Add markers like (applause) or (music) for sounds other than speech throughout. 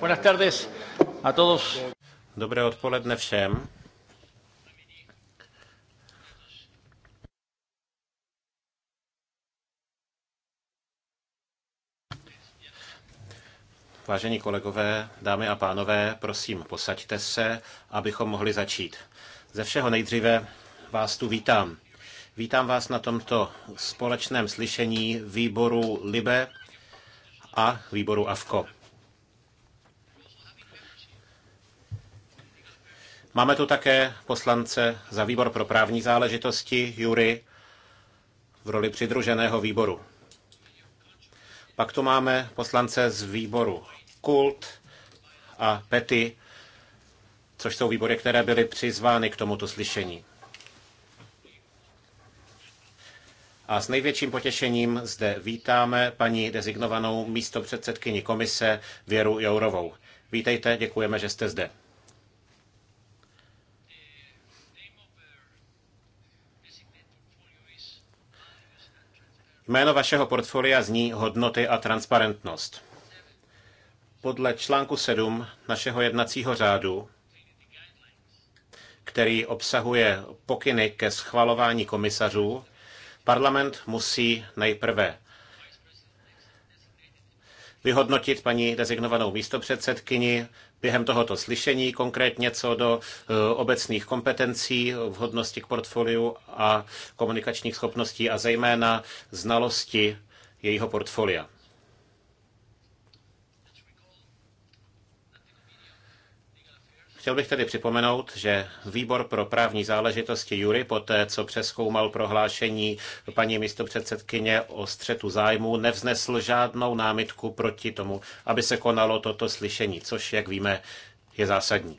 Buenas tardes a todos. Dobré odpoledne všem. Vážení kolegové, dámy a pánové, prosím, posaďte se, abychom mohli začít. Ze všeho nejdříve vás tu vítám. Vítám vás na tomto společném slyšení výboru LIBE a výboru AVKO. Máme tu také poslance za výbor pro právní záležitosti Jury v roli přidruženého výboru. Pak tu máme poslance z výboru Kult a Pety, což jsou výbory, které byly přizvány k tomuto slyšení. A s největším potěšením zde vítáme paní dezignovanou místopředsedkyni komise Věru Jourovou. Vítejte, děkujeme, že jste zde. Jméno vašeho portfolia zní hodnoty a transparentnost. Podle článku 7 našeho jednacího řádu, který obsahuje pokyny ke schvalování komisařů, parlament musí nejprve vyhodnotit paní dezignovanou místopředsedkyni, během tohoto slyšení, konkrétně co do e, obecných kompetencí, vhodnosti k portfoliu a komunikačních schopností a zejména znalosti jejího portfolia. Chtěl bych tedy připomenout, že výbor pro právní záležitosti Jury poté, co přeskoumal prohlášení paní místopředsedkyně o střetu zájmu, nevznesl žádnou námitku proti tomu, aby se konalo toto slyšení, což, jak víme, je zásadní.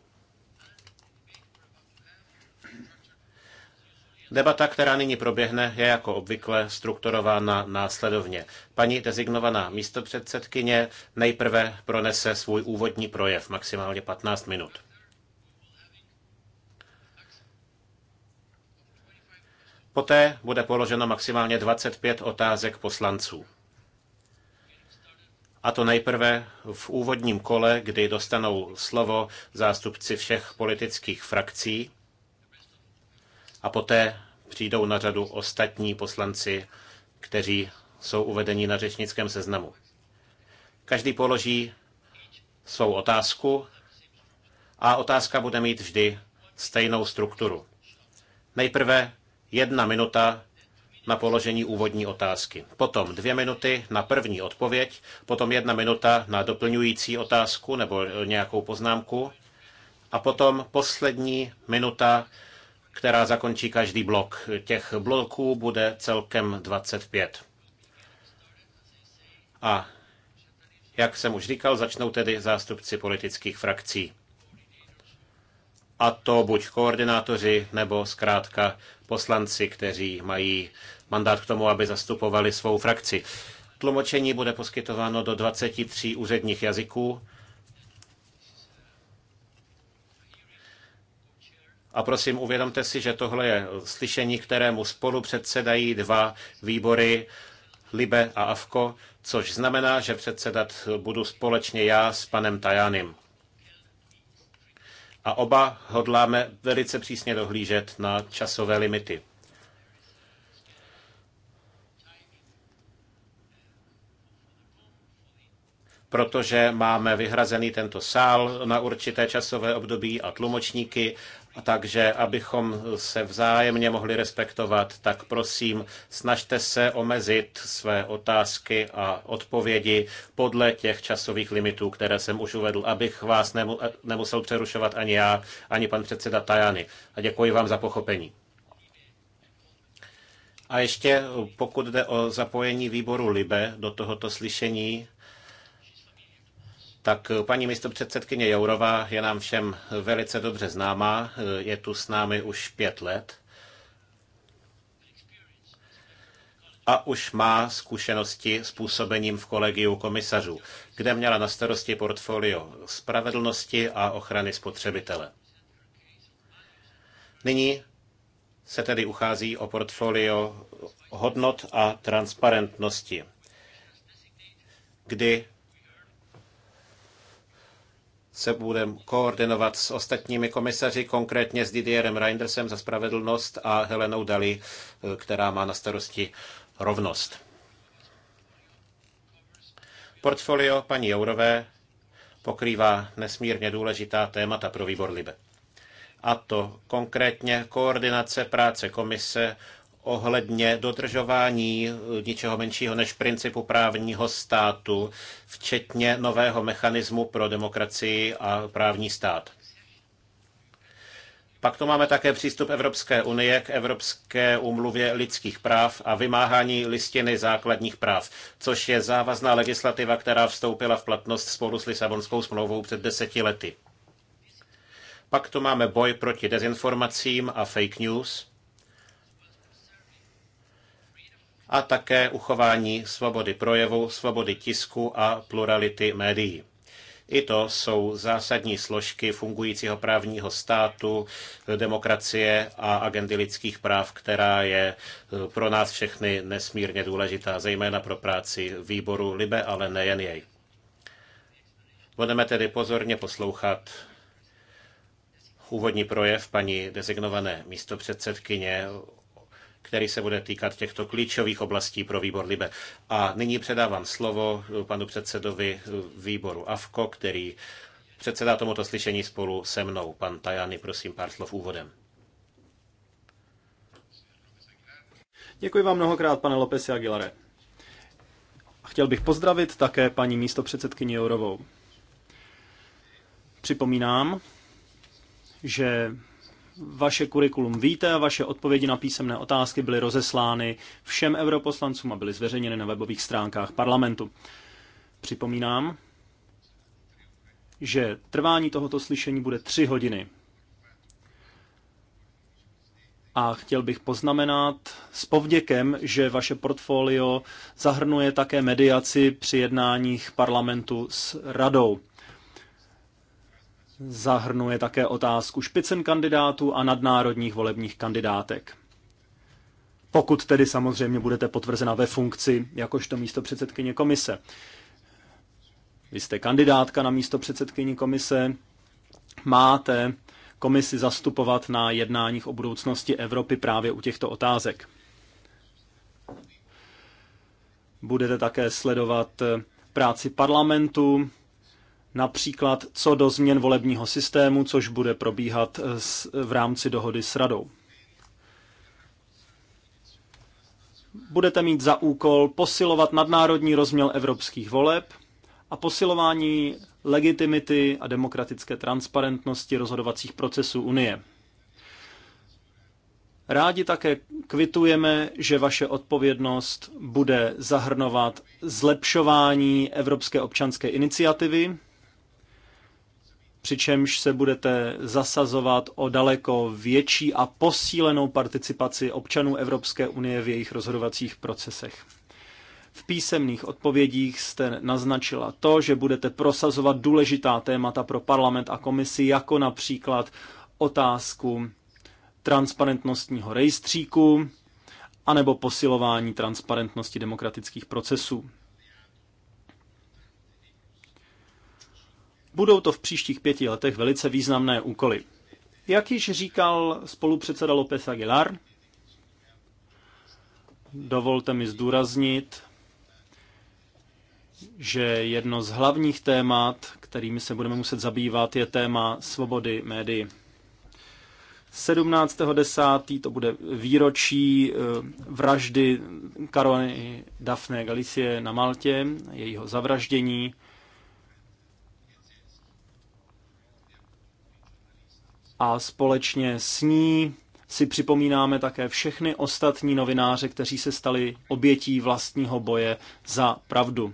Debata, která nyní proběhne, je jako obvykle strukturována následovně. Paní dezignovaná místopředsedkyně nejprve pronese svůj úvodní projev, maximálně 15 minut. Poté bude položeno maximálně 25 otázek poslanců. A to nejprve v úvodním kole, kdy dostanou slovo zástupci všech politických frakcí a poté přijdou na řadu ostatní poslanci, kteří jsou uvedeni na řečnickém seznamu. Každý položí svou otázku a otázka bude mít vždy stejnou strukturu. Nejprve jedna minuta na položení úvodní otázky, potom dvě minuty na první odpověď, potom jedna minuta na doplňující otázku nebo nějakou poznámku a potom poslední minuta, která zakončí každý blok. Těch bloků bude celkem 25. A jak jsem už říkal, začnou tedy zástupci politických frakcí. A to buď koordinátoři, nebo zkrátka poslanci, kteří mají mandát k tomu, aby zastupovali svou frakci. Tlumočení bude poskytováno do 23 úředních jazyků. A prosím, uvědomte si, že tohle je slyšení, kterému spolu předsedají dva výbory, Libe a Avko, což znamená, že předsedat budu společně já s panem Tajanem a oba hodláme velice přísně dohlížet na časové limity. protože máme vyhrazený tento sál na určité časové období a tlumočníky takže abychom se vzájemně mohli respektovat, tak prosím, snažte se omezit své otázky a odpovědi podle těch časových limitů, které jsem už uvedl, abych vás nemusel přerušovat ani já, ani pan předseda Tajany. A děkuji vám za pochopení. A ještě pokud jde o zapojení výboru LIBE do tohoto slyšení, tak paní místopředsedkyně Jourová je nám všem velice dobře známá, je tu s námi už pět let a už má zkušenosti s působením v kolegiu komisařů, kde měla na starosti portfolio spravedlnosti a ochrany spotřebitele. Nyní se tedy uchází o portfolio hodnot a transparentnosti, kdy se budeme koordinovat s ostatními komisaři, konkrétně s Didierem Reindersem za spravedlnost a Helenou Dali, eh, která má na starosti rovnost. Portfolio paní Jourové pokrývá nesmírně důležitá témata pro výbor Libe. A to konkrétně koordinace práce komise ohledně dodržování eh, ničeho menšího než principu právního státu, včetně nového mechanismu pro demokracii a právní stát. Pak to máme také přístup Evropské unie k Evropské umluvě lidských práv a vymáhání listiny základních práv, což je závazná legislativa, která vstoupila v platnost spolu s Lisabonskou smlouvou před deseti lety. Pak tu máme boj proti dezinformacím a fake news. a také uchování svobody projevu, svobody tisku a plurality médií. I to jsou zásadní složky fungujícího právního státu, demokracie a agendy lidských práv, která je eh, pro nás všechny nesmírně důležitá, zejména pro práci výboru Libe, ale nejen jej. Budeme tedy pozorně poslouchat úvodní projev paní designované místopředsedkyně který se bude týkat těchto klíčových oblastí pro výbor Libe. A nyní předávám slovo eh, panu předsedovi eh, výboru AFKO, který předsedá tomuto slyšení spolu se mnou. Pan Tajany, prosím, pár slov úvodem. Děkuji vám mnohokrát, pane Lopesi Aguilare. Chtěl bych pozdravit také paní místopředsedkyni Jourovou. Připomínám, že vaše kurikulum víte a vaše odpovědi na písemné otázky byly rozeslány všem europoslancům a byly zveřejněny na webových stránkách parlamentu. Připomínám, že trvání tohoto slyšení bude tři hodiny. A chtěl bych poznamenat s povděkem, že vaše portfolio zahrnuje také mediaci při jednáních parlamentu s radou. Zahrnuje také otázku špicen kandidátů a nadnárodních volebních kandidátek. Pokud tedy samozřejmě budete potvrzena ve funkci jakožto místo předsedkyně komise. Vy jste kandidátka na místo předsedkyni komise, máte komisi zastupovat na jednáních o budoucnosti Evropy právě u těchto otázek. Budete také sledovat práci parlamentu, například co do změn volebního systému, což bude probíhat eh, v rámci dohody s radou. Budete mít za úkol posilovat nadnárodní rozměr evropských voleb a posilování legitimity a demokratické transparentnosti rozhodovacích procesů Unie. Rádi také kvitujeme, že vaše odpovědnost bude zahrnovat zlepšování Evropské občanské iniciativy, přičemž se budete zasazovat o daleko větší a posílenou participaci občanů Evropské unie v jejich rozhodovacích procesech. V písemných odpovědích jste naznačila to, že budete prosazovat důležitá témata pro parlament a komisi, jako například otázku transparentnostního rejstříku anebo posilování transparentnosti demokratických procesů. Budou to v příštích pěti letech velice významné úkoly. Jak již říkal spolupředseda López Aguilar, dovolte mi zdůraznit, že jedno z hlavních témat, kterými se budeme muset zabývat, je téma svobody médií. 17.10. to bude výročí eh, vraždy Karony Dafne Galicie na Maltě, jejího zavraždění. a společně s ní si připomínáme také všechny ostatní novináře, kteří se stali obětí vlastního boje za pravdu.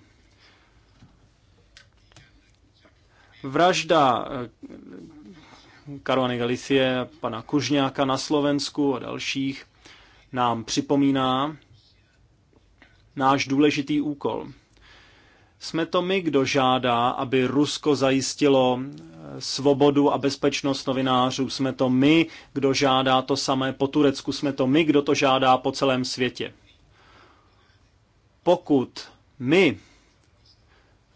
Vražda Karony eh, Galicie, pana Kužňáka na Slovensku a dalších nám připomíná náš důležitý úkol – jsme to my, kdo žádá, aby Rusko zajistilo eh, svobodu a bezpečnost novinářů. Jsme to my, kdo žádá to samé po Turecku. Jsme to my, kdo to žádá po celém světě. Pokud my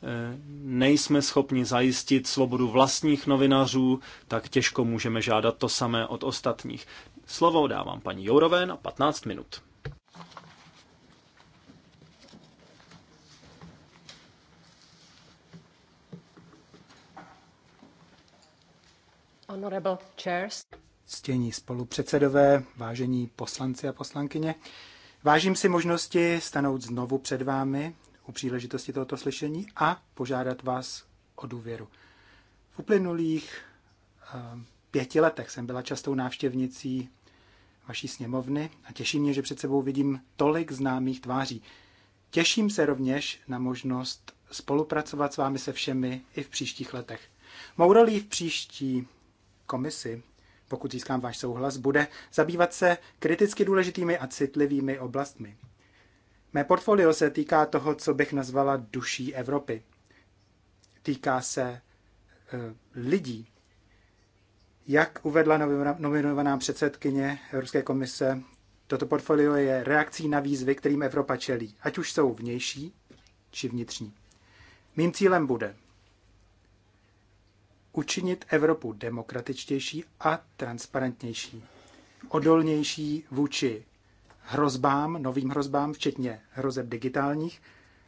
eh, nejsme schopni zajistit svobodu vlastních novinářů, tak těžko můžeme žádat to samé od ostatních. Slovo dávám paní Jourové na 15 minut. Honorable chairs. Stění spolupředsedové, vážení poslanci a poslankyně, vážím si možnosti stanout znovu před vámi u příležitosti tohoto slyšení a požádat vás o důvěru. V uplynulých eh, pěti letech jsem byla častou návštěvnicí vaší sněmovny a těší mě, že před sebou vidím tolik známých tváří. Těším se rovněž na možnost spolupracovat s vámi se všemi i v příštích letech. Mou v příští komisi, pokud získám váš souhlas, bude zabývat se kriticky důležitými a citlivými oblastmi. Mé portfolio se týká toho, co bych nazvala duší Evropy. Týká se uh, lidí. Jak uvedla nominovaná předsedkyně Evropské komise, toto portfolio je reakcí na výzvy, kterým Evropa čelí, ať už jsou vnější či vnitřní. Mým cílem bude učinit Evropu demokratičtější a transparentnější, odolnější vůči hrozbám, novým hrozbám, včetně hrozeb digitálních,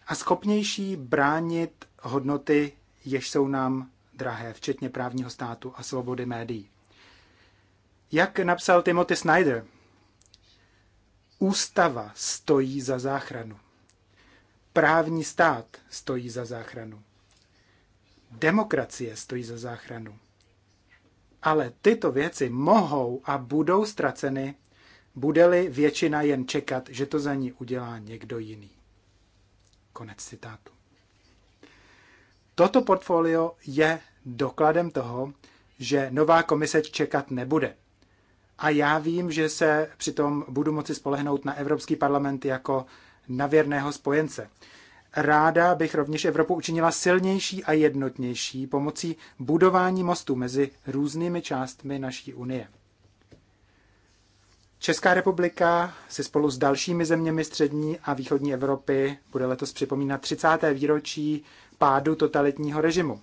a schopnější bránit hodnoty, jež jsou nám drahé, včetně právního státu a svobody médií. Jak napsal Timothy Snyder, ústava stojí za záchranu. Právní stát stojí za záchranu. Demokracie stojí za záchranu. Ale tyto věci mohou a budou ztraceny, bude-li většina jen čekat, že to za ní udělá někdo jiný. Konec citátu. Toto portfolio je dokladem toho, že nová komise čekat nebude. A já vím, že se přitom budu moci spolehnout na Evropský parlament jako na věrného spojence. Ráda bych rovněž Evropu učinila silnější a jednotnější pomocí budování mostu mezi různými částmi naší unie. Česká republika si spolu s dalšími zeměmi střední a východní Evropy bude letos připomínat 30. výročí pádu totalitního režimu.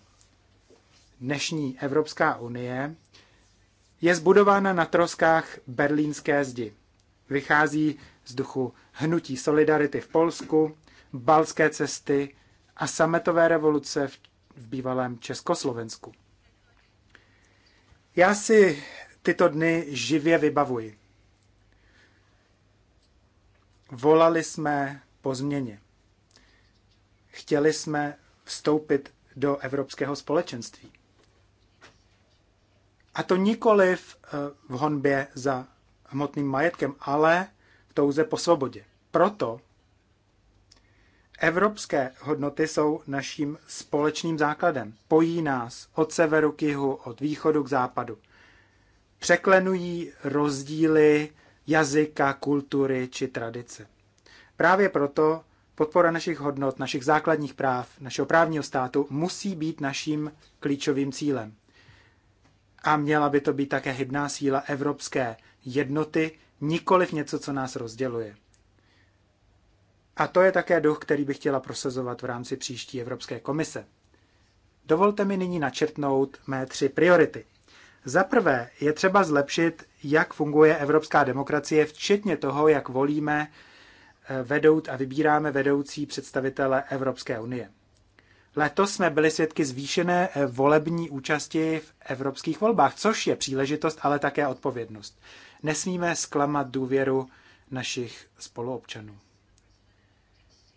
Dnešní Evropská unie je zbudována na troskách berlínské zdi. Vychází z duchu hnutí Solidarity v Polsku, balské cesty a sametové revoluce v, v bývalém Československu. Já si tyto dny živě vybavuji. Volali jsme po změně. Chtěli jsme vstoupit do evropského společenství. A to nikoliv eh, v honbě za hmotným majetkem, ale v touze po svobodě. Proto Evropské hodnoty jsou naším společným základem. Pojí nás od severu k jihu, od východu k západu. Překlenují rozdíly jazyka, kultury či tradice. Právě proto podpora našich hodnot, našich základních práv, našeho právního státu musí být naším klíčovým cílem. A měla by to být také hybná síla evropské jednoty, nikoliv něco, co nás rozděluje. A to je také duch, který bych chtěla prosazovat v rámci příští Evropské komise. Dovolte mi nyní načrtnout mé tři priority. Za prvé je třeba zlepšit, jak funguje evropská demokracie, včetně toho, jak volíme eh, vedout a vybíráme vedoucí představitele Evropské unie. Letos jsme byli svědky zvýšené eh, volební účasti v evropských volbách, což je příležitost, ale také odpovědnost. Nesmíme zklamat důvěru našich spoluobčanů.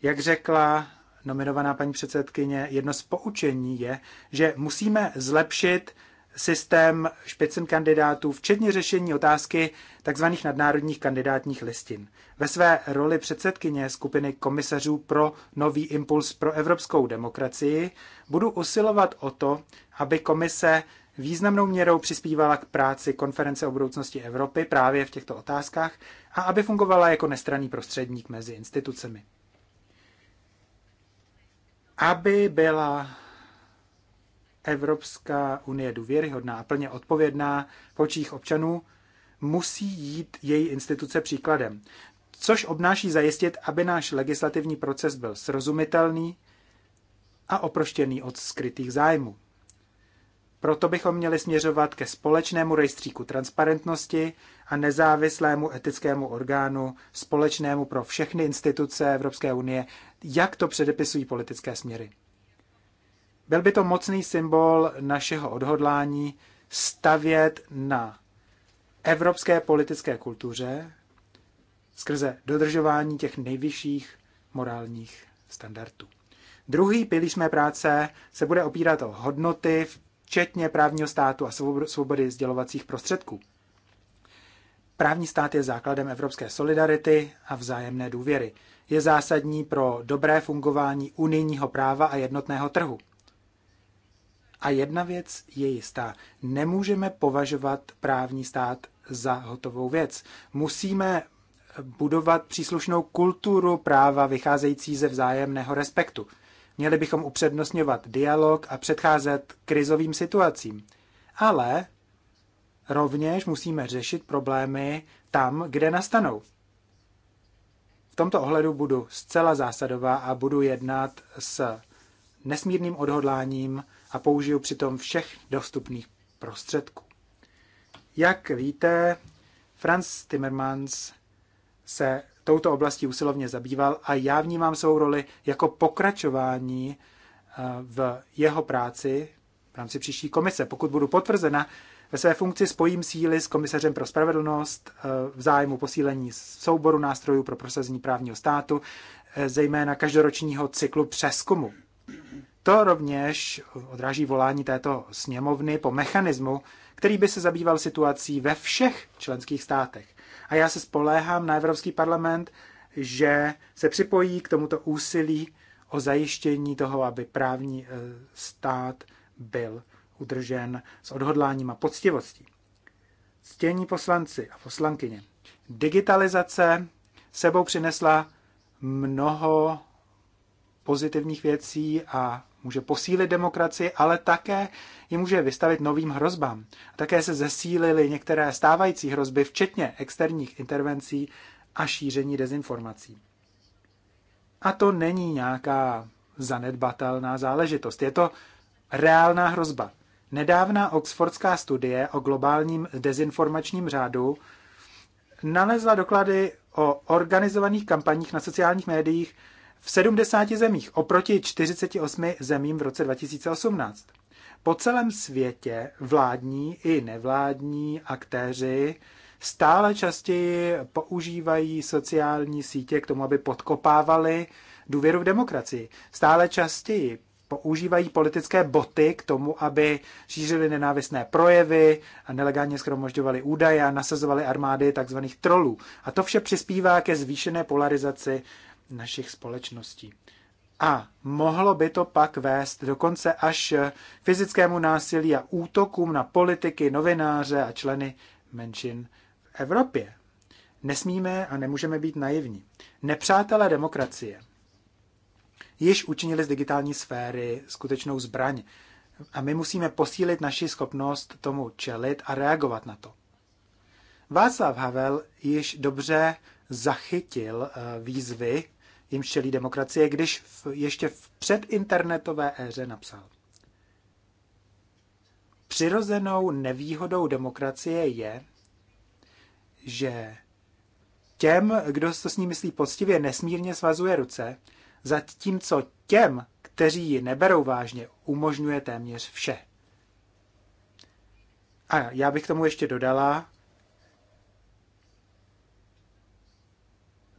Jak řekla nominovaná paní předsedkyně, jedno z poučení je, že musíme zlepšit systém špicen kandidátů, včetně řešení otázky tzv. nadnárodních kandidátních listin. Ve své roli předsedkyně skupiny komisařů pro nový impuls pro evropskou demokracii budu usilovat o to, aby komise významnou měrou přispívala k práci konference o budoucnosti Evropy právě v těchto otázkách a aby fungovala jako nestranný prostředník mezi institucemi aby byla Evropská unie důvěryhodná a plně odpovědná v očích občanů, musí jít její instituce příkladem. Což obnáší zajistit, aby náš legislativní proces byl srozumitelný a oproštěný od skrytých zájmů. Proto bychom měli směřovat ke společnému rejstříku transparentnosti a nezávislému etickému orgánu, společnému pro všechny instituce Evropské unie, jak to předepisují politické směry. Byl by to mocný symbol našeho odhodlání stavět na evropské politické kultuře skrze dodržování těch nejvyšších morálních standardů. Druhý pilíř mé práce se bude opírat o hodnoty, včetně právního státu a svobody sdělovacích prostředků. Právní stát je základem evropské solidarity a vzájemné důvěry je zásadní pro dobré fungování unijního práva a jednotného trhu. A jedna věc je jistá. Nemůžeme považovat právní stát za hotovou věc. Musíme budovat příslušnou kulturu práva vycházející ze vzájemného respektu. Měli bychom upřednostňovat dialog a předcházet krizovým situacím. Ale rovněž musíme řešit problémy tam, kde nastanou tomto ohledu budu zcela zásadová a budu jednat s nesmírným odhodláním a použiju přitom všech dostupných prostředků. Jak víte, Franz Timmermans se touto oblastí usilovně zabýval a já vnímám svou roli jako pokračování eh, v jeho práci v rámci příští komise. Pokud budu potvrzena, ve své funkci spojím síly s komisařem pro spravedlnost eh, v zájmu posílení souboru nástrojů pro prosazení právního státu, eh, zejména každoročního cyklu přeskumu. To rovněž odráží volání této sněmovny po mechanismu, který by se zabýval situací ve všech členských státech. A já se spoléhám na Evropský parlament, že se připojí k tomuto úsilí o zajištění toho, aby právní eh, stát byl udržen s odhodláním a poctivostí. Ctění poslanci a poslankyně. Digitalizace sebou přinesla mnoho pozitivních věcí a může posílit demokracii, ale také ji může vystavit novým hrozbám. A také se zesílily některé stávající hrozby, včetně externích intervencí a šíření dezinformací. A to není nějaká zanedbatelná záležitost. Je to reálná hrozba. Nedávná oxfordská studie o globálním dezinformačním řádu nalezla doklady o organizovaných kampaních na sociálních médiích v 70 zemích oproti 48 zemím v roce 2018. Po celém světě vládní i nevládní aktéři stále častěji používají sociální sítě k tomu, aby podkopávali důvěru v demokracii. Stále častěji používají politické boty k tomu, aby šířili nenávistné projevy a nelegálně schromažďovali údaje a nasazovali armády tzv. trolů. A to vše přispívá ke zvýšené polarizaci našich společností. A mohlo by to pak vést dokonce až k fyzickému násilí a útokům na politiky, novináře a členy menšin v Evropě. Nesmíme a nemůžeme být naivní. Nepřátelé demokracie – již učinili z digitální sféry skutečnou zbraň. A my musíme posílit naši schopnost tomu čelit a reagovat na to. Václav Havel již dobře zachytil eh, výzvy, jim čelí demokracie, když ještě v předinternetové éře napsal. Přirozenou nevýhodou demokracie je, že těm, kdo to s ní myslí poctivě, nesmírně svazuje ruce zatímco těm, kteří ji neberou vážně, umožňuje téměř vše. A já bych tomu ještě dodala,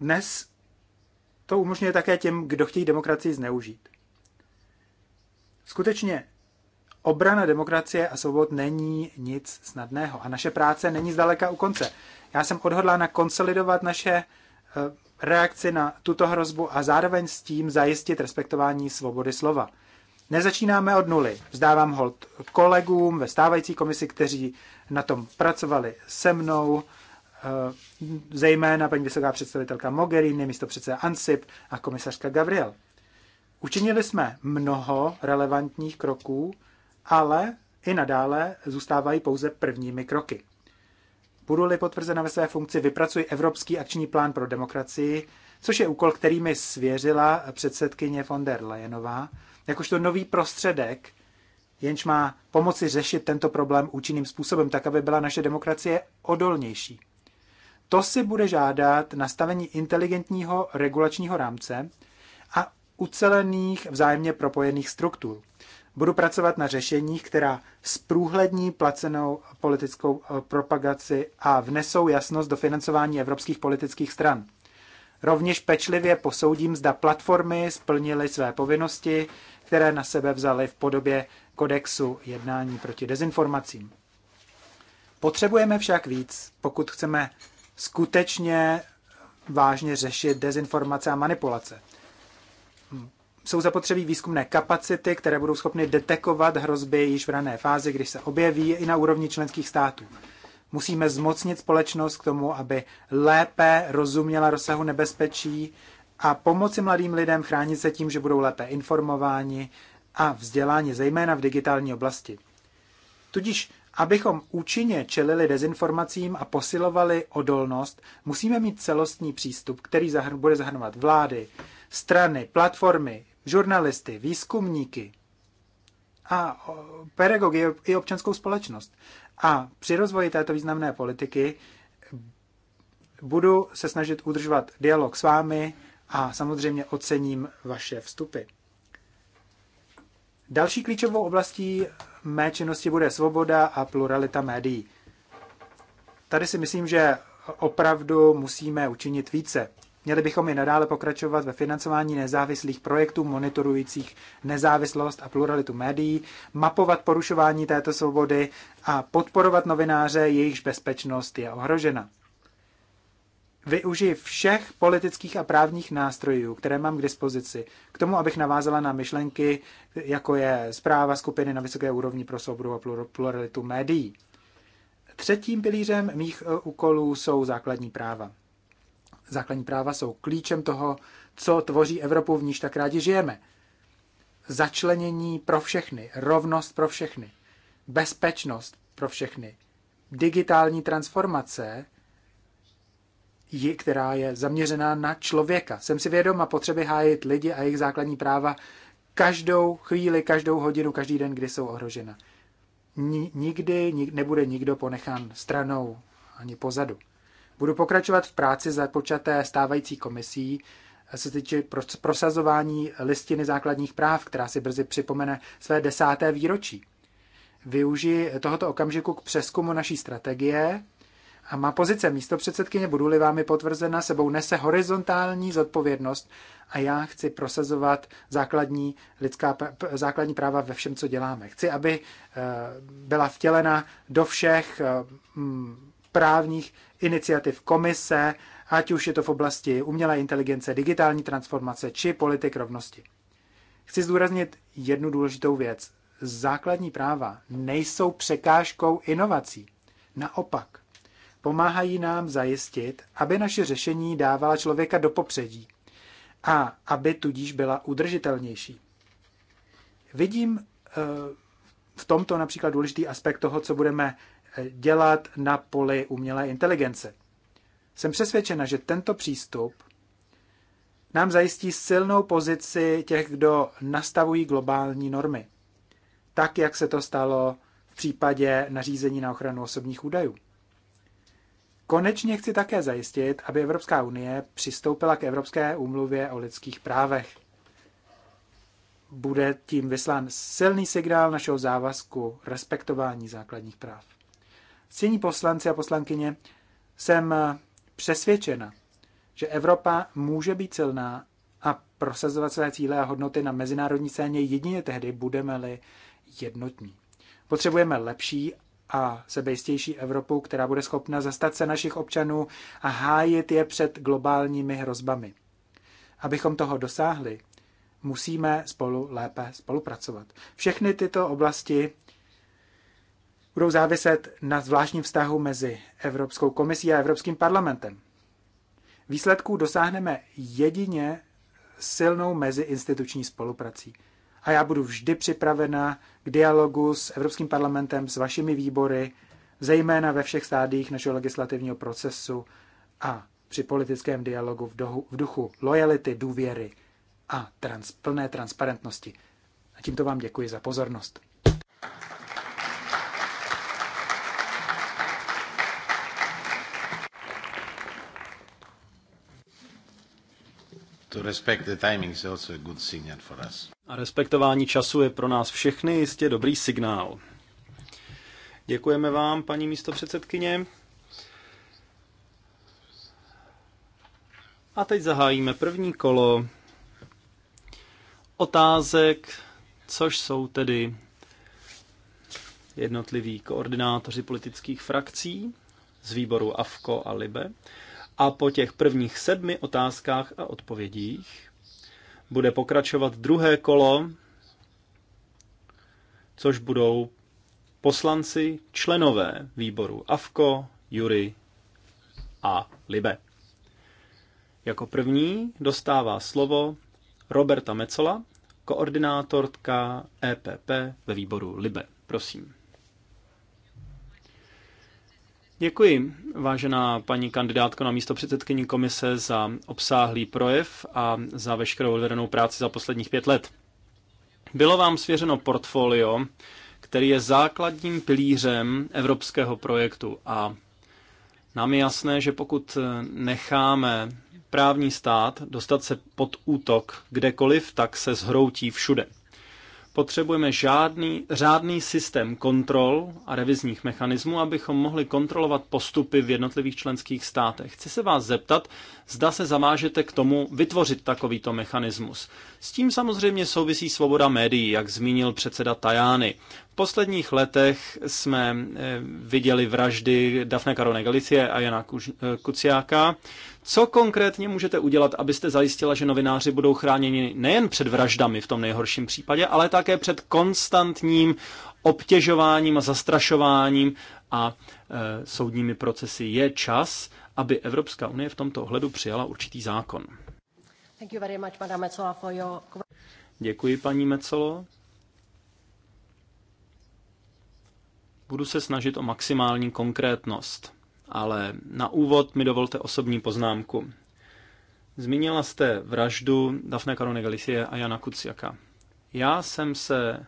dnes to umožňuje také těm, kdo chtějí demokracii zneužít. Skutečně obrana demokracie a svobod není nic snadného a naše práce není zdaleka u konce. Já jsem odhodlána konsolidovat naše eh, reakci na tuto hrozbu a zároveň s tím zajistit respektování svobody slova. Nezačínáme od nuly. Vzdávám hold kolegům ve stávající komisi, kteří na tom pracovali se mnou, eh, zejména paní vysoká představitelka Mogherini, místo předseda Ansip a komisařka Gabriel. Učinili jsme mnoho relevantních kroků, ale i nadále zůstávají pouze prvními kroky. Budu-li potvrzena ve své funkci, vypracuji Evropský akční plán pro demokracii, což je úkol, který mi svěřila předsedkyně von der Leyenová, jakožto nový prostředek, jenž má pomoci řešit tento problém účinným způsobem, tak aby byla naše demokracie odolnější. To si bude žádat nastavení inteligentního regulačního rámce a ucelených vzájemně propojených struktur. Budu pracovat na řešeních, která zprůhlední placenou politickou eh, propagaci a vnesou jasnost do financování evropských politických stran. Rovněž pečlivě posoudím, zda platformy splnily své povinnosti, které na sebe vzaly v podobě kodexu jednání proti dezinformacím. Potřebujeme však víc, pokud chceme skutečně vážně řešit dezinformace a manipulace jsou zapotřebí výzkumné kapacity, které budou schopny detekovat hrozby již v rané fázi, když se objeví i na úrovni členských států. Musíme zmocnit společnost k tomu, aby lépe rozuměla rozsahu nebezpečí a pomoci mladým lidem chránit se tím, že budou lépe informováni a vzděláni, zejména v digitální oblasti. Tudíž, abychom účinně čelili dezinformacím a posilovali odolnost, musíme mít celostní přístup, který bude zahrnovat vlády, strany, platformy, žurnalisty, výzkumníky a pedagogy i občanskou společnost. A při rozvoji této významné politiky budu se snažit udržovat dialog s vámi a samozřejmě ocením vaše vstupy. Další klíčovou oblastí mé činnosti bude svoboda a pluralita médií. Tady si myslím, že opravdu musíme učinit více. Měli bychom i nadále pokračovat ve financování nezávislých projektů monitorujících nezávislost a pluralitu médií, mapovat porušování této svobody a podporovat novináře, jejichž bezpečnost je ohrožena. Využiji všech politických a právních nástrojů, které mám k dispozici, k tomu, abych navázala na myšlenky, jako je zpráva skupiny na vysoké úrovni pro svobodu a pluralitu médií. Třetím pilířem mých eh, úkolů jsou základní práva. Základní práva jsou klíčem toho, co tvoří Evropu, v níž tak rádi žijeme. Začlenění pro všechny, rovnost pro všechny, bezpečnost pro všechny, digitální transformace, která je zaměřená na člověka. Jsem si vědoma potřeby hájit lidi a jejich základní práva každou chvíli, každou hodinu, každý den, kdy jsou ohrožena. Nikdy nebude nikdo ponechán stranou ani pozadu. Budu pokračovat v práci započaté stávající komisí se týče prosazování listiny základních práv, která si brzy připomene své desáté výročí. Využiji tohoto okamžiku k přeskumu naší strategie a má pozice místo předsedkyně budu-li vámi potvrzena sebou nese horizontální zodpovědnost a já chci prosazovat základní, lidská, základní práva ve všem, co děláme. Chci, aby eh, byla vtělena do všech eh, právních iniciativ komise, ať už je to v oblasti umělé inteligence, digitální transformace či politik rovnosti. Chci zdůraznit jednu důležitou věc. Základní práva nejsou překážkou inovací. Naopak, pomáhají nám zajistit, aby naše řešení dávala člověka do popředí a aby tudíž byla udržitelnější. Vidím eh, v tomto například důležitý aspekt toho, co budeme dělat na poli umělé inteligence. Jsem přesvědčena, že tento přístup nám zajistí silnou pozici těch, kdo nastavují globální normy, tak jak se to stalo v případě nařízení na ochranu osobních údajů. Konečně chci také zajistit, aby Evropská unie přistoupila k Evropské úmluvě o lidských právech. Bude tím vyslán silný signál našeho závazku respektování základních práv. Cení poslanci a poslankyně, jsem eh, přesvědčena, že Evropa může být silná a prosazovat své cíle a hodnoty na mezinárodní scéně jedině tehdy budeme-li jednotní. Potřebujeme lepší a sebejistější Evropu, která bude schopna zastat se našich občanů a hájit je před globálními hrozbami. Abychom toho dosáhli, musíme spolu lépe spolupracovat. Všechny tyto oblasti budou záviset na zvláštním vztahu mezi Evropskou komisí a Evropským parlamentem. Výsledků dosáhneme jedině silnou meziinstituční spoluprací. A já budu vždy připravena k dialogu s Evropským parlamentem, s vašimi výbory, zejména ve všech stádiích našeho legislativního procesu a při politickém dialogu v, dohu, v duchu lojality, důvěry a trans, plné transparentnosti. A tímto vám děkuji za pozornost. To respect the timing is also a good signal for us. A respektování času je pro nás všechny jistě dobrý signál. Děkujeme vám, paní místopředsedkyně. A teď zahájíme první kolo otázek, což jsou tedy jednotliví koordinátoři politických frakcí z výboru AFKO a LIBE a po těch prvních sedmi otázkách a odpovědích bude pokračovat druhé kolo, což budou poslanci členové výboru AFKO, Jury a Libe. Jako první dostává slovo Roberta Mecola, koordinátorka EPP ve výboru Libe. Prosím. Děkuji, vážená paní kandidátko na místo předsedkyní komise, za obsáhlý projev a za veškerou odvedenou práci za posledních pět let. Bylo vám svěřeno portfolio, který je základním pilířem evropského projektu a nám je jasné, že pokud necháme právní stát dostat se pod útok kdekoliv, tak se zhroutí všude potřebujeme žádný řádný systém kontrol a revizních mechanismů, abychom mohli kontrolovat postupy v jednotlivých členských státech. Chci se vás zeptat, zda se zavážete k tomu vytvořit takovýto mechanismus. S tím samozřejmě souvisí svoboda médií, jak zmínil předseda Tajány. V posledních letech jsme eh, viděli vraždy Dafne Karone Galicie a Jana eh, Kuciáka. Co konkrétně můžete udělat, abyste zajistila, že novináři budou chráněni nejen před vraždami v tom nejhorším případě, ale také před konstantním obtěžováním a zastrašováním a e, soudními procesy? Je čas, aby Evropská unie v tomto ohledu přijala určitý zákon. Much, for your... Děkuji, paní Mecolo. Budu se snažit o maximální konkrétnost ale na úvod mi dovolte osobní poznámku. Zmínila jste vraždu Dafne Karone Galicie a Jana Kuciaka. Já jsem se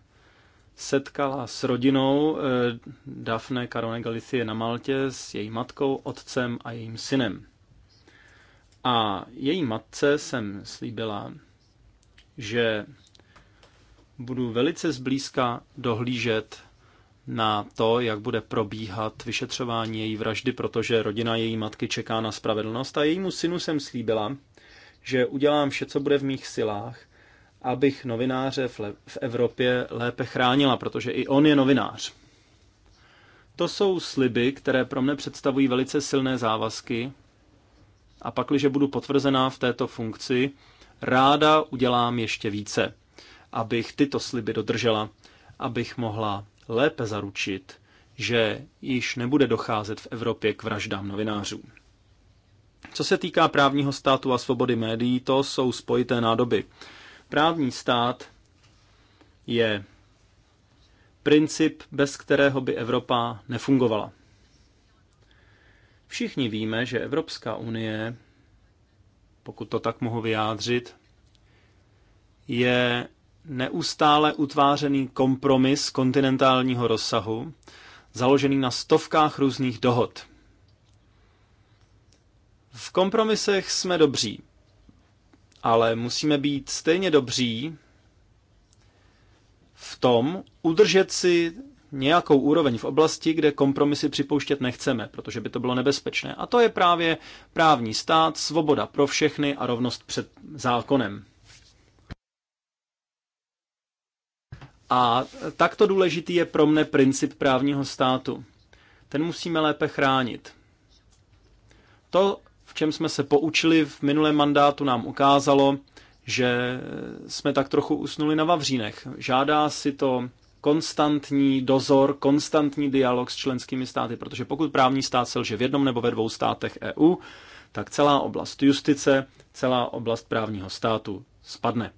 setkala s rodinou eh, Dafne Karone Galicie na Maltě s její matkou, otcem a jejím synem. A její matce jsem slíbila, že budu velice zblízka dohlížet na to, jak bude probíhat vyšetřování její vraždy, protože rodina její matky čeká na spravedlnost a jejímu synu jsem slíbila, že udělám vše, co bude v mých silách, abych novináře v, v Evropě lépe chránila, protože i on je novinář. To jsou sliby, které pro mne představují velice silné závazky a pakliže budu potvrzená v této funkci, ráda udělám ještě více, abych tyto sliby dodržela, abych mohla lépe zaručit, že již nebude docházet v Evropě k vraždám novinářů. Co se týká právního státu a svobody médií, to jsou spojité nádoby. Právní stát je princip, bez kterého by Evropa nefungovala. Všichni víme, že Evropská unie, pokud to tak mohu vyjádřit, je neustále utvářený kompromis kontinentálního rozsahu, založený na stovkách různých dohod. V kompromisech jsme dobří, ale musíme být stejně dobří v tom udržet si nějakou úroveň v oblasti, kde kompromisy připouštět nechceme, protože by to bylo nebezpečné. A to je právě právní stát, svoboda pro všechny a rovnost před zákonem. A takto důležitý je pro mne princip právního státu. Ten musíme lépe chránit. To, v čem jsme se poučili v minulém mandátu, nám ukázalo, že jsme tak trochu usnuli na Vavřínech. Žádá si to konstantní dozor, konstantní dialog s členskými státy, protože pokud právní stát selže v jednom nebo ve dvou státech EU, tak celá oblast justice, celá oblast právního státu spadne.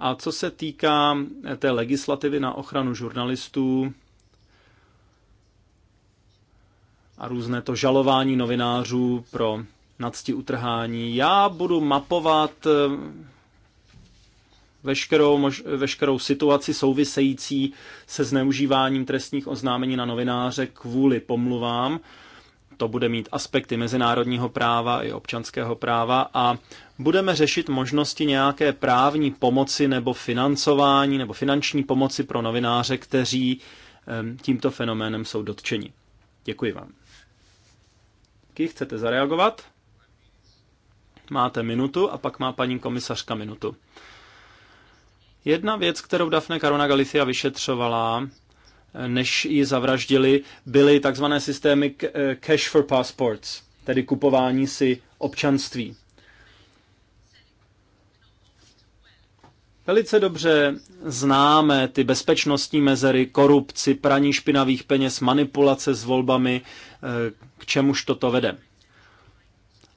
A co se týká eh, té legislativy na ochranu žurnalistů a různé to žalování novinářů pro nadsti utrhání, já budu mapovat eh, veškerou, mož, veškerou situaci související se zneužíváním trestních oznámení na novináře kvůli pomluvám. To bude mít aspekty mezinárodního práva i občanského práva a budeme řešit možnosti nějaké právní pomoci nebo financování nebo finanční pomoci pro novináře, kteří tímto fenoménem jsou dotčeni. Děkuji vám. Ký chcete zareagovat? Máte minutu a pak má paní komisařka minutu. Jedna věc, kterou Dafne Karona Galicia vyšetřovala, než ji zavraždili, byly takzvané systémy eh, cash for passports, tedy kupování si občanství. Velice dobře známe ty bezpečnostní mezery, korupci, praní špinavých peněz, manipulace s volbami, eh, k čemuž toto vede.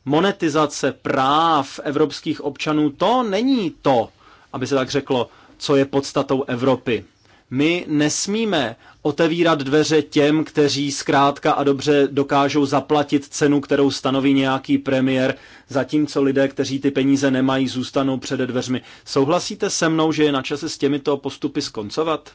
Monetizace práv evropských občanů, to není to, aby se tak řeklo, co je podstatou Evropy. My nesmíme otevírat dveře těm, kteří zkrátka a dobře dokážou zaplatit cenu, kterou stanoví nějaký premiér, zatímco lidé, kteří ty peníze nemají, zůstanou před dveřmi. Souhlasíte se mnou, že je na čase s těmito postupy skoncovat?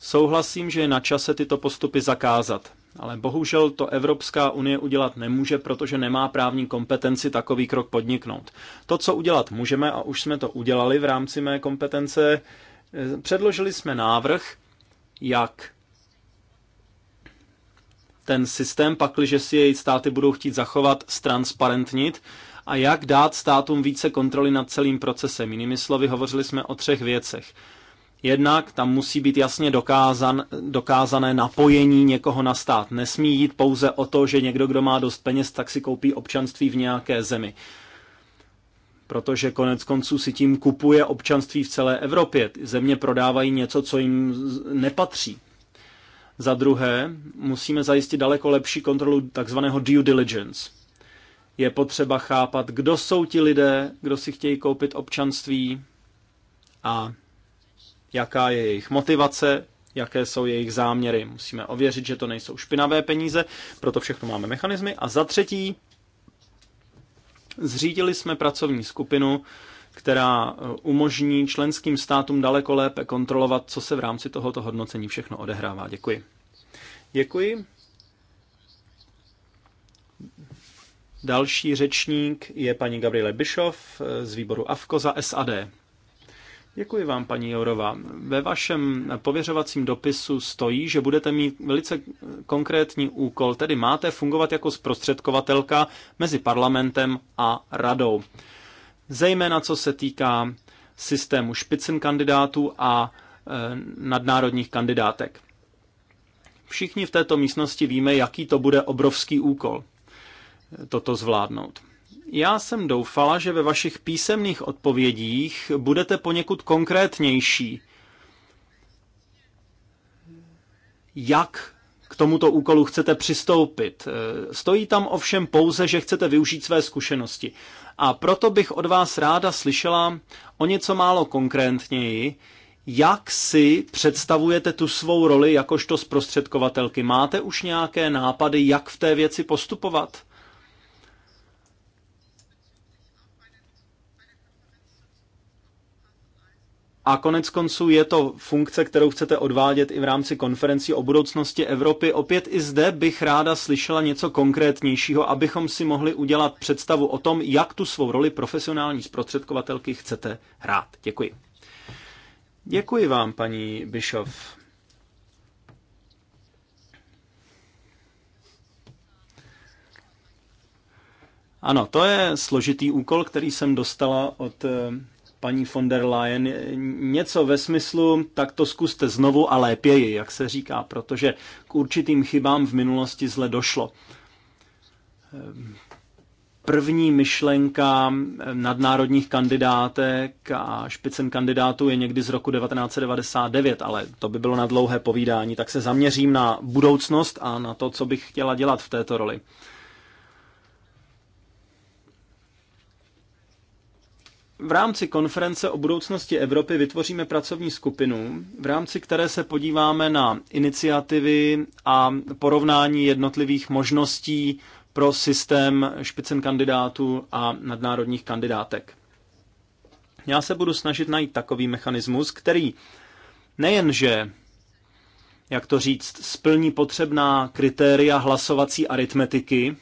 Souhlasím, že je na čase tyto postupy zakázat. Ale bohužel to Evropská unie udělat nemůže, protože nemá právní kompetenci takový krok podniknout. To, co udělat můžeme, a už jsme to udělali v rámci mé kompetence, eh, předložili jsme návrh, jak ten systém, pakliže si jej státy budou chtít zachovat, ztransparentnit a jak dát státům více kontroly nad celým procesem. Jinými slovy, hovořili jsme o třech věcech. Jednak tam musí být jasně dokázan, dokázané napojení někoho na stát. Nesmí jít pouze o to, že někdo, kdo má dost peněz, tak si koupí občanství v nějaké zemi. Protože konec konců si tím kupuje občanství v celé Evropě. Země prodávají něco, co jim nepatří. Za druhé, musíme zajistit daleko lepší kontrolu takzvaného due diligence. Je potřeba chápat, kdo jsou ti lidé, kdo si chtějí koupit občanství a jaká je jejich motivace, jaké jsou jejich záměry. Musíme ověřit, že to nejsou špinavé peníze, proto všechno máme mechanismy. A za třetí, zřídili jsme pracovní skupinu, která eh, umožní členským státům daleko lépe kontrolovat, co se v rámci tohoto hodnocení všechno odehrává. Děkuji. Děkuji. Další řečník je paní Gabriele Bischoff eh, z výboru AFKO za SAD. Děkuji vám, paní Jourová. Ve vašem pověřovacím dopisu stojí, že budete mít velice konkrétní úkol, tedy máte fungovat jako zprostředkovatelka mezi parlamentem a radou. Zejména co se týká systému špicen kandidátů a eh, nadnárodních kandidátek. Všichni v této místnosti víme, jaký to bude obrovský úkol eh, toto zvládnout. Já jsem doufala, že ve vašich písemných odpovědích budete poněkud konkrétnější. Jak k tomuto úkolu chcete přistoupit? Eh, stojí tam ovšem pouze, že chcete využít své zkušenosti. A proto bych od vás ráda slyšela o něco málo konkrétněji, jak si představujete tu svou roli jakožto zprostředkovatelky? Máte už nějaké nápady, jak v té věci postupovat? A konec konců je to funkce, kterou chcete odvádět i v rámci konferencí o budoucnosti Evropy. Opět i zde bych ráda slyšela něco konkrétnějšího, abychom si mohli udělat představu o tom, jak tu svou roli profesionální zprostředkovatelky chcete hrát. Děkuji. Děkuji vám, paní Bischoff. Ano, to je složitý úkol, který jsem dostala od eh, paní von der Leyen e, něco ve smyslu, tak to zkuste znovu a lépěji, jak se říká, protože k určitým chybám v minulosti zle došlo. Ehm, první myšlenka ehm, nadnárodních kandidátek a špicen kandidátů je někdy z roku 1999, ale to by bylo na dlouhé povídání, tak se zaměřím na budoucnost a na to, co bych chtěla dělat v této roli. V rámci konference o budoucnosti Evropy vytvoříme pracovní skupinu, v rámci které se podíváme na iniciativy a porovnání jednotlivých možností pro systém špicen kandidátů a nadnárodních kandidátek. Já se budu snažit najít takový mechanismus, který nejenže, jak to říct, splní potřebná kritéria hlasovací aritmetiky,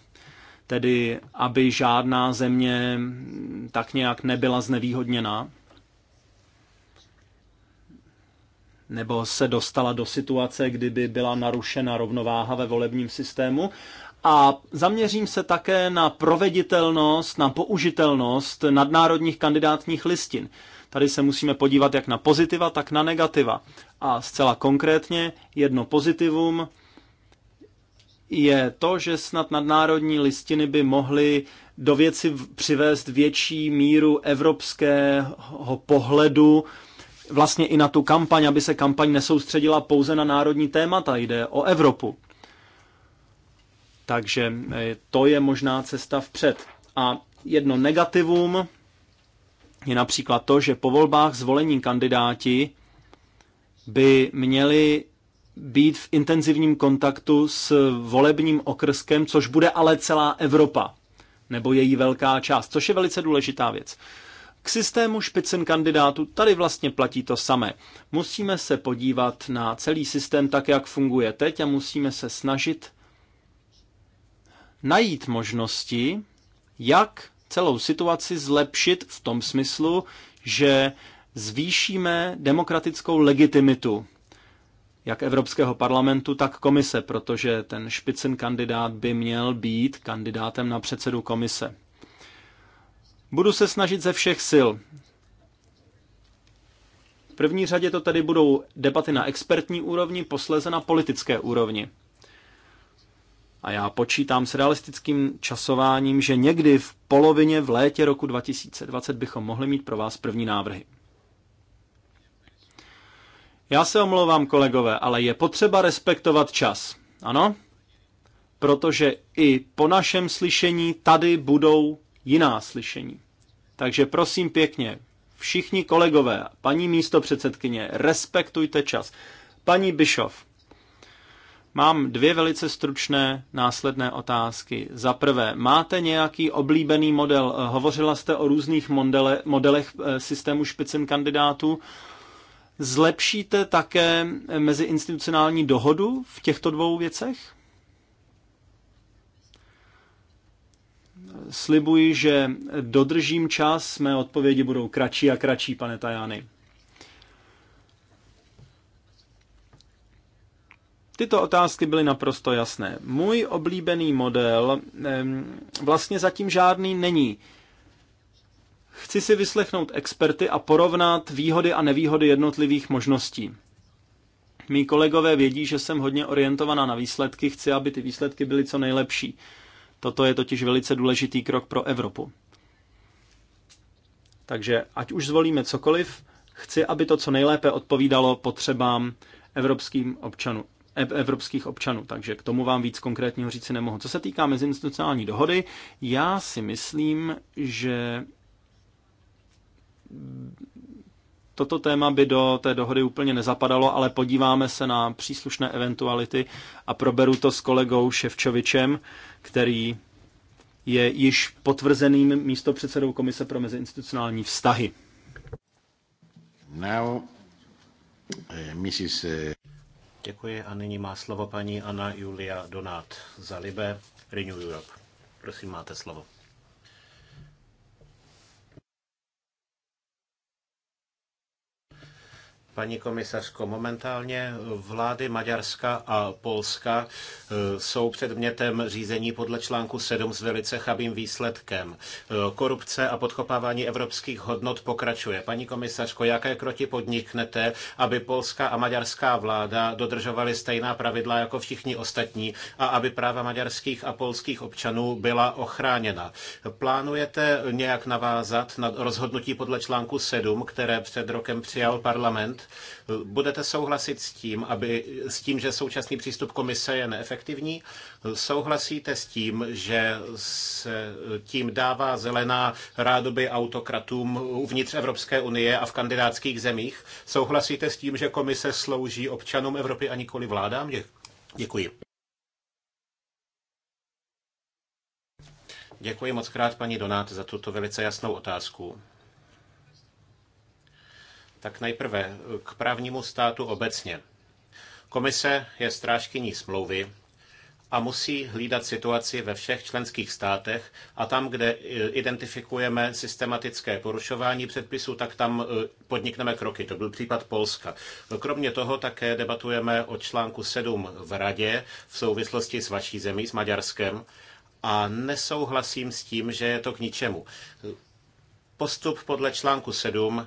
tedy aby žádná země tak nějak nebyla znevýhodněna, nebo se dostala do situace, kdyby byla narušena rovnováha ve volebním systému. A zaměřím se také na proveditelnost, na použitelnost nadnárodních kandidátních listin. Tady se musíme podívat jak na pozitiva, tak na negativa. A zcela konkrétně jedno pozitivum je to, že snad nadnárodní listiny by mohly do věci přivést větší míru evropského pohledu vlastně i na tu kampaň, aby se kampaň nesoustředila pouze na národní témata, jde o Evropu. Takže e, to je možná cesta vpřed. A jedno negativum je například to, že po volbách zvolení kandidáti by měli být v intenzivním kontaktu s volebním okrskem, což bude ale celá Evropa, nebo její velká část, což je velice důležitá věc. K systému špicen kandidátů tady vlastně platí to samé. Musíme se podívat na celý systém tak, jak funguje teď a musíme se snažit najít možnosti, jak celou situaci zlepšit v tom smyslu, že zvýšíme demokratickou legitimitu jak Evropského parlamentu, tak komise, protože ten špicen kandidát by měl být kandidátem na předsedu komise. Budu se snažit ze všech sil. V první řadě to tedy budou debaty na expertní úrovni, posléze na politické úrovni. A já počítám s realistickým časováním, že někdy v polovině v létě roku 2020 bychom mohli mít pro vás první návrhy. Já se omlouvám, kolegové, ale je potřeba respektovat čas. Ano? Protože i po našem slyšení tady budou jiná slyšení. Takže prosím pěkně, všichni kolegové, paní místo předsedkyně, respektujte čas. Paní Bišov, mám dvě velice stručné následné otázky. Za prvé, máte nějaký oblíbený model? Hovořila jste o různých modele, modelech eh, systému špicen kandidátů. Zlepšíte také meziinstitucionální dohodu v těchto dvou věcech? Slibuji, že dodržím čas, mé odpovědi budou kratší a kratší, pane Tajány. Tyto otázky byly naprosto jasné. Můj oblíbený model vlastně zatím žádný není. Chci si vyslechnout experty a porovnat výhody a nevýhody jednotlivých možností. Mí kolegové vědí, že jsem hodně orientovaná na výsledky, chci, aby ty výsledky byly co nejlepší. Toto je totiž velice důležitý krok pro Evropu. Takže ať už zvolíme cokoliv, chci, aby to co nejlépe odpovídalo potřebám evropským občanů, e- evropských občanů. Takže k tomu vám víc konkrétního říci nemohu. Co se týká meziinstitucionální dohody, já si myslím, že toto téma by do té dohody úplně nezapadalo, ale podíváme se na příslušné eventuality a proberu to s kolegou Ševčovičem, který je již potvrzeným místopředsedou Komise pro meziinstitucionální vztahy. Now, eh, Mrs. Eh, Děkuji a nyní má slovo paní Anna Julia Donát za Libe Renew Europe. Prosím, máte slovo. Paní komisařko, momentálně vlády Maďarska a Polska e, jsou předmětem řízení podle článku 7 s velice chabým výsledkem. E, korupce a podchopávání evropských hodnot pokračuje. Paní komisařko, jaké kroky podniknete, aby polská a maďarská vláda dodržovaly stejná pravidla jako všichni ostatní a aby práva maďarských a polských občanů byla ochráněna? Plánujete nějak navázat na rozhodnutí podle článku 7, které před rokem přijal parlament? Budete souhlasit s tím, aby, s tím, že současný přístup komise je neefektivní? Souhlasíte s tím, že se tím dává zelená rádoby autokratům uvnitř Evropské unie a v kandidátských zemích? Souhlasíte s tím, že komise slouží občanům Evropy a nikoli vládám? Děkuji. Děkuji moc krát paní Donát za tuto velice jasnou otázku. Tak nejprve eh, k právnímu státu obecně. Komise je strážkyní smlouvy a musí hlídat situaci ve všech členských státech a tam, kde eh, identifikujeme systematické porušování předpisů, tak tam eh, podnikneme kroky. To byl případ Polska. Kromě toho také debatujeme o článku 7 v Radě v souvislosti s vaší zemí, s Maďarskem a nesouhlasím s tím, že je to k ničemu. Postup podle článku 7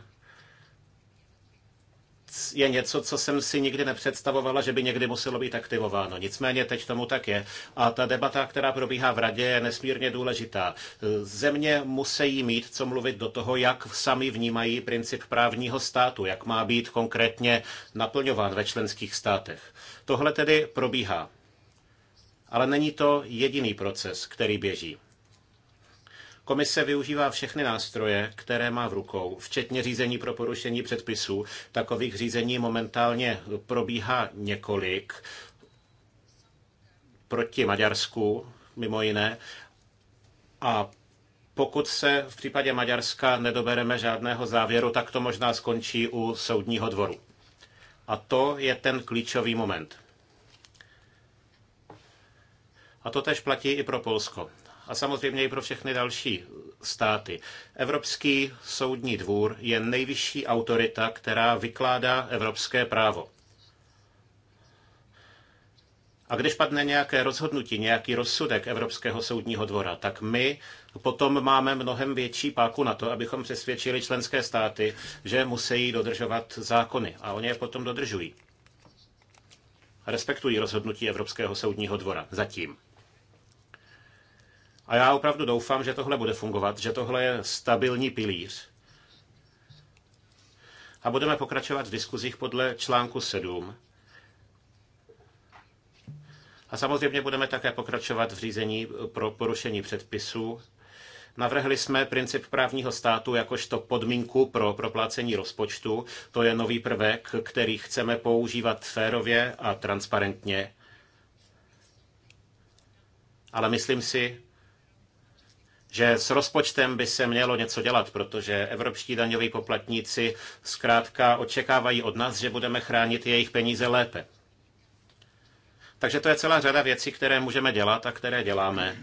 je něco, co jsem si nikdy nepředstavovala, že by někdy muselo být aktivováno. Nicméně teď tomu tak je. A ta debata, která probíhá v radě, je nesmírně důležitá. Země musí mít co mluvit do toho, jak sami vnímají princip právního státu, jak má být konkrétně naplňován ve členských státech. Tohle tedy probíhá. Ale není to jediný proces, který běží. Komise využívá všechny nástroje, které má v rukou, včetně řízení pro porušení předpisů. Takových řízení momentálně probíhá několik proti Maďarsku, mimo jiné. A pokud se v případě Maďarska nedobereme žádného závěru, tak to možná skončí u soudního dvoru. A to je ten klíčový moment. A to tež platí i pro Polsko a samozřejmě i pro všechny další státy. Evropský soudní dvůr je nejvyšší autorita, která vykládá evropské právo. A když padne nějaké rozhodnutí, nějaký rozsudek Evropského soudního dvora, tak my potom máme mnohem větší páku na to, abychom přesvědčili členské státy, že musí dodržovat zákony. A oni je potom dodržují. Respektují rozhodnutí Evropského soudního dvora. Zatím. A já opravdu doufám, že tohle bude fungovat, že tohle je stabilní pilíř. A budeme pokračovat v diskuzích podle článku 7. A samozřejmě budeme také pokračovat v řízení pro porušení předpisů. Navrhli jsme princip právního státu jakožto podmínku pro proplácení rozpočtu. To je nový prvek, který chceme používat férově a transparentně. Ale myslím si, že s rozpočtem by se mělo něco dělat, protože evropští daňoví poplatníci zkrátka očekávají od nás, že budeme chránit jejich peníze lépe. Takže to je celá řada věcí, které můžeme dělat a které děláme.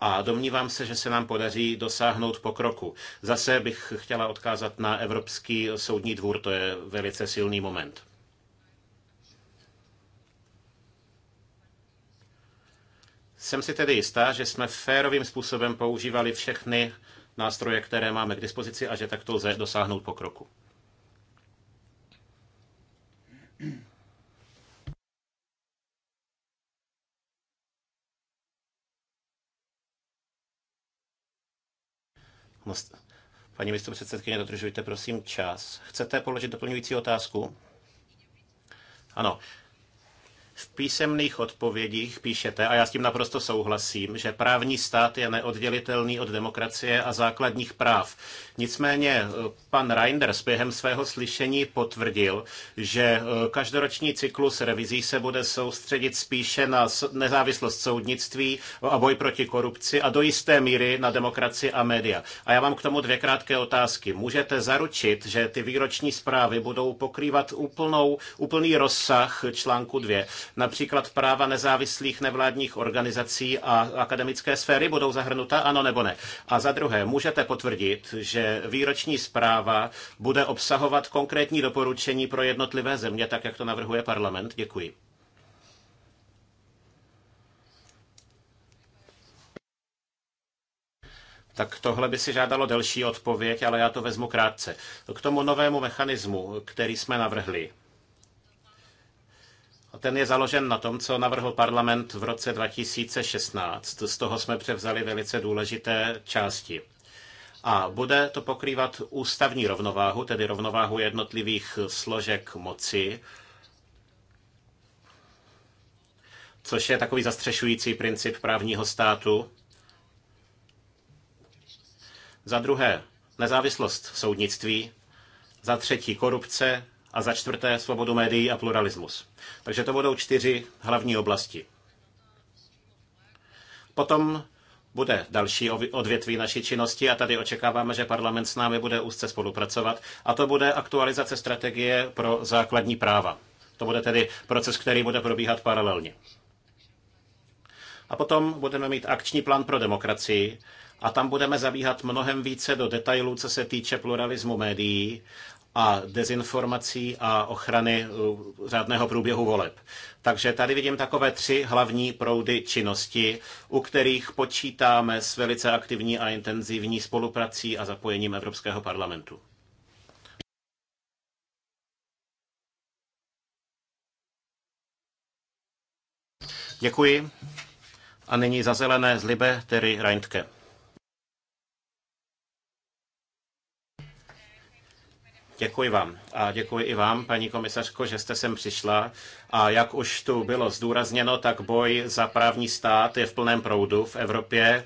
A domnívám se, že se nám podaří dosáhnout pokroku. Zase bych chtěla odkázat na Evropský soudní dvůr, to je velice silný moment. Jsem si tedy jistá, že jsme férovým způsobem používali všechny nástroje, které máme k dispozici a že takto lze dosáhnout pokroku. Paní místo předsedkyně, dodržujte prosím čas. Chcete položit doplňující otázku? Ano. V písemných odpovědích píšete, a já s tím naprosto souhlasím, že právní stát je neoddělitelný od demokracie a základních práv. Nicméně eh, pan Reinders během svého slyšení potvrdil, že eh, každoroční cyklus revizí se bude soustředit spíše na nezávislost soudnictví a boj proti korupci a do jisté míry na demokracii a média. A já mám k tomu dvě krátké otázky. Můžete zaručit, že ty výroční zprávy budou pokrývat úplnou, úplný rozsah článku 2? Například práva nezávislých nevládních organizací a akademické sféry budou zahrnuta, ano nebo ne? A za druhé, můžete potvrdit, že výroční zpráva bude obsahovat konkrétní doporučení pro jednotlivé země, tak jak to navrhuje parlament? Děkuji. Tak tohle by si žádalo delší odpověď, ale já to vezmu krátce. K tomu novému mechanismu, který jsme navrhli. Ten je založen na tom, co navrhl parlament v roce 2016. Z toho jsme převzali velice důležité části. A bude to pokrývat ústavní rovnováhu, tedy rovnováhu jednotlivých složek moci, což je takový zastřešující princip právního státu. Za druhé, nezávislost soudnictví. Za třetí, korupce a za čtvrté svobodu médií a pluralismus. Takže to budou čtyři hlavní oblasti. Potom bude další odvětví naší činnosti a tady očekáváme, že parlament s námi bude úzce spolupracovat a to bude aktualizace strategie pro základní práva. To bude tedy proces, který bude probíhat paralelně. A potom budeme mít akční plán pro demokracii a tam budeme zabíhat mnohem více do detailů, co se týče pluralismu médií a dezinformací a ochrany uh, řádného průběhu voleb. Takže tady vidím takové tři hlavní proudy činnosti, u kterých počítáme s velice aktivní a intenzivní spoluprací a zapojením Evropského parlamentu. Děkuji. A nyní za zelené zlibe, tedy Reintke. Děkuji vám a děkuji i vám, paní komisařko, že jste sem přišla. A jak už tu bylo zdůrazněno, tak boj za právní stát je v plném proudu v Evropě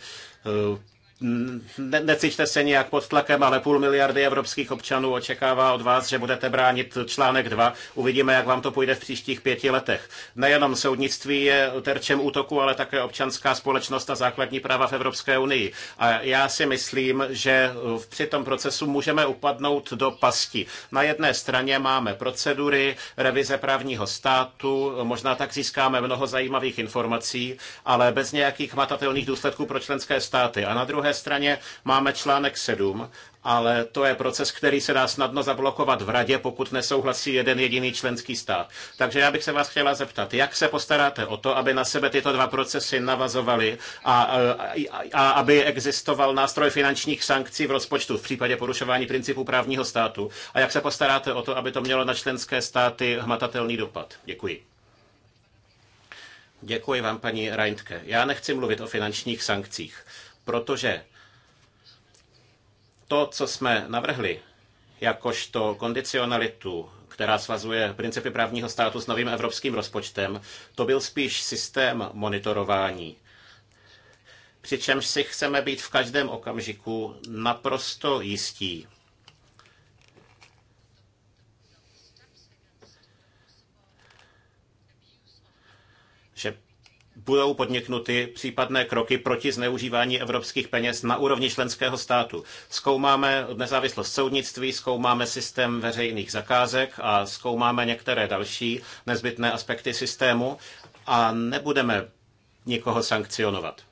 ne, necíčte se nějak pod tlakem, ale půl miliardy evropských občanů očekává od vás, že budete bránit článek 2. Uvidíme, jak vám to půjde v příštích pěti letech. Nejenom soudnictví je terčem útoku, ale také občanská společnost a základní práva v Evropské unii. A já si myslím, že eh, při tom procesu můžeme upadnout do pasti. Na jedné straně máme procedury, revize právního státu, možná tak získáme mnoho zajímavých informací, ale bez nějakých matatelných důsledků pro členské státy. A na druhé druhé straně máme článek 7, ale to je proces, který se dá snadno zablokovat v radě, pokud nesouhlasí jeden jediný členský stát. Takže já bych se vás chtěla zeptat, jak se postaráte o to, aby na sebe tyto dva procesy navazovaly a, a, a aby existoval nástroj finančních sankcí v rozpočtu v případě porušování principů právního státu a jak se postaráte o to, aby to mělo na členské státy hmatatelný dopad. Děkuji. Děkuji vám, paní Reintke. Já nechci mluvit o finančních sankcích. Protože to, co jsme navrhli, jakožto kondicionalitu, která svazuje principy právního státu s novým evropským rozpočtem, to byl spíš systém monitorování. Přičemž si chceme být v každém okamžiku naprosto jistí, budou podniknuty případné kroky proti zneužívání evropských peněz na úrovni členského státu. Zkoumáme nezávislost soudnictví, zkoumáme systém veřejných zakázek a zkoumáme některé další nezbytné aspekty systému a nebudeme nikoho sankcionovat.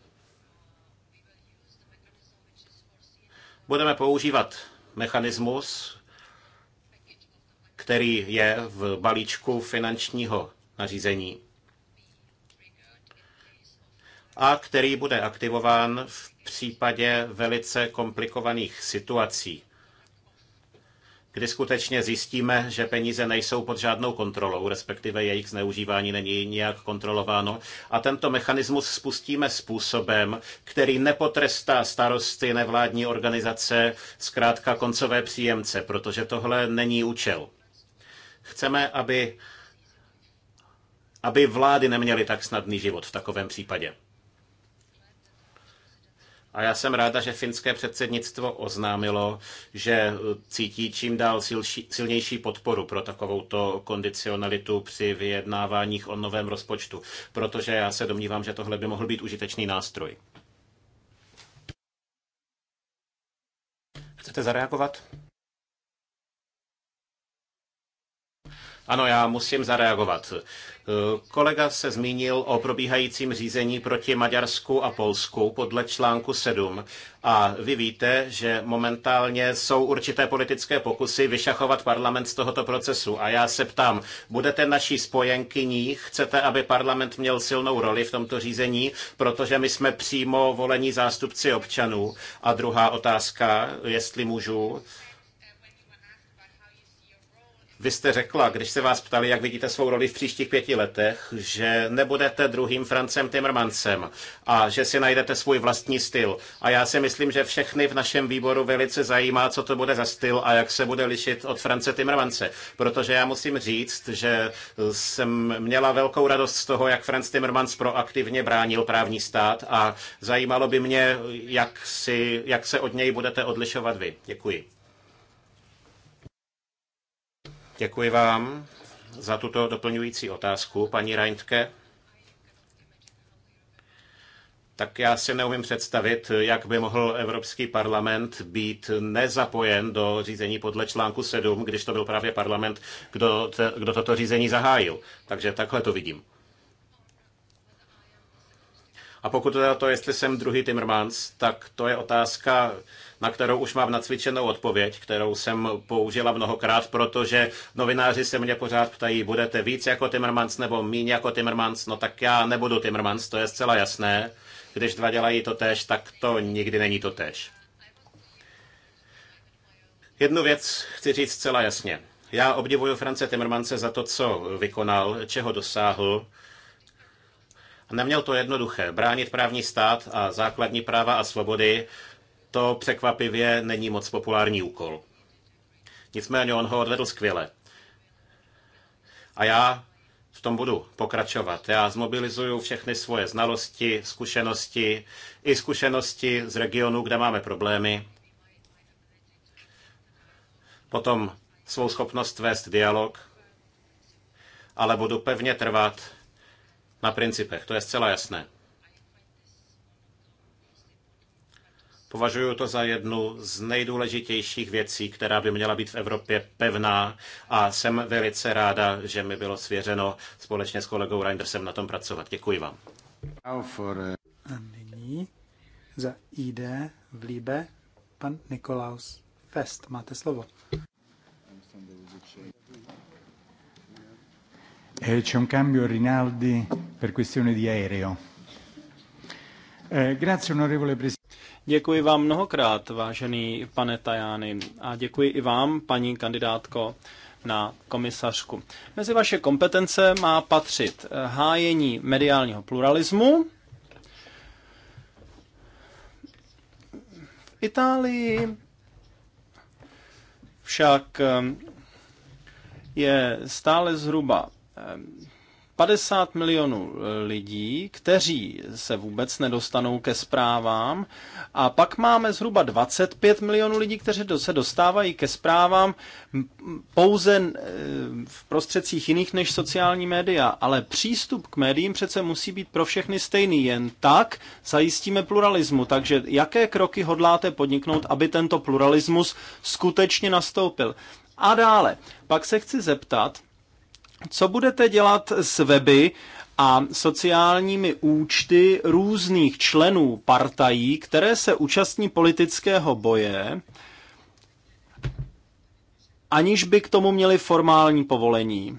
Budeme používat mechanismus, který je v balíčku finančního nařízení a který bude aktivován v případě velice komplikovaných situací, kdy skutečně zjistíme, že peníze nejsou pod žádnou kontrolou, respektive jejich zneužívání není nijak kontrolováno. A tento mechanismus spustíme způsobem, který nepotrestá starosty, nevládní organizace, zkrátka koncové příjemce, protože tohle není účel. Chceme, aby, aby vlády neměly tak snadný život v takovém případě. A já jsem ráda, že finské předsednictvo oznámilo, že eh, cítí čím dál silší, silnější podporu pro takovouto kondicionalitu při vyjednáváních o novém rozpočtu, protože já se domnívám, že tohle by mohl být užitečný nástroj. Chcete zareagovat? Ano, já musím zareagovat. Kolega se zmínil o probíhajícím řízení proti Maďarsku a Polsku podle článku 7. A vy víte, že momentálně jsou určité politické pokusy vyšachovat parlament z tohoto procesu. A já se ptám, budete naší spojenkyní, chcete, aby parlament měl silnou roli v tomto řízení, protože my jsme přímo volení zástupci občanů. A druhá otázka, jestli můžu, vy jste řekla, když se vás ptali, jak vidíte svou roli v příštích pěti letech, že nebudete druhým Francem Timmermansem a že si najdete svůj vlastní styl. A já si myslím, že všechny v našem výboru velice zajímá, co to bude za styl a jak se bude lišit od France Timmermanse. Protože já musím říct, že jsem měla velkou radost z toho, jak Franz Timmermans proaktivně bránil právní stát a zajímalo by mě, jak, si, jak se od něj budete odlišovat vy. Děkuji. Děkuji vám za tuto doplňující otázku, paní Reintke. Tak já si neumím představit, jak by mohl Evropský parlament být nezapojen do řízení podle článku 7, když to byl právě parlament, kdo, te, kdo toto řízení zahájil. Takže takhle to vidím. A pokud je to, jestli jsem druhý Timmermans, tak to je otázka na kterou už mám nacvičenou odpověď, kterou jsem použila mnohokrát, protože novináři se mě pořád ptají, budete víc jako Timmermans nebo míň jako Timmermans, no tak já nebudu Timmermans, to je zcela jasné. Když dva dělají to tež, tak to nikdy není to tež. Jednu věc chci říct zcela jasně. Já obdivuju France Timmermance za to, co vykonal, čeho dosáhl. Neměl to jednoduché. Bránit právní stát a základní práva a svobody to překvapivě není moc populární úkol. Nicméně on ho odvedl skvěle. A já v tom budu pokračovat. Já zmobilizuju všechny svoje znalosti, zkušenosti, i zkušenosti z regionu, kde máme problémy. Potom svou schopnost vést dialog, ale budu pevně trvat na principech, to je zcela jasné. Považuji to za jednu z nejdůležitějších věcí, která by měla být v Evropě pevná a jsem velice ráda, že mi bylo svěřeno společně s kolegou Reindersem na tom pracovat. Děkuji vám. A nyní za ID v Líbe pan Nikolaus Fest. Máte slovo. Eh, c'è un cambio Rinaldi per questione di aereo. Eh, grazie onorevole Presidente. Děkuji vám mnohokrát, vážený pane Tajány, a děkuji i vám, paní kandidátko na komisařku. Mezi vaše kompetence má patřit eh, hájení mediálního pluralismu. V Itálii však eh, je stále zhruba eh, 50 milionů eh, lidí, kteří se vůbec nedostanou ke zprávám a pak máme zhruba 25 milionů lidí, kteří se dostávají ke zprávám pouze eh, v prostředcích jiných než sociální média, ale přístup k médiím přece musí být pro všechny stejný, jen tak zajistíme pluralismu. Takže jaké kroky hodláte podniknout, aby tento pluralismus skutečně nastoupil? A dále, pak se chci zeptat, co budete dělat s weby a sociálními účty různých členů partají, které se účastní politického boje, aniž by k tomu měli formální povolení?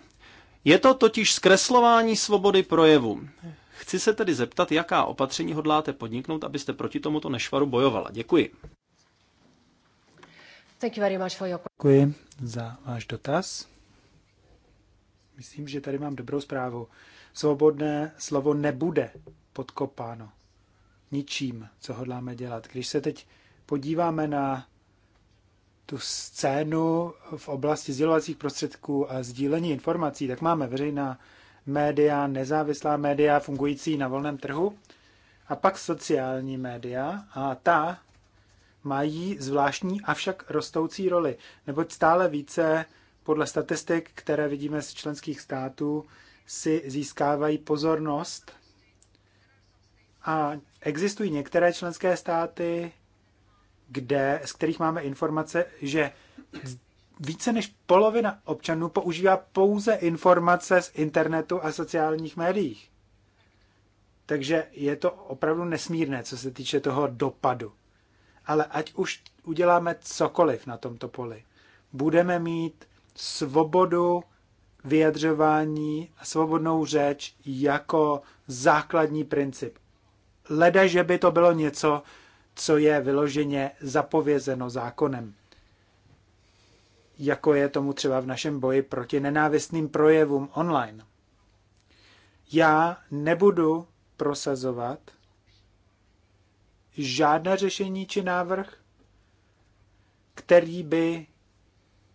Je to totiž zkreslování svobody projevu. Chci se tedy zeptat, jaká opatření hodláte podniknout, abyste proti tomuto nešvaru bojovala. Děkuji. Děkuji za váš dotaz. Myslím, že tady mám dobrou zprávu. Svobodné slovo nebude podkopáno ničím, co hodláme dělat. Když se teď podíváme na tu scénu v oblasti sdělovacích prostředků a sdílení informací, tak máme veřejná média, nezávislá média fungující na volném trhu a pak sociální média a ta mají zvláštní avšak rostoucí roli, neboť stále více podle statistik, které vidíme z členských států, si získávají pozornost. A existují některé členské státy, kde, z kterých máme informace, že více než polovina občanů používá pouze informace z internetu a sociálních médiích. Takže je to opravdu nesmírné, co se týče toho dopadu. Ale ať už uděláme cokoliv na tomto poli, budeme mít svobodu vyjadřování a svobodnou řeč jako základní princip. Leda, že by to bylo něco, co je vyloženě zapovězeno zákonem. Jako je tomu třeba v našem boji proti nenávistným projevům online. Já nebudu prosazovat žádné řešení či návrh, který by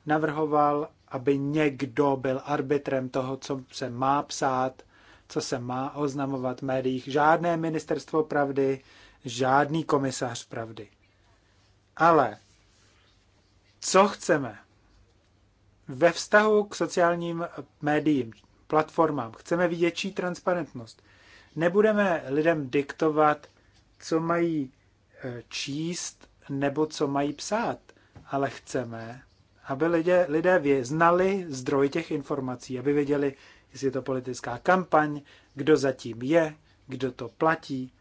navrhoval, aby někdo byl arbitrem toho, co se má psát, co se má oznamovat v médiích. Žádné ministerstvo pravdy, žádný komisař pravdy. Ale co chceme? Ve vztahu k sociálním médiím, platformám, chceme větší transparentnost. Nebudeme lidem diktovat, co mají eh, číst nebo co mají psát, ale chceme, aby lidé, lidé znali zdroj těch informací, aby věděli, jestli je to politická kampaň, kdo zatím je, kdo to platí.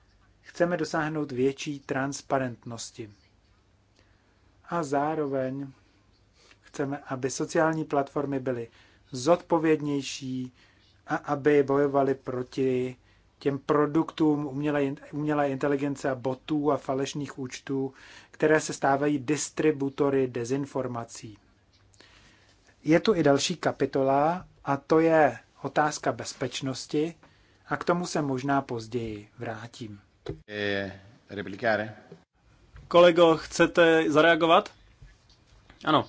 Chceme dosáhnout větší transparentnosti. A zároveň chceme, aby sociální platformy byly zodpovědnější a aby bojovaly proti těm produktům umělé, umělé inteligence a botů a falešných účtů, které se stávají distributory dezinformací. Je tu i další kapitola a to je otázka bezpečnosti a k tomu se možná později vrátím. Eh, eh? Kolego, chcete zareagovat? Ano.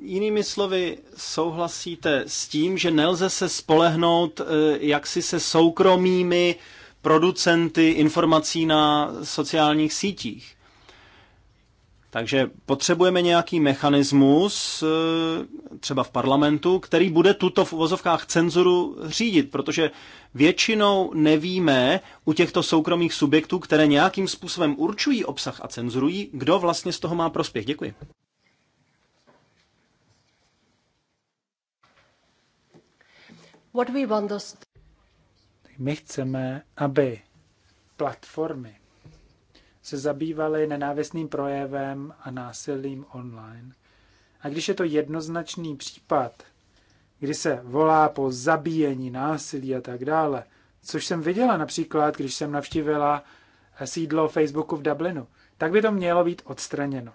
Jinými slovy, souhlasíte s tím, že nelze se spolehnout eh, jaksi se soukromými producenty informací na sociálních sítích. Takže potřebujeme nějaký mechanismus, eh, třeba v parlamentu, který bude tuto v uvozovkách cenzuru řídit, protože většinou nevíme u těchto soukromých subjektů, které nějakým způsobem určují obsah a cenzurují, kdo vlastně z toho má prospěch. Děkuji. What we want My chceme, aby platformy se zabývali nenávistným projevem a násilím online. A když je to jednoznačný případ, kdy se volá po zabíjení, násilí a tak dále, což jsem viděla například, když jsem navštívila sídlo Facebooku v Dublinu, tak by to mělo být odstraněno.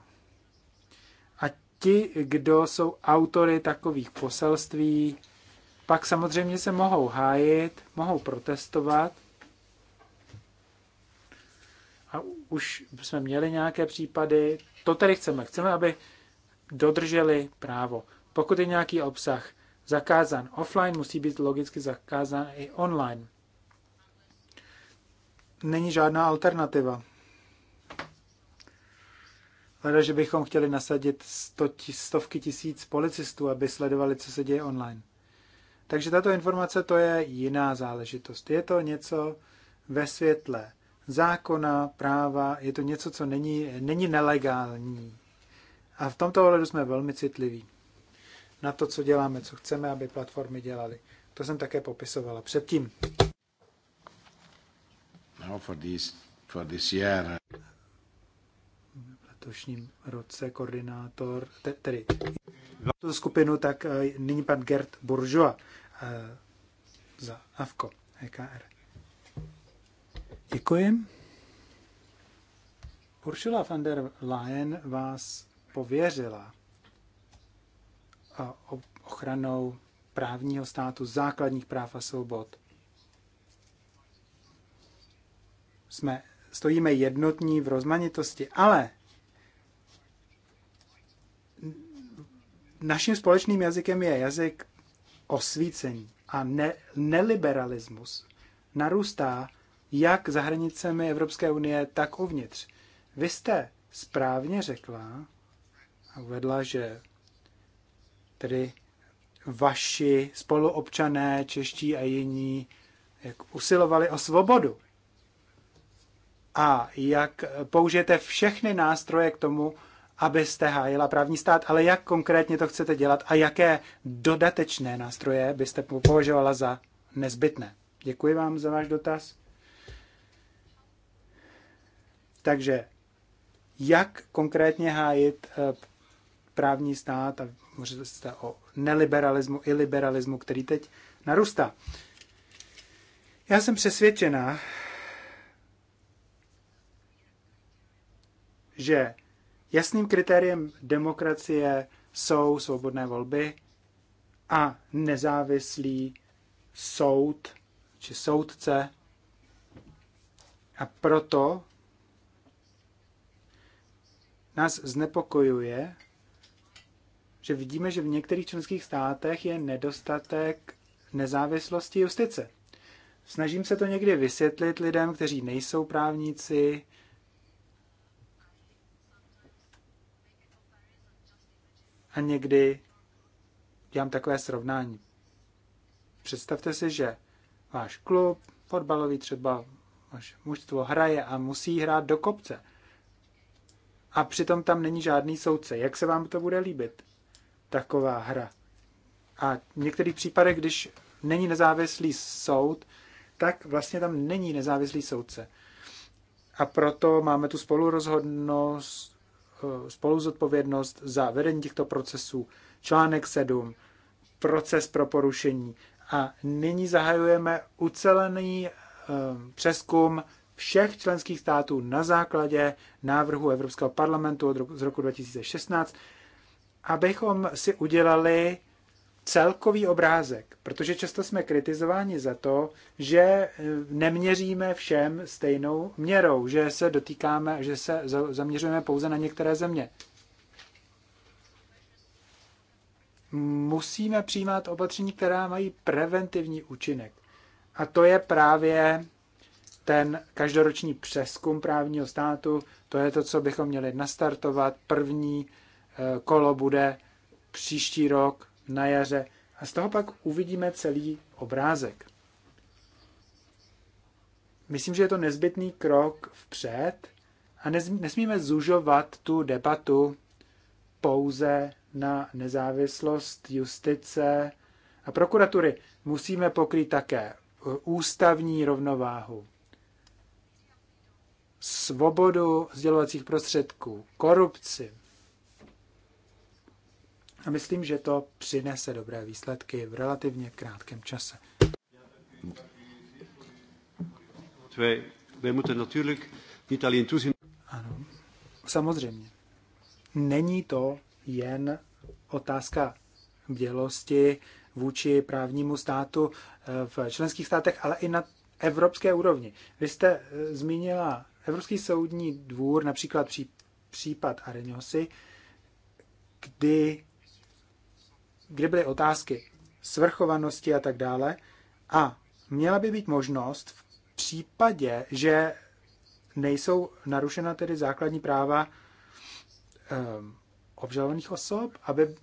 A ti, kdo jsou autory takových poselství, pak samozřejmě se mohou hájit, mohou protestovat, a už jsme měli nějaké případy. To tedy chceme. Chceme, aby dodrželi právo. Pokud je nějaký obsah zakázán offline, musí být logicky zakázán i online. Není žádná alternativa. Hleda, že bychom chtěli nasadit sto, stovky tisíc policistů, aby sledovali, co se děje online. Takže tato informace to je jiná záležitost. Je to něco ve světle zákona, práva, je to něco, co není, není nelegální. A v tomto ohledu jsme velmi citliví na to, co děláme, co chceme, aby platformy dělaly. To jsem také popisovala předtím. No, for this, for this year. V letošním roce koordinátor, te, tedy tu skupinu, tak eh, nyní pan Gert Buržua eh, za AFKO, EKR. Děkuji. Ursula von der Leyen vás pověřila ochranou právního státu, základních práv a svobod. Jsme, stojíme jednotní v rozmanitosti, ale naším společným jazykem je jazyk osvícení a ne, neliberalismus narůstá jak za hranicemi Evropské unie, tak uvnitř. Vy jste správně řekla a uvedla, že tedy vaši spoluobčané, čeští a jiní, jak usilovali o svobodu a jak použijete všechny nástroje k tomu, abyste hájila právní stát, ale jak konkrétně to chcete dělat a jaké dodatečné nástroje byste považovala za nezbytné. Děkuji vám za váš dotaz. Takže jak konkrétně hájit eh, právní stát a můžete se o neliberalismu i liberalismu, který teď narůstá. Já jsem přesvědčená, že jasným kritériem demokracie jsou svobodné volby a nezávislý soud či soudce. A proto nás znepokojuje, že vidíme, že v některých členských státech je nedostatek nezávislosti justice. Snažím se to někdy vysvětlit lidem, kteří nejsou právníci. A někdy dělám takové srovnání. Představte si, že váš klub, fotbalový třeba, váš mužstvo hraje a musí hrát do kopce a přitom tam není žádný soudce. Jak se vám to bude líbit? Taková hra. A v některých případech, když není nezávislý soud, tak vlastně tam není nezávislý soudce. A proto máme tu spolurozhodnost, eh, spoluzodpovědnost za vedení těchto procesů, článek 7, proces pro porušení. A nyní zahajujeme ucelený eh, přeskum všech členských států na základě návrhu Evropského parlamentu z roku 2016, abychom si udělali celkový obrázek, protože často jsme kritizováni za to, že e, neměříme všem stejnou měrou, že se dotýkáme, že se zaměřujeme pouze na některé země. Musíme přijímat opatření, která mají preventivní účinek. A to je právě ten každoroční přeskum právního státu, to je to, co bychom měli nastartovat. První eh, kolo bude příští rok na jaře a z toho pak uvidíme celý obrázek. Myslím, že je to nezbytný krok vpřed a nesmíme zužovat tu debatu pouze na nezávislost justice a prokuratury. Musíme pokrýt také eh, ústavní rovnováhu, svobodu sdělovacích prostředků, korupci. A myslím, že to přinese dobré výsledky v relativně krátkém čase. Ano, samozřejmě. Není to jen otázka bdělosti vůči právnímu státu eh, v členských státech, ale i na evropské úrovni. Vy jste eh, zmínila Evropský soudní dvůr, například pří, případ Arenosy, kdy, kdy byly otázky svrchovanosti a tak dále, a měla by být možnost v případě, že nejsou narušena tedy základní práva um, obžalovaných osob, aby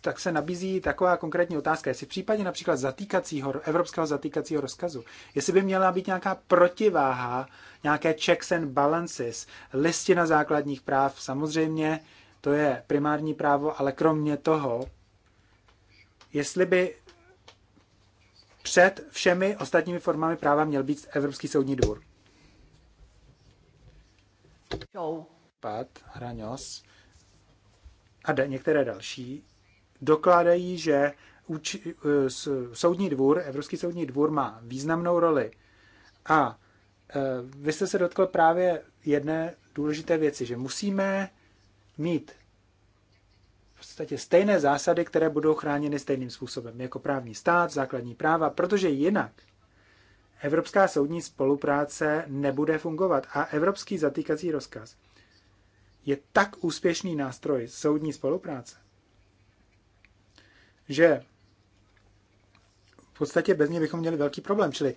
tak se nabízí taková konkrétní otázka, jestli v případě například zatýkacího, evropského zatýkacího rozkazu, jestli by měla být nějaká protiváha, nějaké checks and balances, listina základních práv, samozřejmě to je primární právo, ale kromě toho, jestli by před všemi ostatními formami práva měl být Evropský soudní dvůr. Pat, Hraňos a da, některé další dokládají, že uči, eh, soudní dvůr, Evropský soudní dvůr má významnou roli. A eh, vy jste se dotkl právě jedné důležité věci, že musíme mít v podstatě stejné zásady, které budou chráněny stejným způsobem, jako právní stát, základní práva, protože jinak evropská soudní spolupráce nebude fungovat a evropský zatýkací rozkaz je tak úspěšný nástroj soudní spolupráce, že v podstatě bez ní bychom měli velký problém. Čili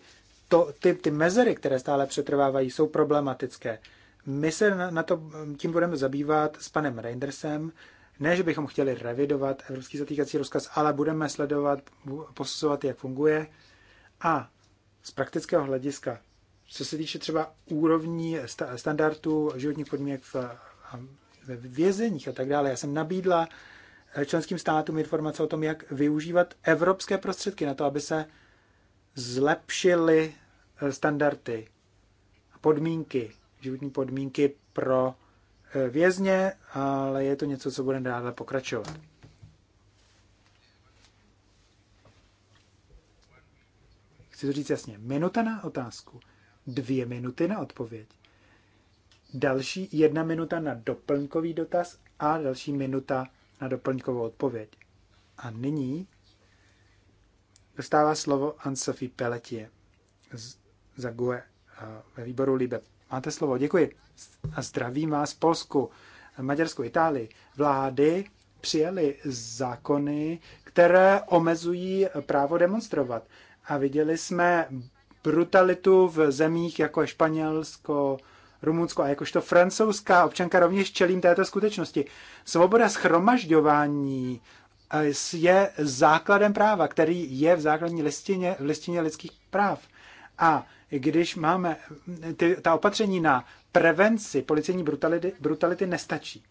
to, ty, ty mezery, které stále přetrvávají, jsou problematické. My se na, na to tím budeme zabývat s panem Reindersem. Ne, že bychom chtěli revidovat evropský zatýkací rozkaz, ale budeme sledovat, posuzovat, jak funguje. A z praktického hlediska, co se týče třeba úrovní standardů životních podmínek v, v vězeních a tak dále, já jsem nabídla členským státům informace o tom, jak využívat evropské prostředky na to, aby se zlepšily eh, standardy a podmínky, životní podmínky pro eh, vězně, ale je to něco, co bude dále pokračovat. Chci to říct jasně. Minuta na otázku, dvě minuty na odpověď, další jedna minuta na doplňkový dotaz a další minuta na doplňkovou odpověď. A nyní dostává slovo Anne-Sophie Pelletier za GUE eh, ve výboru Libe. Máte slovo, děkuji. A zdravím vás Polsku, Maďarsku, Itálii. Vlády přijeli zákony, které omezují právo demonstrovat. A viděli jsme brutalitu v zemích jako Španělsko, Rumunsko a jakožto francouzská občanka rovněž čelím této skutečnosti. Svoboda schromažďování eh, je základem práva, který je v základní listině, v listině lidských práv. A když máme ty, ta opatření na prevenci policejní brutality, brutality nestačí.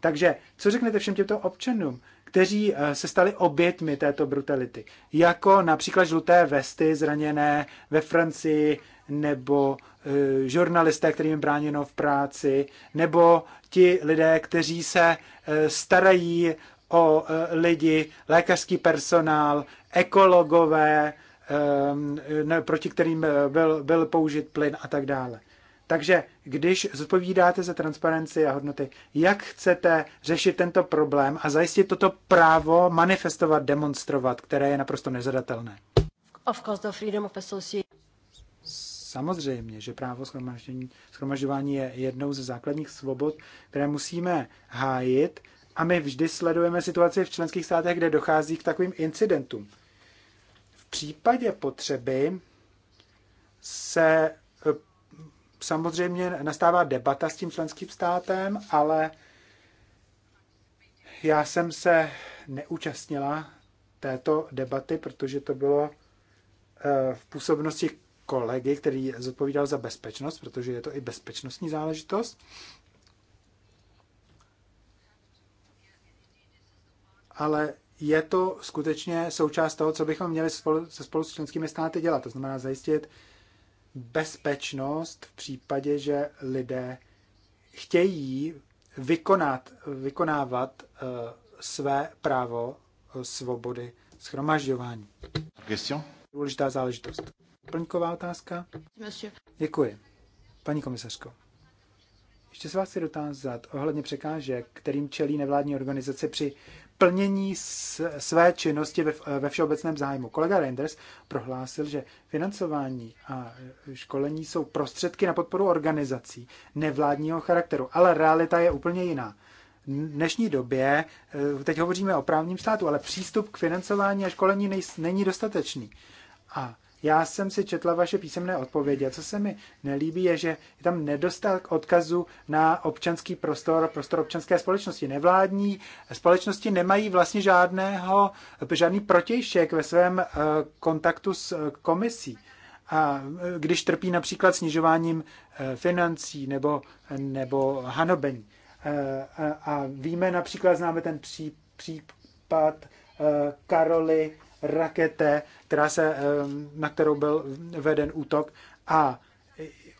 Takže co řeknete všem těmto občanům, kteří eh, se stali oběťmi této brutality? Jako například žluté vesty zraněné ve Francii, nebo e, žurnalisté, kterým je bráněno v práci, nebo ti lidé, kteří se e, starají o e, lidi, lékařský personál, ekologové, e, proti kterým byl, byl použit plyn a tak dále. Takže když zodpovídáte za transparenci a hodnoty, jak chcete řešit tento problém a zajistit toto právo manifestovat, demonstrovat, které je naprosto nezadatelné? Of course, the freedom of association. Samozřejmě, že právo schromažďování je jednou ze základních svobod, které musíme hájit a my vždy sledujeme situaci v členských státech, kde dochází k takovým incidentům. V případě potřeby se samozřejmě nastává debata s tím členským státem, ale já jsem se neúčastnila této debaty, protože to bylo eh, v působnosti kolegy, který zodpovídal za bezpečnost, protože je to i bezpečnostní záležitost. Ale je to skutečně součást toho, co bychom měli spolu, se spolu s členskými státy dělat. To znamená zajistit, bezpečnost v případě, že lidé chtějí vykonat, vykonávat eh, své právo eh, svobody schromažďování. Question? Důležitá záležitost. Plňková otázka? Děkuji. Paní komisařko. Ještě se vás chci dotázat ohledně překážek, kterým čelí nevládní organizace při plnění své činnosti ve, ve všeobecném zájmu. Kolega Reinders prohlásil, že financování a školení jsou prostředky na podporu organizací nevládního charakteru, ale realita je úplně jiná. V dnešní době, eh, teď hovoříme o právním státu, ale přístup k financování a školení nej, není dostatečný. A já jsem si četla vaše písemné odpovědi a co se mi nelíbí je, že je tam nedostatek odkazu na občanský prostor, prostor občanské společnosti. Nevládní společnosti nemají vlastně žádného, žádný protějšek ve svém eh, kontaktu s eh, komisí. A eh, když trpí například snižováním financí nebo, nebo hanobení. A víme například, známe ten pří, případ Karoly rakete, která se, na kterou byl veden útok. A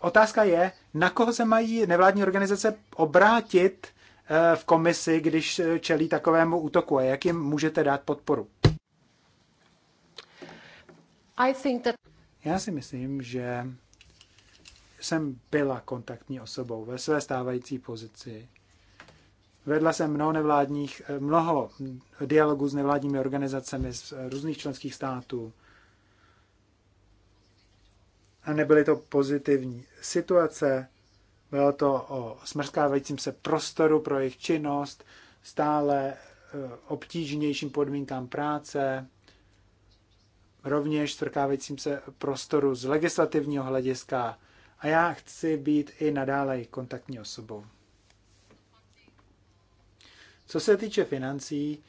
otázka je, na koho se mají nevládní organizace obrátit eh, v komisi, když čelí takovému útoku a jak jim můžete dát podporu? I think that... Já si myslím, že jsem byla kontaktní osobou ve své stávající pozici Vedla jsem mnoho nevládních, eh, mnoho dialogů s nevládními organizacemi z eh, různých členských států. A nebyly to pozitivní situace, bylo to o smrskávajícím se prostoru pro jejich činnost, stále eh, obtížnějším podmínkám práce, rovněž smrskávajícím se prostoru z legislativního hlediska. A já chci být i nadále kontaktní osobou. Co se týče financí,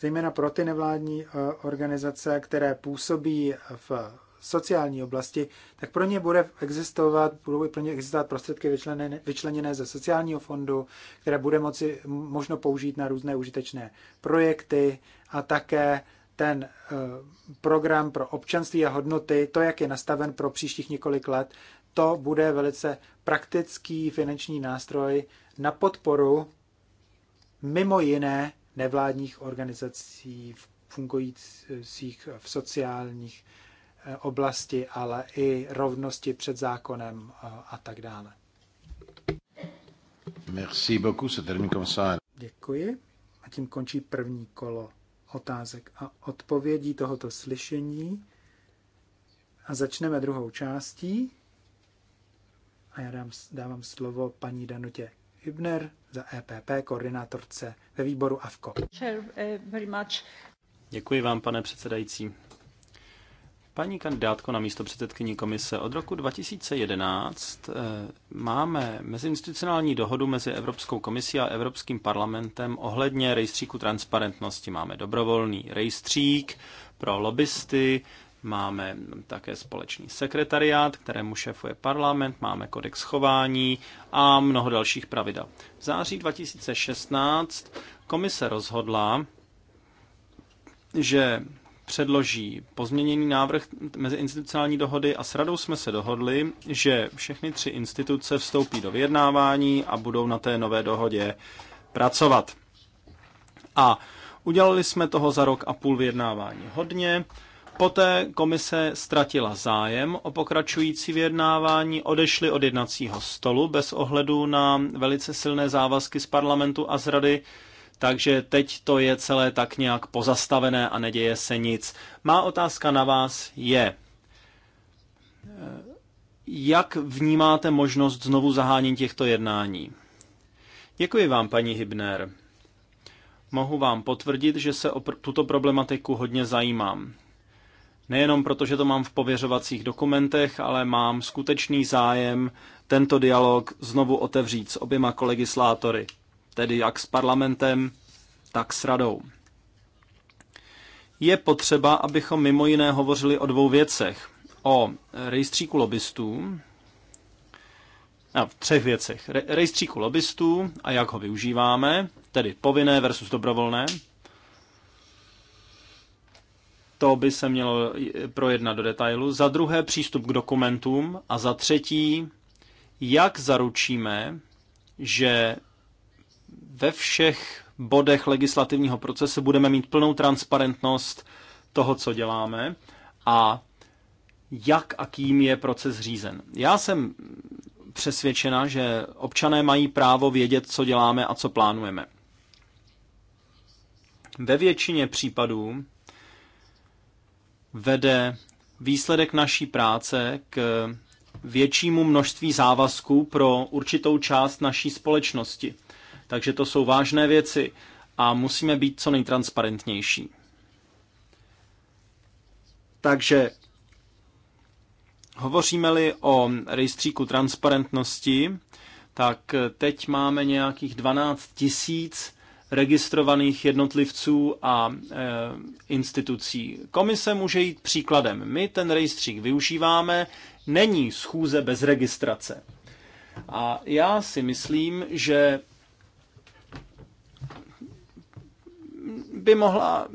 zejména pro ty nevládní eh, organizace, které působí v sociální oblasti, tak pro ně bude existovat, budou pro ně existovat prostředky vyčleněné, vyčleněné ze sociálního fondu, které bude moci možno použít na různé užitečné projekty a také ten eh, program pro občanství a hodnoty, to, jak je nastaven pro příštích několik let, to bude velice praktický finanční nástroj na podporu mimo jiné nevládních organizací fungujících v sociálních eh, oblasti, ale i rovnosti před zákonem eh, a tak dále. Merci beaucoup, se Děkuji. A tím končí první kolo otázek a odpovědí tohoto slyšení. A začneme druhou částí. A já dám, dávám slovo paní Danutě Hübner za EPP, koordinátorce ve výboru AFKO. Eh, Děkuji vám, pane předsedající. Paní kandidátko na místo předsedkyní komise, od roku 2011 eh, máme mezinstitucionální dohodu mezi Evropskou komisí a Evropským parlamentem ohledně rejstříku transparentnosti. Máme dobrovolný rejstřík pro lobbysty, Máme také společný sekretariát, kterému šéfuje parlament, máme kodex chování a mnoho dalších pravidel. V září 2016 komise rozhodla, že předloží pozměněný návrh meziinstitucionální dohody a s radou jsme se dohodli, že všechny tři instituce vstoupí do vyjednávání a budou na té nové dohodě pracovat. A udělali jsme toho za rok a půl vyjednávání hodně. Poté komise ztratila zájem o pokračující vyjednávání, odešli od jednacího stolu bez ohledu na velice silné závazky z parlamentu a z rady, takže teď to je celé tak nějak pozastavené a neděje se nic. Má otázka na vás je, jak vnímáte možnost znovu zahánění těchto jednání? Děkuji vám, paní Hybner. Mohu vám potvrdit, že se o tuto problematiku hodně zajímám. Nejenom proto, že to mám v pověřovacích dokumentech, ale mám skutečný zájem tento dialog znovu otevřít s oběma kolegislátory, tedy jak s parlamentem, tak s radou. Je potřeba, abychom mimo jiné hovořili o dvou věcech. O rejstříku lobbystů, a v třech věcech. Re- rejstříku lobbystů a jak ho využíváme, tedy povinné versus dobrovolné, to by se mělo projednat do detailu. Za druhé přístup k dokumentům a za třetí, jak zaručíme, že ve všech bodech legislativního procesu budeme mít plnou transparentnost toho, co děláme a jak a kým je proces řízen. Já jsem přesvědčena, že občané mají právo vědět, co děláme a co plánujeme. Ve většině případů vede výsledek naší práce k většímu množství závazků pro určitou část naší společnosti. Takže to jsou vážné věci a musíme být co nejtransparentnější. Takže hovoříme-li o rejstříku transparentnosti, tak teď máme nějakých 12 tisíc registrovaných jednotlivců a e, institucí. Komise může jít příkladem. My ten rejstřík využíváme, není schůze bez registrace. A já si myslím, že by, mohla,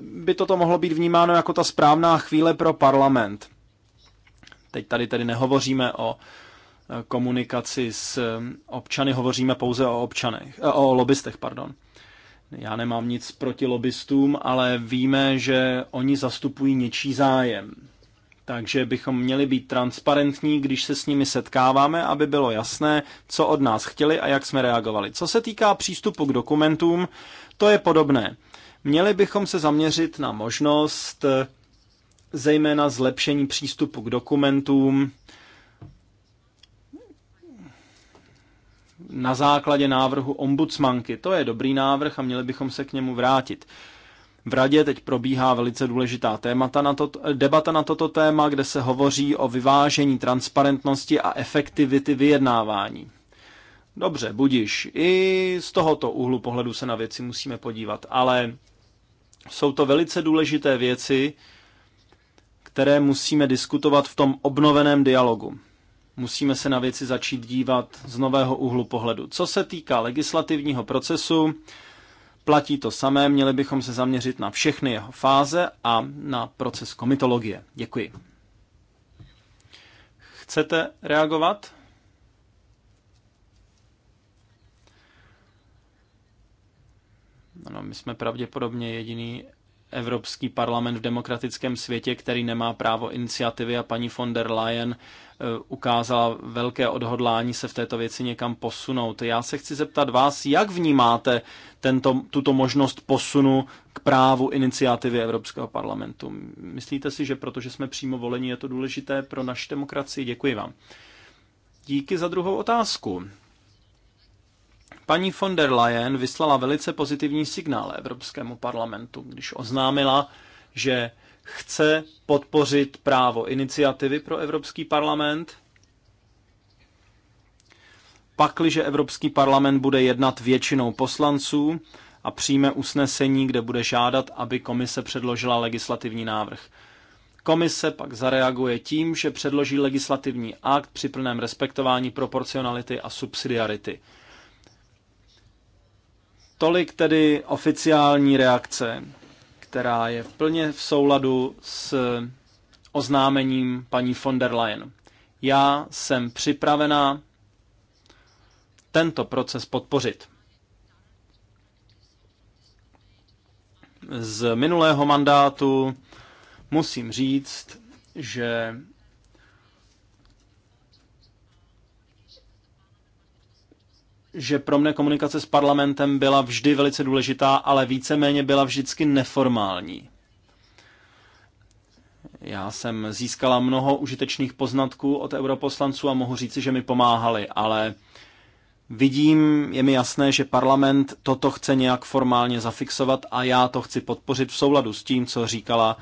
by toto mohlo být vnímáno jako ta správná chvíle pro parlament. Teď tady tedy nehovoříme o e, komunikaci s e, občany, hovoříme pouze o občanech, e, o lobbystech, pardon. Já nemám nic proti lobbystům, ale víme, že oni zastupují něčí zájem. Takže bychom měli být transparentní, když se s nimi setkáváme, aby bylo jasné, co od nás chtěli a jak jsme reagovali. Co se týká přístupu k dokumentům, to je podobné. Měli bychom se zaměřit na možnost eh, zejména zlepšení přístupu k dokumentům, na základě návrhu ombudsmanky. To je dobrý návrh a měli bychom se k němu vrátit. V radě teď probíhá velice důležitá témata na to, debata na toto téma, kde se hovoří o vyvážení transparentnosti a efektivity vyjednávání. Dobře, budiš. I z tohoto úhlu pohledu se na věci musíme podívat, ale jsou to velice důležité věci, které musíme diskutovat v tom obnoveném dialogu musíme se na věci začít dívat z nového úhlu pohledu. Co se týká legislativního procesu, platí to samé, měli bychom se zaměřit na všechny jeho fáze a na proces komitologie. Děkuji. Chcete reagovat? Ano, my jsme pravděpodobně jediný Evropský parlament v demokratickém světě, který nemá právo iniciativy a paní von der Leyen eh, ukázala velké odhodlání se v této věci někam posunout. Já se chci zeptat vás, jak vnímáte tento, tuto možnost posunu k právu iniciativy Evropského parlamentu? Myslíte si, že protože jsme přímo voleni, je to důležité pro naši demokracii? Děkuji vám. Díky za druhou otázku. Paní von der Leyen vyslala velice pozitivní signál Evropskému parlamentu, když oznámila, že chce podpořit právo iniciativy pro Evropský parlament, pakliže Evropský parlament bude jednat většinou poslanců a přijme usnesení, kde bude žádat, aby komise předložila legislativní návrh. Komise pak zareaguje tím, že předloží legislativní akt při plném respektování proporcionality a subsidiarity. Tolik tedy oficiální reakce, která je plně v souladu s oznámením paní von der Leyen. Já jsem připravena tento proces podpořit. Z minulého mandátu musím říct, že že pro mne komunikace s parlamentem byla vždy velice důležitá, ale víceméně byla vždycky neformální. Já jsem získala mnoho užitečných poznatků od europoslanců a mohu říci, že mi pomáhali, ale vidím, je mi jasné, že parlament toto chce nějak formálně zafixovat a já to chci podpořit v souladu s tím, co říkala,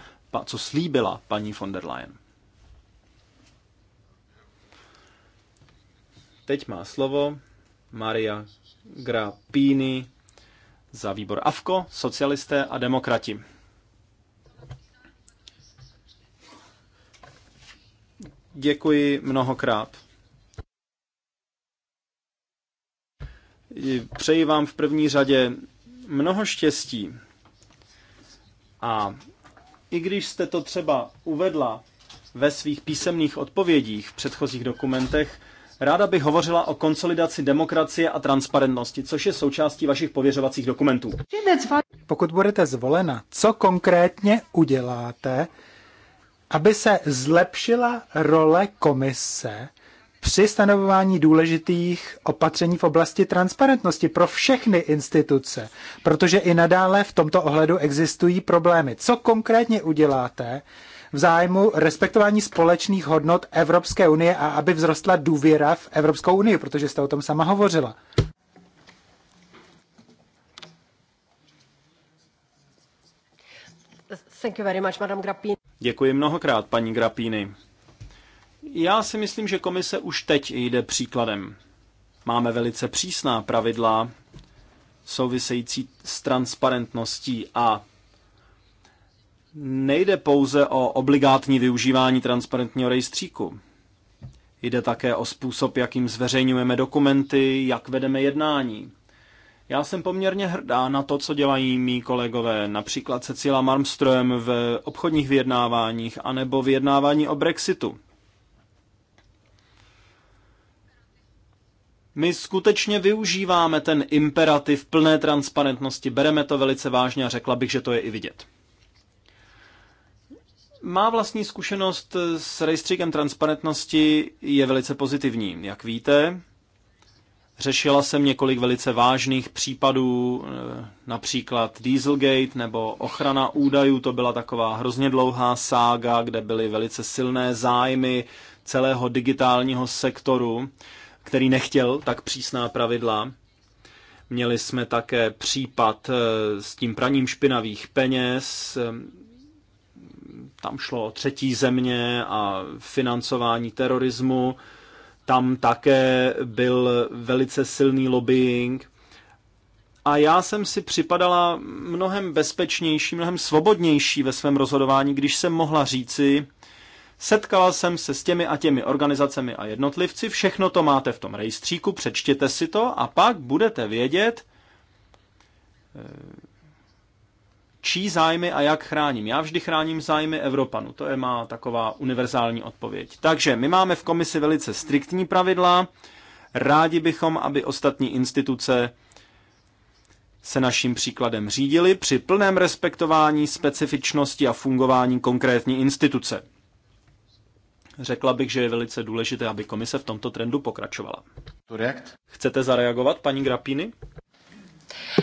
co slíbila paní von der Leyen. Teď má slovo Maria Grappini za výbor AFKO, socialisté a demokrati. Děkuji mnohokrát. Přeji vám v první řadě mnoho štěstí. A i když jste to třeba uvedla ve svých písemných odpovědích v předchozích dokumentech, Ráda bych hovořila o konsolidaci demokracie a transparentnosti, což je součástí vašich pověřovacích dokumentů. Pokud budete zvolena, co konkrétně uděláte, aby se zlepšila role komise při stanovování důležitých opatření v oblasti transparentnosti pro všechny instituce, protože i nadále v tomto ohledu existují problémy. Co konkrétně uděláte, v zájmu respektování společných hodnot Evropské unie a aby vzrostla důvěra v Evropskou unii, protože jste o tom sama hovořila. Thank you very much, Madam Grappini. Děkuji mnohokrát, paní Grapíny. Já si myslím, že komise už teď jde příkladem. Máme velice přísná pravidla související s transparentností a nejde pouze o obligátní využívání transparentního rejstříku. Jde také o způsob, jakým zveřejňujeme dokumenty, jak vedeme jednání. Já jsem poměrně hrdá na to, co dělají mý kolegové, například Cecila Marmström v obchodních vyjednáváních anebo vyjednávání o Brexitu. My skutečně využíváme ten imperativ plné transparentnosti, bereme to velice vážně a řekla bych, že to je i vidět. Má vlastní zkušenost s rejstříkem transparentnosti je velice pozitivní. Jak víte, řešila jsem několik velice vážných případů, eh, například Dieselgate nebo ochrana údajů, to byla taková hrozně dlouhá sága, kde byly velice silné zájmy celého digitálního sektoru, který nechtěl tak přísná pravidla. Měli jsme také případ eh, s tím praním špinavých peněz, eh, tam šlo o třetí země a financování terorismu. Tam také byl velice silný lobbying. A já jsem si připadala mnohem bezpečnější, mnohem svobodnější ve svém rozhodování, když jsem mohla říci, setkala jsem se s těmi a těmi organizacemi a jednotlivci, všechno to máte v tom rejstříku, přečtěte si to a pak budete vědět, čí zájmy a jak chráním. Já vždy chráním zájmy Evropanu. To je má taková univerzální odpověď. Takže my máme v komisi velice striktní pravidla. Rádi bychom, aby ostatní instituce se naším příkladem řídili při plném respektování specifičnosti a fungování konkrétní instituce. Řekla bych, že je velice důležité, aby komise v tomto trendu pokračovala. React. Chcete zareagovat, paní Grapiny? Uh,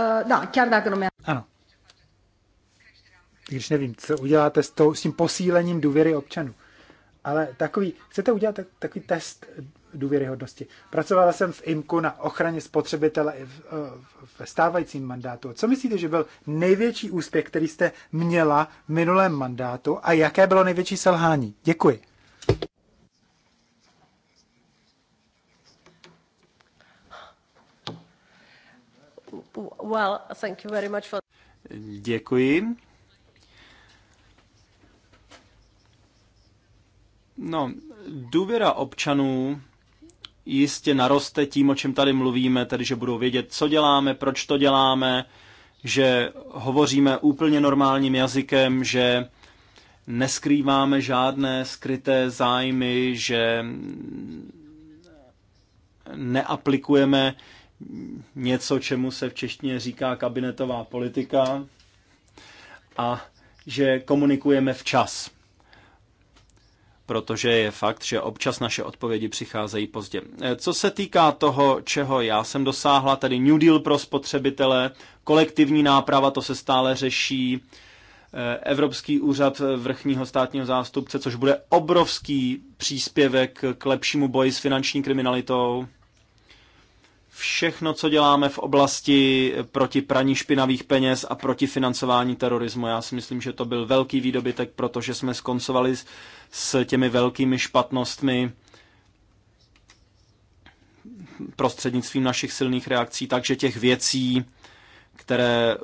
eh, no, Ano, když nevím, co uděláte s, tou, s tím posílením důvěry občanů. Ale takový, chcete udělat takový test důvěryhodnosti. Pracovala jsem v IMKU na ochraně spotřebitele i eh, ve stávajícím mandátu. Co myslíte, že byl největší úspěch, který jste měla v minulém mandátu a jaké bylo největší selhání? Děkuji. Well, thank you very much for... Děkuji No, důvěra občanů jistě naroste tím, o čem tady mluvíme, tedy že budou vědět, co děláme, proč to děláme, že hovoříme úplně normálním jazykem, že neskrýváme žádné skryté zájmy, že neaplikujeme něco, čemu se v češtině říká kabinetová politika a že komunikujeme včas protože je fakt, že občas naše odpovědi přicházejí pozdě. Eh, co se týká toho, čeho já jsem dosáhla, tedy New Deal pro spotřebitele, kolektivní náprava, to se stále řeší, eh, Evropský úřad vrchního státního zástupce, což bude obrovský příspěvek k lepšímu boji s finanční kriminalitou všechno, co děláme v oblasti proti praní špinavých peněz a proti financování terorismu. Já si myslím, že to byl velký výdobytek, protože jsme skoncovali s těmi velkými špatnostmi prostřednictvím našich silných reakcí, takže těch věcí, které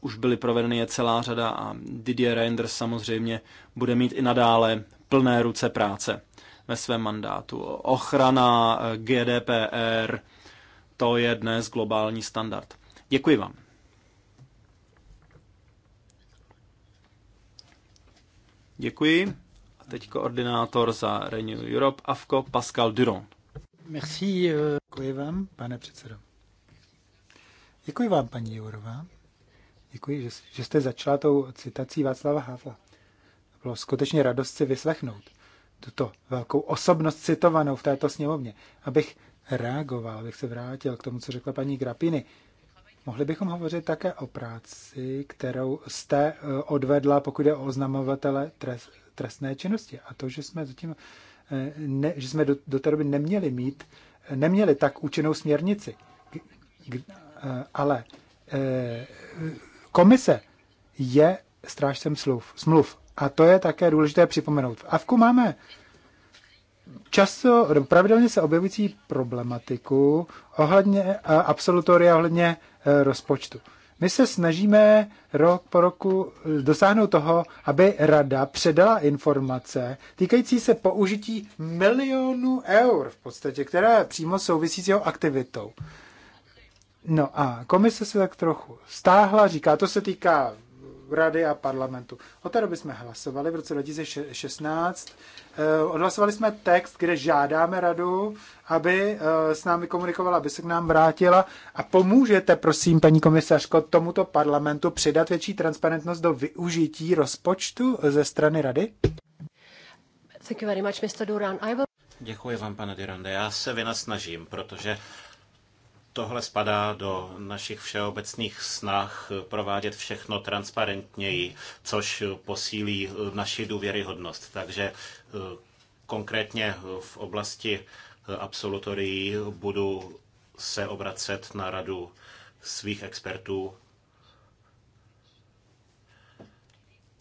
už byly provedeny, je celá řada a Didier Reinders samozřejmě bude mít i nadále plné ruce práce ve svém mandátu. Ochrana GDPR, to je dnes globální standard. Děkuji vám. Děkuji. A teď koordinátor za Renew Europe, AFCO, Pascal Duron. Merci, eh. děkuji vám, pane předsedo. Děkuji vám, paní Jourová. Děkuji, že, že jste začala tou citací Václava Havla. Bylo skutečně radost si vyslechnout tuto velkou osobnost citovanou v této sněmovně. Abych reagoval, abych se vrátil k tomu, co řekla paní Grapiny. Mohli bychom hovořit také o práci, kterou jste e, odvedla, pokud je o oznamovatele trest, trestné činnosti. A to, že jsme zatím, e, ne, že jsme do, do té doby neměli mít, neměli tak účinnou směrnici. E, ale komise je strážcem smluv. A to je také důležité připomenout. V AVKu máme často, pravidelně se objevující problematiku ohledně eh, absolutoria ohledně eh, rozpočtu. My se snažíme rok po roku dosáhnout toho, aby rada předala informace týkající se použití milionů eur v podstatě, které přímo souvisí s jeho aktivitou. No a komise se tak trochu stáhla, říká, to se týká rady a parlamentu. Od té doby jsme hlasovali v roce 2016. Eh, odhlasovali jsme text, kde žádáme radu, aby eh, s námi komunikovala, aby se k nám vrátila a pomůžete, prosím, paní komisařko, tomuto parlamentu přidat větší transparentnost do využití rozpočtu ze strany rady? Thank you very much, Mr. Duran. I will... Děkuji vám, pane Durande. Já se vynasnažím, protože tohle spadá do našich všeobecných snah provádět všechno transparentněji, což posílí eh, naši důvěryhodnost. Takže eh, konkrétně eh, v oblasti absolutorií budu se obracet na radu svých expertů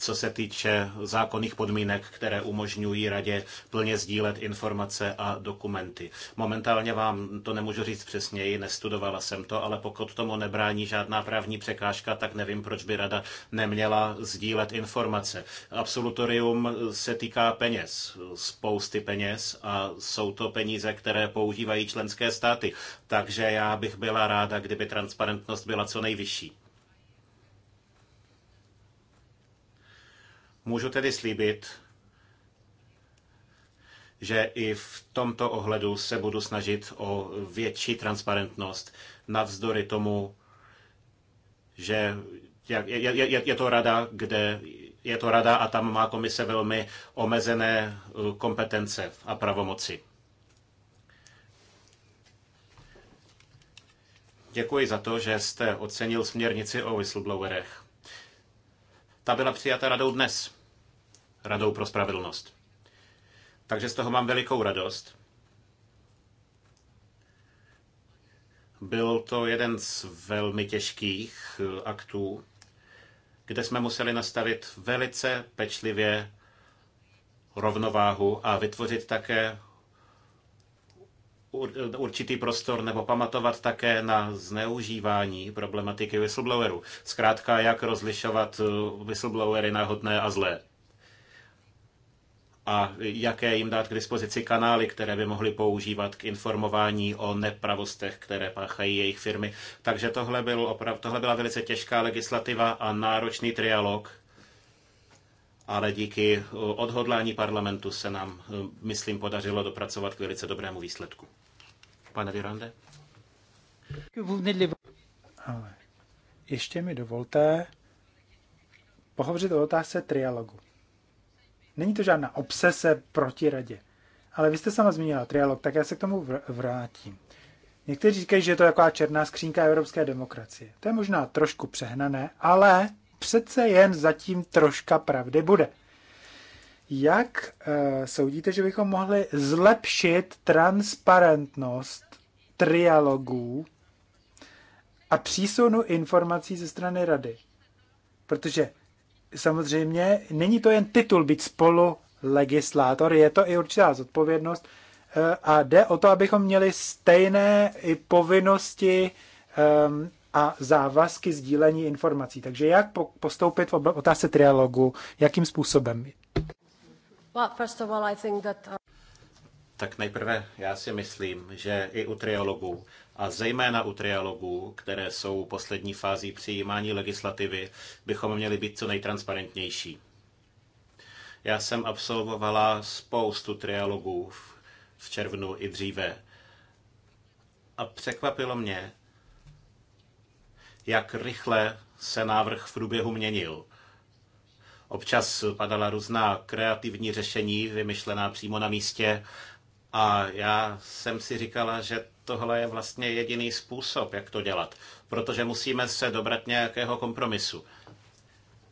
co se týče zákonných podmínek, které umožňují radě plně sdílet informace a dokumenty. Momentálně vám to nemůžu říct přesněji, nestudovala jsem to, ale pokud tomu nebrání žádná právní překážka, tak nevím, proč by rada neměla sdílet informace. Absolutorium se týká peněz, spousty peněz a jsou to peníze, které používají členské státy. Takže já bych byla ráda, kdyby transparentnost byla co nejvyšší. Můžu tedy slíbit, že i v tomto ohledu se budu snažit o větší transparentnost navzdory tomu, že je, je, je to rada, kde je to rada a tam má komise velmi omezené eh, kompetence a pravomoci. Děkuji za to, že jste ocenil směrnici o whistleblowerech. Ta byla přijata radou dnes. Radou pro spravedlnost. Takže z toho mám velikou radost. Byl to jeden z velmi těžkých eh, aktů, kde jsme museli nastavit velice pečlivě rovnováhu a vytvořit také určitý prostor nebo pamatovat také na zneužívání problematiky whistleblowerů. Zkrátka, jak rozlišovat eh, whistleblowery na hodné a zlé a jaké jim dát k dispozici kanály, které by mohly používat k informování o nepravostech, které páchají jejich firmy. Takže tohle, byl oprav, tohle byla velice těžká legislativa a náročný trialog, ale díky odhodlání parlamentu se nám, myslím, podařilo dopracovat k velice dobrému výsledku. Pane Virande? Ale ještě mi dovolte pohovořit o otázce trialogu. Není to žádná obsese proti radě. Ale vy jste sama zmínila trialog, tak já se k tomu vrátím. Někteří říkají, že je to taková černá skřínka evropské demokracie. To je možná trošku přehnané, ale přece jen zatím troška pravdy bude. Jak e, soudíte, že bychom mohli zlepšit transparentnost trialogů a přísunu informací ze strany rady? Protože samozřejmě není to jen titul být spolu legislátor, je to i určitá zodpovědnost eh, a jde o to, abychom měli stejné i povinnosti ehm, a závazky sdílení informací. Takže jak postoupit v otázce trialogu, jakým způsobem? Uh, tak nejprve já si myslím, že i u triologů, a zejména u triologů, které jsou poslední fází přijímání legislativy, bychom měli být co nejtransparentnější. Já jsem absolvovala spoustu triologů v červnu i dříve. A překvapilo mě, jak rychle se návrh v průběhu měnil. Občas padala různá kreativní řešení, vymyšlená přímo na místě, a já jsem si říkala, že tohle je vlastně jediný způsob, jak to dělat, protože musíme se dobrat nějakého kompromisu.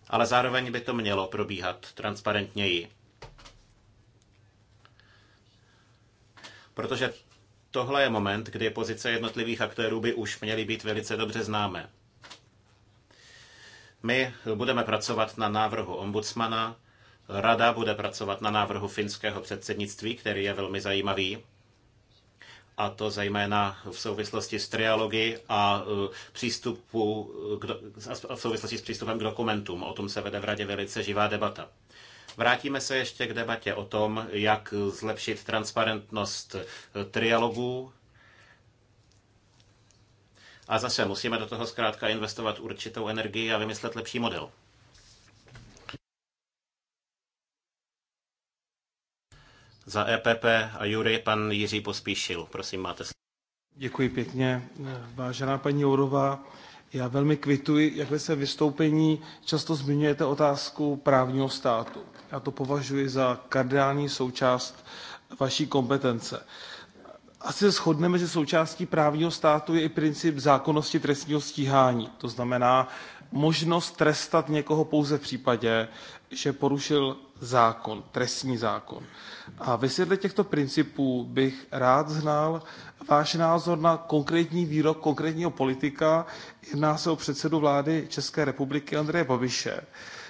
Ale zároveň by to mělo probíhat transparentněji. Protože tohle je moment, kdy pozice jednotlivých aktérů by už měly být velice dobře známé. My budeme pracovat na návrhu ombudsmana, Rada bude pracovat na návrhu finského předsednictví, který je velmi zajímavý a to zejména v souvislosti s trialogy a e, přístupu k, a v souvislosti s přístupem k dokumentům. O tom se vede v radě velice živá debata. Vrátíme se ještě k debatě o tom, jak zlepšit transparentnost e, trialogů. A zase musíme do toho zkrátka investovat určitou energii a vymyslet lepší model. Za EPP a Jury pan Jiří Pospíšil. Prosím, máte slovo. Děkuji pěkně. Vážená paní Jourová, já velmi kvituji, jak ve svém vystoupení často zmiňujete otázku právního státu. Já to považuji za kardinální součást vaší kompetence. Asi se shodneme, že součástí právního státu je i princip zákonnosti trestního stíhání. To znamená, možnost trestat někoho pouze v případě, že porušil zákon, trestní zákon. A ve světle těchto principů bych rád znal váš názor na konkrétní výrok konkrétního politika. Jedná se o předsedu vlády České republiky Andreje Babiše,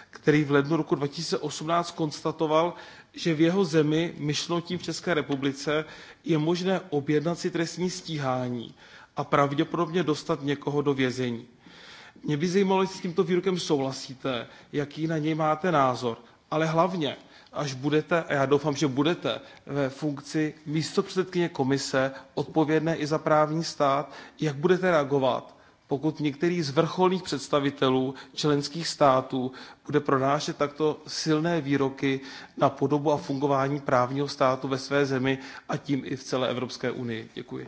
který v lednu roku 2018 konstatoval, že v jeho zemi, myšlo tím v České republice, je možné objednat si trestní stíhání a pravděpodobně dostat někoho do vězení. Mě by zajímalo, jestli s tímto výrokem souhlasíte, jaký na něj máte názor, ale hlavně, až budete, a já doufám, že budete, ve funkci místopředsedkyně komise odpovědné i za právní stát, jak budete reagovat, pokud některý z vrcholných představitelů členských států bude pronášet takto silné výroky na podobu a fungování právního státu ve své zemi a tím i v celé Evropské unii. Děkuji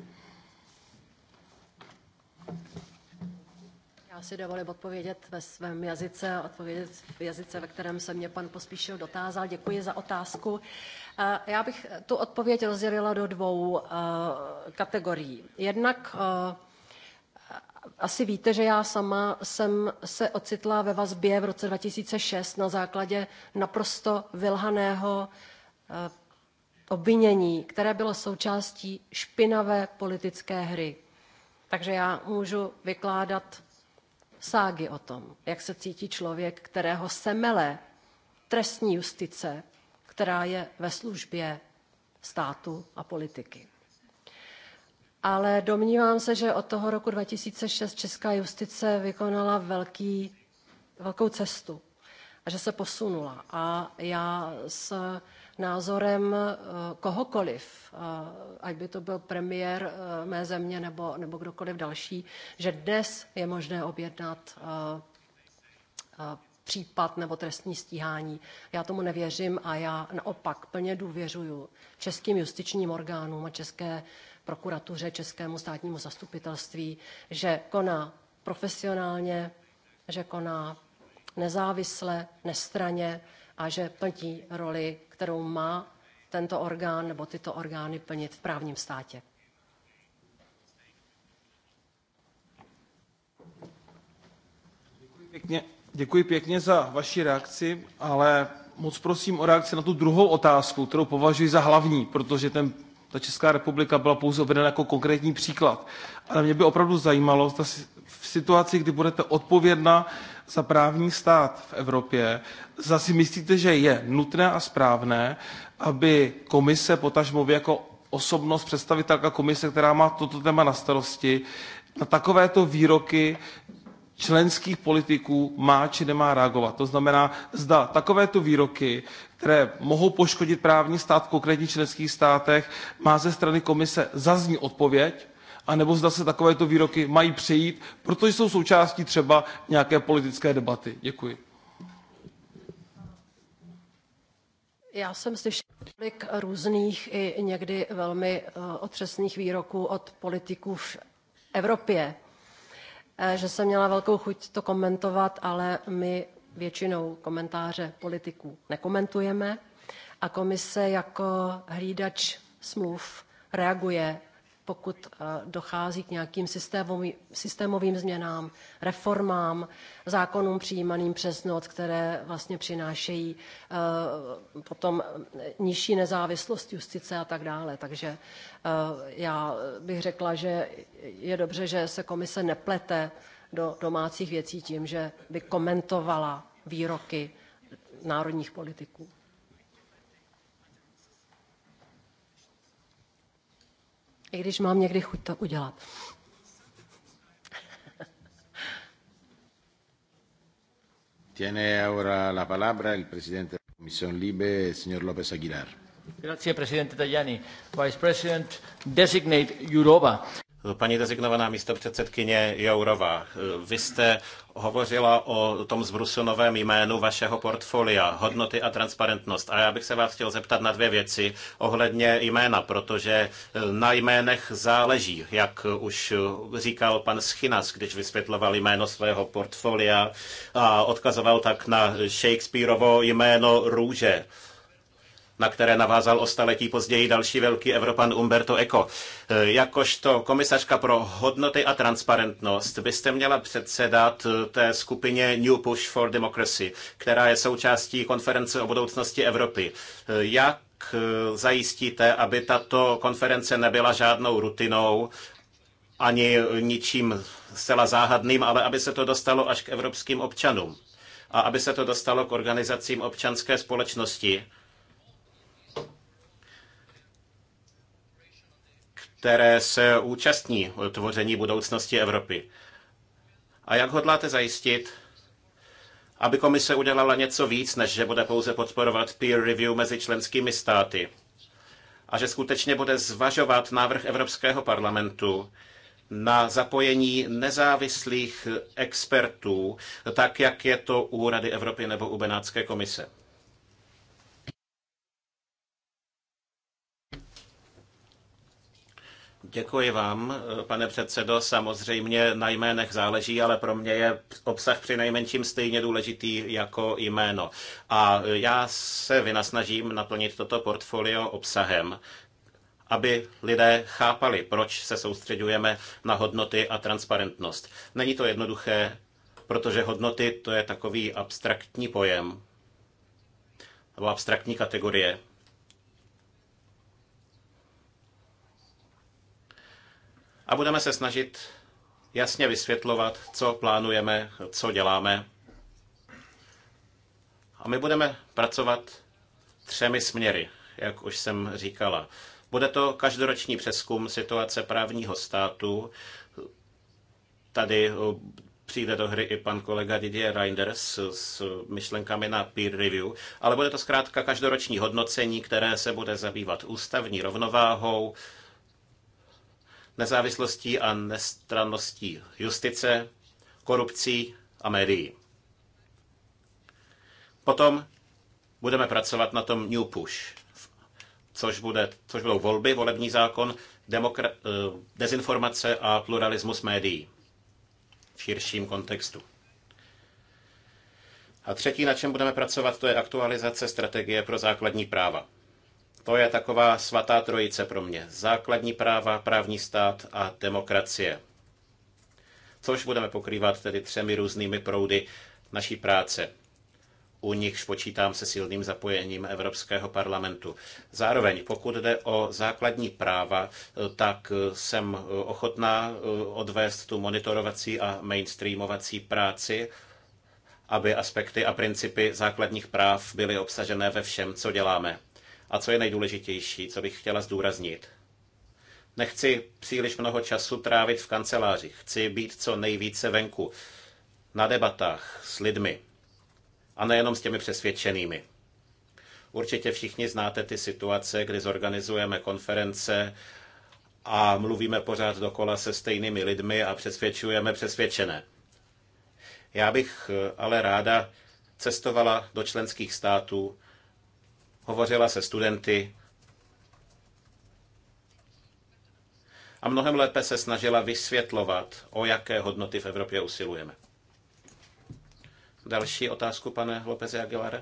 si dovolím odpovědět ve svém jazyce, odpovědět v jazyce, ve kterém se mě pan Pospíšil dotázal. Děkuji za otázku. Já bych tu odpověď rozdělila do dvou eh, kategorií. Jednak eh, asi víte, že já sama jsem se ocitla ve vazbě v roce 2006 na základě naprosto vylhaného eh, obvinění, které bylo součástí špinavé politické hry. Takže já můžu vykládat ságy o tom, jak se cítí člověk, kterého semele trestní justice, která je ve službě státu a politiky. Ale domnívám se, že od toho roku 2006 česká justice vykonala velký, velkou cestu a že se posunula. A já s názorem eh, kohokoliv, eh, ať by to byl premiér eh, mé země nebo, nebo kdokoliv další, že dnes je možné objednat případ nebo trestní stíhání. Já tomu nevěřím a já naopak plně důvěřuju českým justičním orgánům a české prokuratuře, českému státnímu zastupitelství, že koná profesionálně, že koná nezávisle, nestraně a že plní roli, kterou má tento orgán nebo tyto orgány plnit v právním státě. Děkuji pěkně, děkuji pěkně za vaši reakci, ale moc prosím o reakci na tu druhou otázku, kterou považuji za hlavní, protože ten, ta Česká republika byla pouze uvedena jako konkrétní příklad. Ale mě by opravdu zajímalo, zda si, v situaci, kdy budete odpovědná za právní stát v Evropě, zda si myslíte, že je nutné a správné, aby komise, potažmo vy jako osobnost, představitelka komise, která má toto téma na starosti, na takovéto výroky členských politiků má či nemá reagovat. To znamená, zda takovéto výroky, které mohou poškodit právní stát v konkrétních členských státech, má ze strany komise zaznít odpověď, anebo zda se takovéto výroky mají přejít, protože jsou součástí třeba nějaké politické debaty. Děkuji. Já jsem slyšela několik různých i někdy velmi eh, otřesných výroků od politiků v Evropě, eh, že jsem měla velkou chuť to komentovat, ale my většinou komentáře politiků nekomentujeme a komise jako hlídač smluv reaguje pokud eh, dochází k nějakým systémový, systémovým změnám, reformám, zákonům přijímaným přes noc, které vlastně přinášejí eh, potom nižší nezávislost justice a tak dále. Takže eh, já bych řekla, že je dobře, že se komise neplete do domácích věcí tím, že by komentovala výroky národních politiků. I když mám někdy chuť to udělat. Tiene ahora la palabra el presidente de la Comisión Libe, señor López Aguilar. Gracias, presidente Tajani. Vice President Designate Europa. Paní dezignovaná místo předsedkyně Jourová, vy jste hovořila o tom zbrusunovém jménu vašeho portfolia, hodnoty a transparentnost. A já bych se vás chtěl zeptat na dvě věci ohledně jména, protože e, na jménech záleží, jak už říkal pan Schinas, když vysvětloval jméno svého portfolia a odkazoval tak na Shakespeareovo jméno Růže na které navázal o staletí později další velký Evropan Umberto Eco. E, jakožto komisařka pro hodnoty a transparentnost byste měla předsedat e, té skupině New Push for Democracy, která je součástí konference o budoucnosti Evropy. E, jak zajistíte, aby tato konference nebyla žádnou rutinou, ani ničím zcela záhadným, ale aby se to dostalo až k evropským občanům a aby se to dostalo k organizacím občanské společnosti které se účastní tvoření budoucnosti Evropy. A jak hodláte zajistit, aby komise udělala něco víc, než že bude pouze podporovat peer review mezi členskými státy? A že skutečně bude zvažovat návrh Evropského parlamentu, na zapojení nezávislých expertů, tak jak je to u Rady Evropy nebo u Benátské komise. Děkuji vám, pane předsedo. Samozřejmě na jménech záleží, ale pro mě je obsah při nejmenším stejně důležitý jako jméno. A já se vynasnažím naplnit toto portfolio obsahem, aby lidé chápali, proč se soustředujeme na hodnoty a transparentnost. Není to jednoduché, protože hodnoty to je takový abstraktní pojem nebo abstraktní kategorie a budeme se snažit jasně vysvětlovat, co plánujeme, co děláme. A my budeme pracovat třemi směry, jak už jsem říkala. Bude to každoroční přeskum situace právního státu. Tady eh, přijde do hry i pan kolega Didier Reinders s myšlenkami na peer review, ale bude to zkrátka každoroční hodnocení, které se bude zabývat ústavní rovnováhou, nezávislostí a nestranností justice, korupcí a médií. Potom budeme pracovat na tom New Push, což, bude, což budou volby, volební zákon, demokra- eh, dezinformace a pluralismus médií v širším kontextu. A třetí, na čem budeme pracovat, to je aktualizace strategie pro základní práva. To je taková svatá trojice pro mě. Základní práva, právní stát a demokracie. Což budeme pokrývat tedy třemi různými proudy naší práce. U nichž počítám se silným zapojením Evropského parlamentu. Zároveň, pokud jde o základní práva, tak jsem ochotná eh, odvést tu monitorovací a mainstreamovací práci, aby aspekty a principy základních práv byly obsažené ve všem, co děláme. A co je nejdůležitější, co bych chtěla zdůraznit? Nechci příliš mnoho času trávit v kanceláři. Chci být co nejvíce venku, na debatách s lidmi a nejenom s těmi přesvědčenými. Určitě všichni znáte ty situace, kdy zorganizujeme konference a mluvíme pořád dokola se stejnými lidmi a přesvědčujeme přesvědčené. Já bych ale ráda cestovala do členských států hovořila se studenty a mnohem lépe se snažila vysvětlovat, o jaké hodnoty v Evropě usilujeme. Další otázku, pane Lopez Aguilare?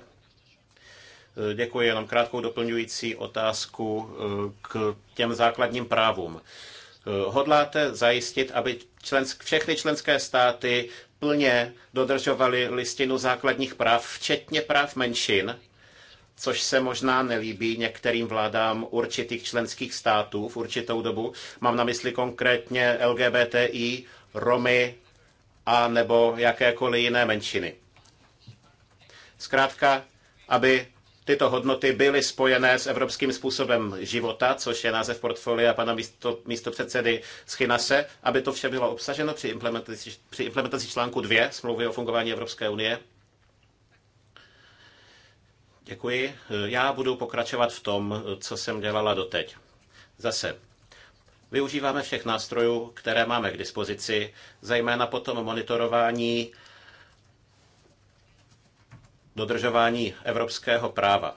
Děkuji, jenom krátkou doplňující otázku eh, k těm základním právům. Eh, hodláte zajistit, aby člensk, všechny členské státy plně dodržovaly listinu základních práv, včetně práv menšin, což se možná nelíbí některým vládám určitých členských států v určitou dobu. Mám na mysli konkrétně LGBTI, Romy a nebo jakékoliv jiné menšiny. Zkrátka, aby tyto hodnoty byly spojené s evropským způsobem života, což je název portfolia pana místo, místo předsedy Schinase, aby to vše bylo obsaženo při implementaci, při implementaci článku 2 smlouvy o fungování Evropské unie. Děkuji. Já budu pokračovat v tom, co jsem dělala doteď. Zase, využíváme všech nástrojů, které máme k dispozici, zejména potom monitorování dodržování evropského práva.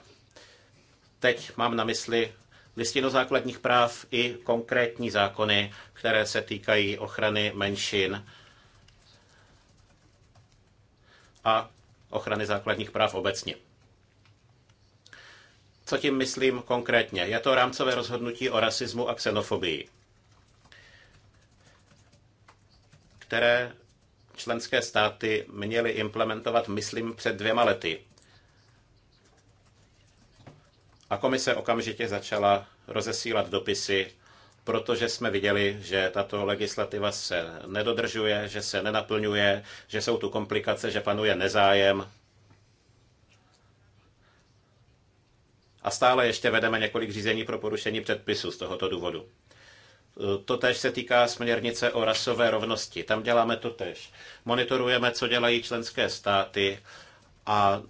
Teď mám na mysli listinu základních práv i konkrétní zákony, které se týkají ochrany menšin a ochrany základních práv obecně. Co tím myslím konkrétně? Je to rámcové rozhodnutí o rasismu a xenofobii, které členské státy měly implementovat, myslím, před dvěma lety. A komise okamžitě začala rozesílat dopisy, protože jsme viděli, že tato legislativa se nedodržuje, že se nenaplňuje, že jsou tu komplikace, že panuje nezájem a stále ještě vedeme několik řízení pro porušení předpisů z tohoto důvodu. E, totež se týká směrnice o rasové rovnosti. Tam děláme totež. Monitorujeme, co dělají členské státy a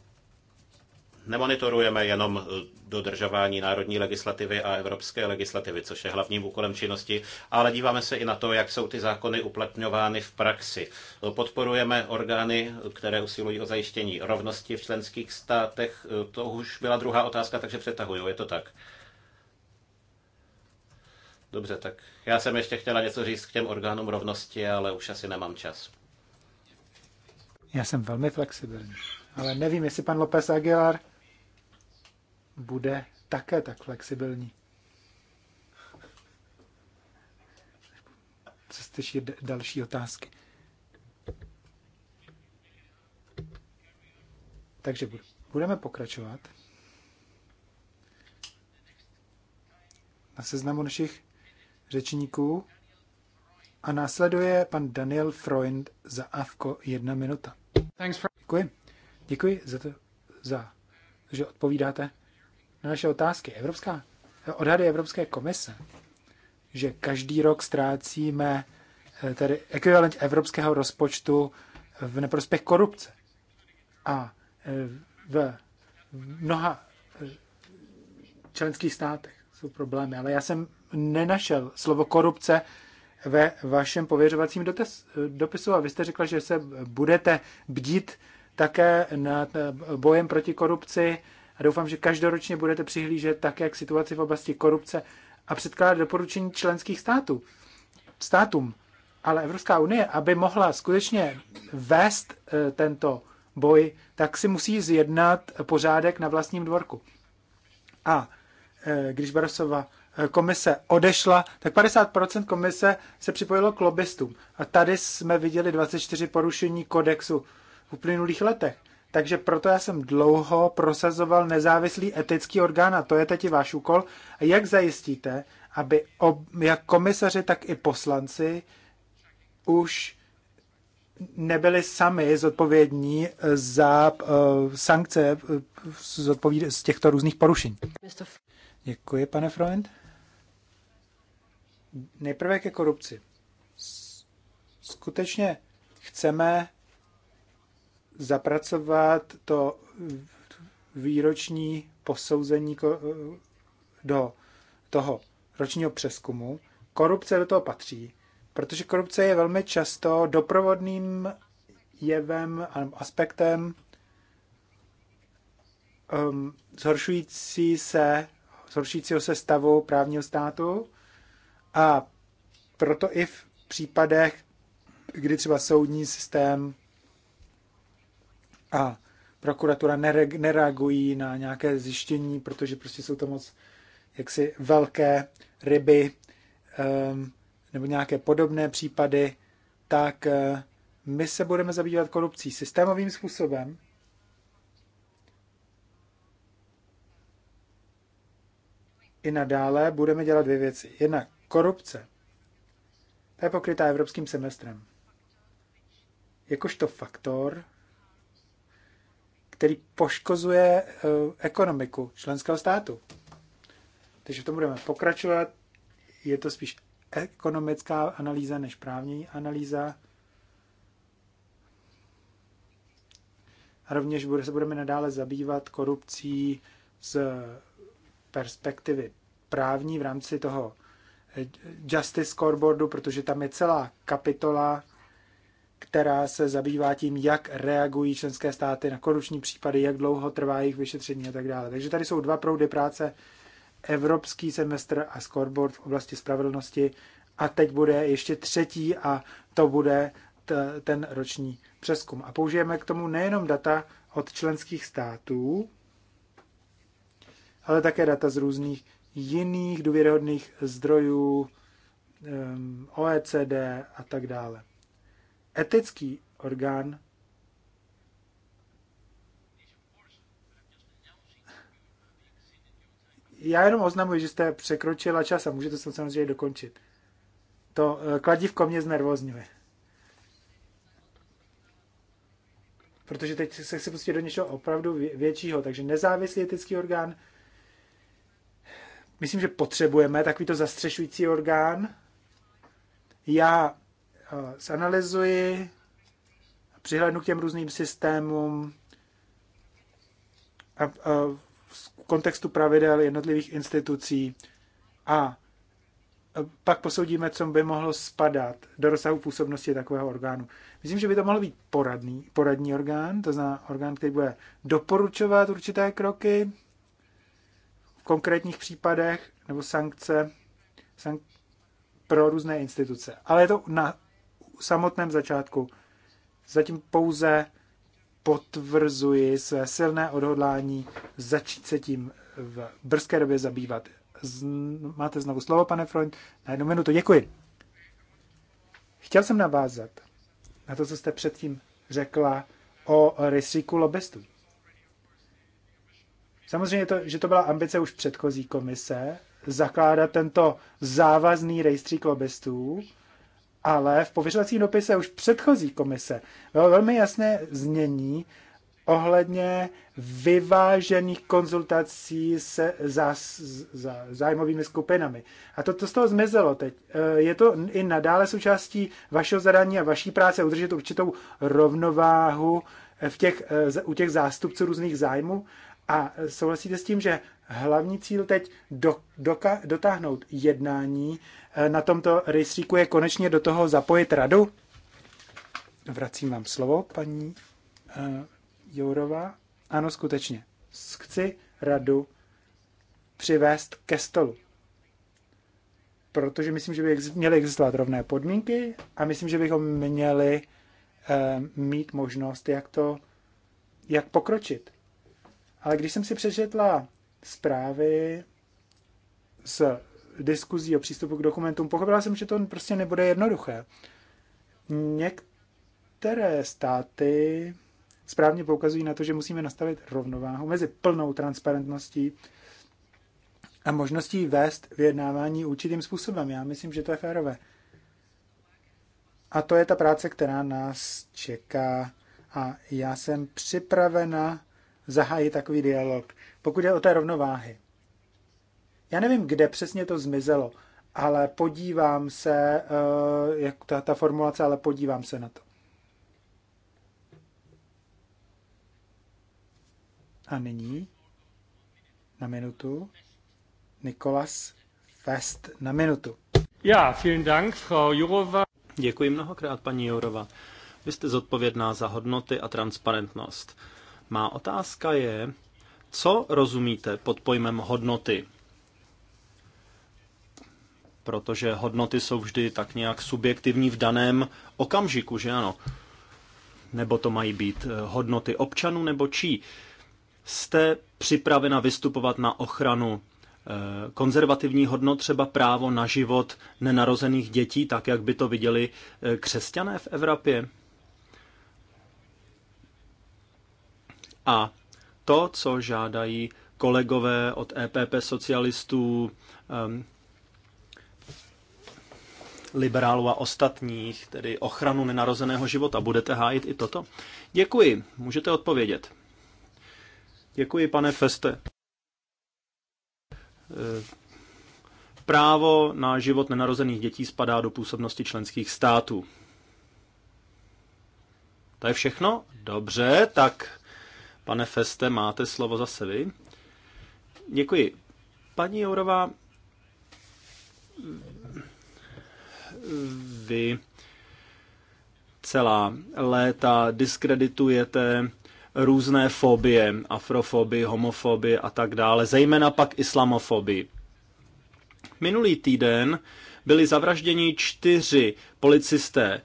nemonitorujeme jenom eh, dodržování národní legislativy a evropské legislativy, což je hlavním úkolem činnosti, ale díváme se i na to, jak jsou ty zákony uplatňovány v praxi. Podporujeme orgány, které usilují o zajištění rovnosti v členských státech. Eh, to už byla druhá otázka, takže přetahuju, je to tak. Dobře, tak já jsem ještě chtěla něco říct k těm orgánům rovnosti, ale už asi nemám čas. Já jsem velmi flexibilní, ale nevím, jestli pan López Aguilar bude také tak flexibilní. Co jste ještě další otázky. Takže budeme pokračovat. Na seznamu našich řečníků a následuje pan Daniel Freund za AVKO jedna minuta. Děkuji. Děkuji za to, za, že odpovídáte na naše otázky. Evropská, odhady Evropské komise, že každý rok ztrácíme eh, tedy ekvivalent evropského rozpočtu v neprospěch korupce. A eh, v mnoha eh, členských státech jsou problémy, ale já jsem nenašel slovo korupce ve vašem pověřovacím dotes, dopisu a vy jste řekla, že se budete bdít také nad bojem proti korupci doufám, že každoročně budete přihlížet tak jak situaci v oblasti korupce a předkládat doporučení členských států, státům. Ale Evropská unie, aby mohla skutečně vést e, tento boj, tak si musí zjednat pořádek na vlastním dvorku. A e, když Barosova e, komise odešla, tak 50% komise se připojilo k lobbystům. A tady jsme viděli 24 porušení kodexu v uplynulých letech. Takže proto já jsem dlouho prosazoval nezávislý etický orgán a to je teď váš úkol. A jak zajistíte, aby ob, jak komisaři, tak i poslanci už nebyli sami zodpovědní za uh, sankce uh, z těchto různých porušení. Děkuji, pane Freund. Nejprve ke korupci. Skutečně chceme zapracovat to výroční posouzení do toho ročního přeskumu. Korupce do toho patří, protože korupce je velmi často doprovodným jevem aspektem um, zhoršující se, zhoršujícího se stavu právního státu a proto i v případech, kdy třeba soudní systém a prokuratura nereagují na nějaké zjištění, protože prostě jsou to moc jaksi velké ryby um, nebo nějaké podobné případy, tak uh, my se budeme zabývat korupcí systémovým způsobem. I nadále budeme dělat dvě věci. Jedna korupce. Ta je pokrytá evropským semestrem. Jakožto faktor, který poškozuje eh, ekonomiku členského státu. Takže v tom budeme pokračovat. Je to spíš ekonomická analýza než právní analýza. A rovněž se budeme nadále zabývat korupcí z perspektivy právní v rámci toho eh, Justice Scoreboardu, protože tam je celá kapitola která se zabývá tím, jak reagují členské státy na korupční případy, jak dlouho trvá jejich vyšetření a tak dále. Takže tady jsou dva proudy práce, evropský semestr a scoreboard v oblasti spravedlnosti a teď bude ještě třetí a to bude ten roční přeskum. A použijeme k tomu nejenom data od členských států, ale také data z různých jiných důvěryhodných zdrojů, OECD a tak dále etický orgán já jenom oznamuji, že jste překročila čas a můžete se samozřejmě dokončit. To eh, kladívko mě znervozňuje. Protože teď se chci pustit do něčeho opravdu většího, takže nezávislý etický orgán. Myslím, že potřebujeme takovýto zastřešující orgán. Já Eh, zanalizuji, přihlednu k těm různým systémům a, a v kontextu pravidel jednotlivých institucí a eh, pak posoudíme, co by mohlo spadat do rozsahu působnosti takového orgánu. Myslím, že by to mohl být poradný, poradní orgán, to znamená orgán, který bude doporučovat určité kroky v konkrétních případech nebo sankce sank- pro různé instituce. Ale je to na samotném začátku. Zatím pouze potvrzuji své silné odhodlání začít se tím v brzké době zabývat. Máte znovu slovo, pane Freund, na jednu minutu. Děkuji. Chtěl jsem navázat na to, co jste předtím řekla o rysíku lobbystů. Samozřejmě, to, že to byla ambice už předchozí komise, zakládat tento závazný rejstřík lobbystů, ale v pověřovacím dopise už předchozí komise bylo velmi jasné znění ohledně vyvážených konzultací se za, za zájmovými skupinami. A to, to z toho zmizelo teď. E, je to i nadále součástí vašeho zadání a vaší práce udržet určitou rovnováhu v těch, e, u těch zástupců různých zájmů, a souhlasíte s tím, že hlavní cíl teď do, doka, dotáhnout jednání eh, na tomto rejstříku je konečně do toho zapojit radu? Vracím vám slovo, paní uh, Jourová. Ano, skutečně. Chci radu přivést ke stolu. Protože myslím, že by měly existovat rovné podmínky a myslím, že bychom měli uh, mít možnost, jak to, jak pokročit. Ale když jsem si přečetla zprávy s diskuzí o přístupu k dokumentům, pochopila jsem, že to prostě nebude jednoduché. Některé státy správně poukazují na to, že musíme nastavit rovnováhu mezi plnou transparentností a možností vést vyjednávání určitým způsobem. Já myslím, že to je férové. A to je ta práce, která nás čeká. A já jsem připravena zahájit takový dialog, pokud je o té rovnováhy. Já nevím, kde přesně to zmizelo, ale podívám se, eh, jak ta, ta formulace, ale podívám se na to. A nyní na minutu Nikolas Fest na minutu. Já, vielen Dank, Frau Jurova. Děkuji mnohokrát, paní Jurova. Vy jste zodpovědná za hodnoty a transparentnost. Má otázka je, co rozumíte pod pojmem hodnoty? Protože hodnoty jsou vždy tak nějak subjektivní v daném okamžiku, že ano? Nebo to mají být eh, hodnoty občanů, nebo čí? Jste připravena vystupovat na ochranu eh, konzervativní hodnot, třeba právo na život nenarozených dětí, tak jak by to viděli eh, křesťané v Evropě? A to, co žádají kolegové od EPP socialistů, um, liberálů a ostatních, tedy ochranu nenarozeného života. Budete hájit i toto? Děkuji, můžete odpovědět. Děkuji, pane Feste. E, právo na život nenarozených dětí spadá do působnosti členských států. To je všechno? Dobře, tak Pane Feste, máte slovo zase vy. Děkuji. Paní Jourová, vy celá léta diskreditujete různé fobie, afrofobie, homofobie a tak dále, zejména pak islamofobii. Minulý týden byli zavražděni čtyři policisté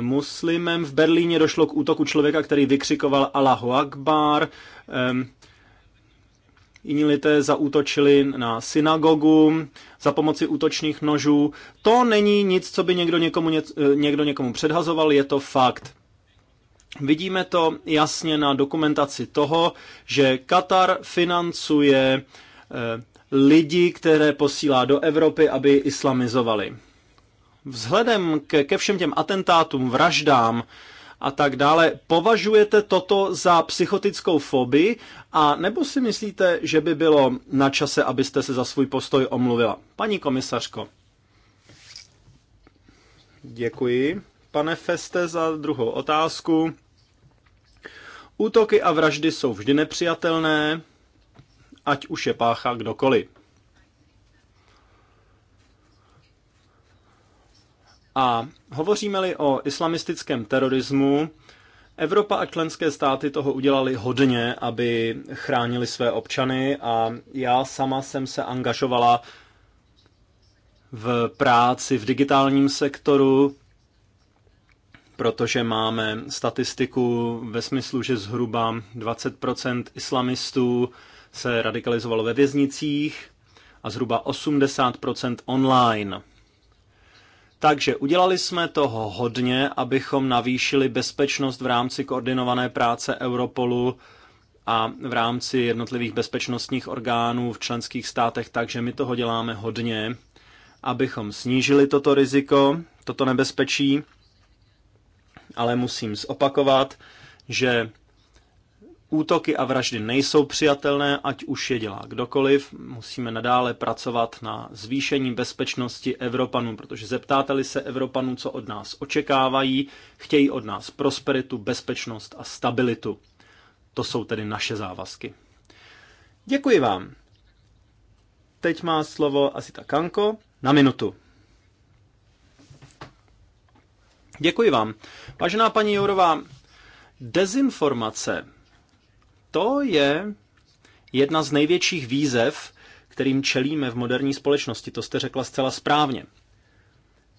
muslimem. V Berlíně došlo k útoku člověka, který vykřikoval Allahu Akbar. Jiní lidé zaútočili na synagogu za pomoci útočných nožů. To není nic, co by někdo někomu, eh, někdo někomu předhazoval, je to fakt. Vidíme to jasně na dokumentaci toho, že Katar financuje eh, lidi, které posílá do Evropy, aby islamizovali. Vzhledem ke, ke všem těm atentátům, vraždám a tak dále, považujete toto za psychotickou fobii a nebo si myslíte, že by bylo na čase, abyste se za svůj postoj omluvila? Paní komisařko. Děkuji, pane Feste, za druhou otázku. Útoky a vraždy jsou vždy nepřijatelné, ať už je páchá kdokoliv. A hovoříme-li o islamistickém terorismu, Evropa a členské státy toho udělali hodně, aby chránili své občany a já sama jsem se angažovala v práci v digitálním sektoru, protože máme statistiku ve smyslu, že zhruba 20 islamistů se radikalizovalo ve věznicích a zhruba 80% online. Takže udělali jsme toho hodně, abychom navýšili bezpečnost v rámci koordinované práce Europolu a v rámci jednotlivých bezpečnostních orgánů v členských státech, takže my toho děláme hodně, abychom snížili toto riziko, toto nebezpečí, ale musím zopakovat, že Útoky a vraždy nejsou přijatelné, ať už je dělá kdokoliv. Musíme nadále pracovat na zvýšení bezpečnosti Evropanů, protože zeptáte-li se Evropanů, co od nás očekávají, chtějí od nás prosperitu, bezpečnost a stabilitu. To jsou tedy naše závazky. Děkuji vám. Teď má slovo asi ta Kanko na minutu. Děkuji vám. Vážená paní Jourová, dezinformace to je jedna z největších výzev, kterým čelíme v moderní společnosti. To jste řekla zcela správně.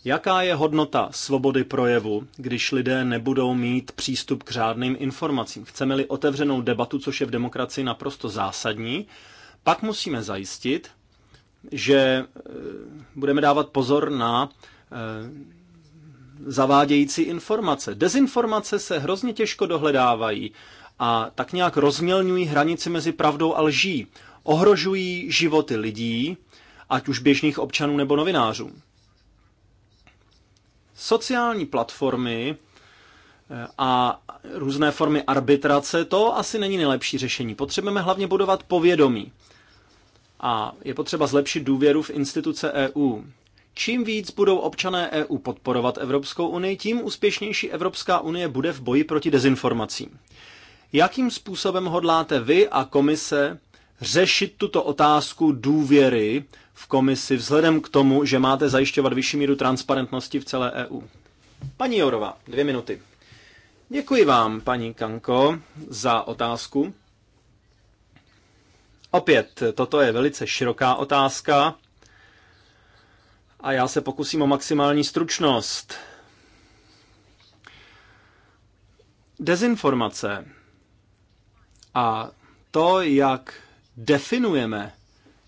Jaká je hodnota svobody projevu, když lidé nebudou mít přístup k řádným informacím? Chceme-li otevřenou debatu, což je v demokracii naprosto zásadní, pak musíme zajistit, že e, budeme dávat pozor na e, zavádějící informace. Dezinformace se hrozně těžko dohledávají a tak nějak rozmělňují hranici mezi pravdou a lží. Ohrožují životy lidí, ať už běžných občanů nebo novinářů. Sociální platformy eh, a různé formy arbitrace, to asi není nejlepší řešení. Potřebujeme hlavně budovat povědomí. A je potřeba zlepšit důvěru v instituce EU. Čím víc budou občané EU podporovat Evropskou unii, tím úspěšnější Evropská unie bude v boji proti dezinformacím. Jakým způsobem hodláte vy a komise řešit tuto otázku důvěry v komisi vzhledem k tomu, že máte zajišťovat vyšší míru transparentnosti v celé EU? Paní Jourova, dvě minuty. Děkuji vám, paní Kanko, za otázku. Opět, toto je velice široká otázka a já se pokusím o maximální stručnost. Dezinformace a to, jak definujeme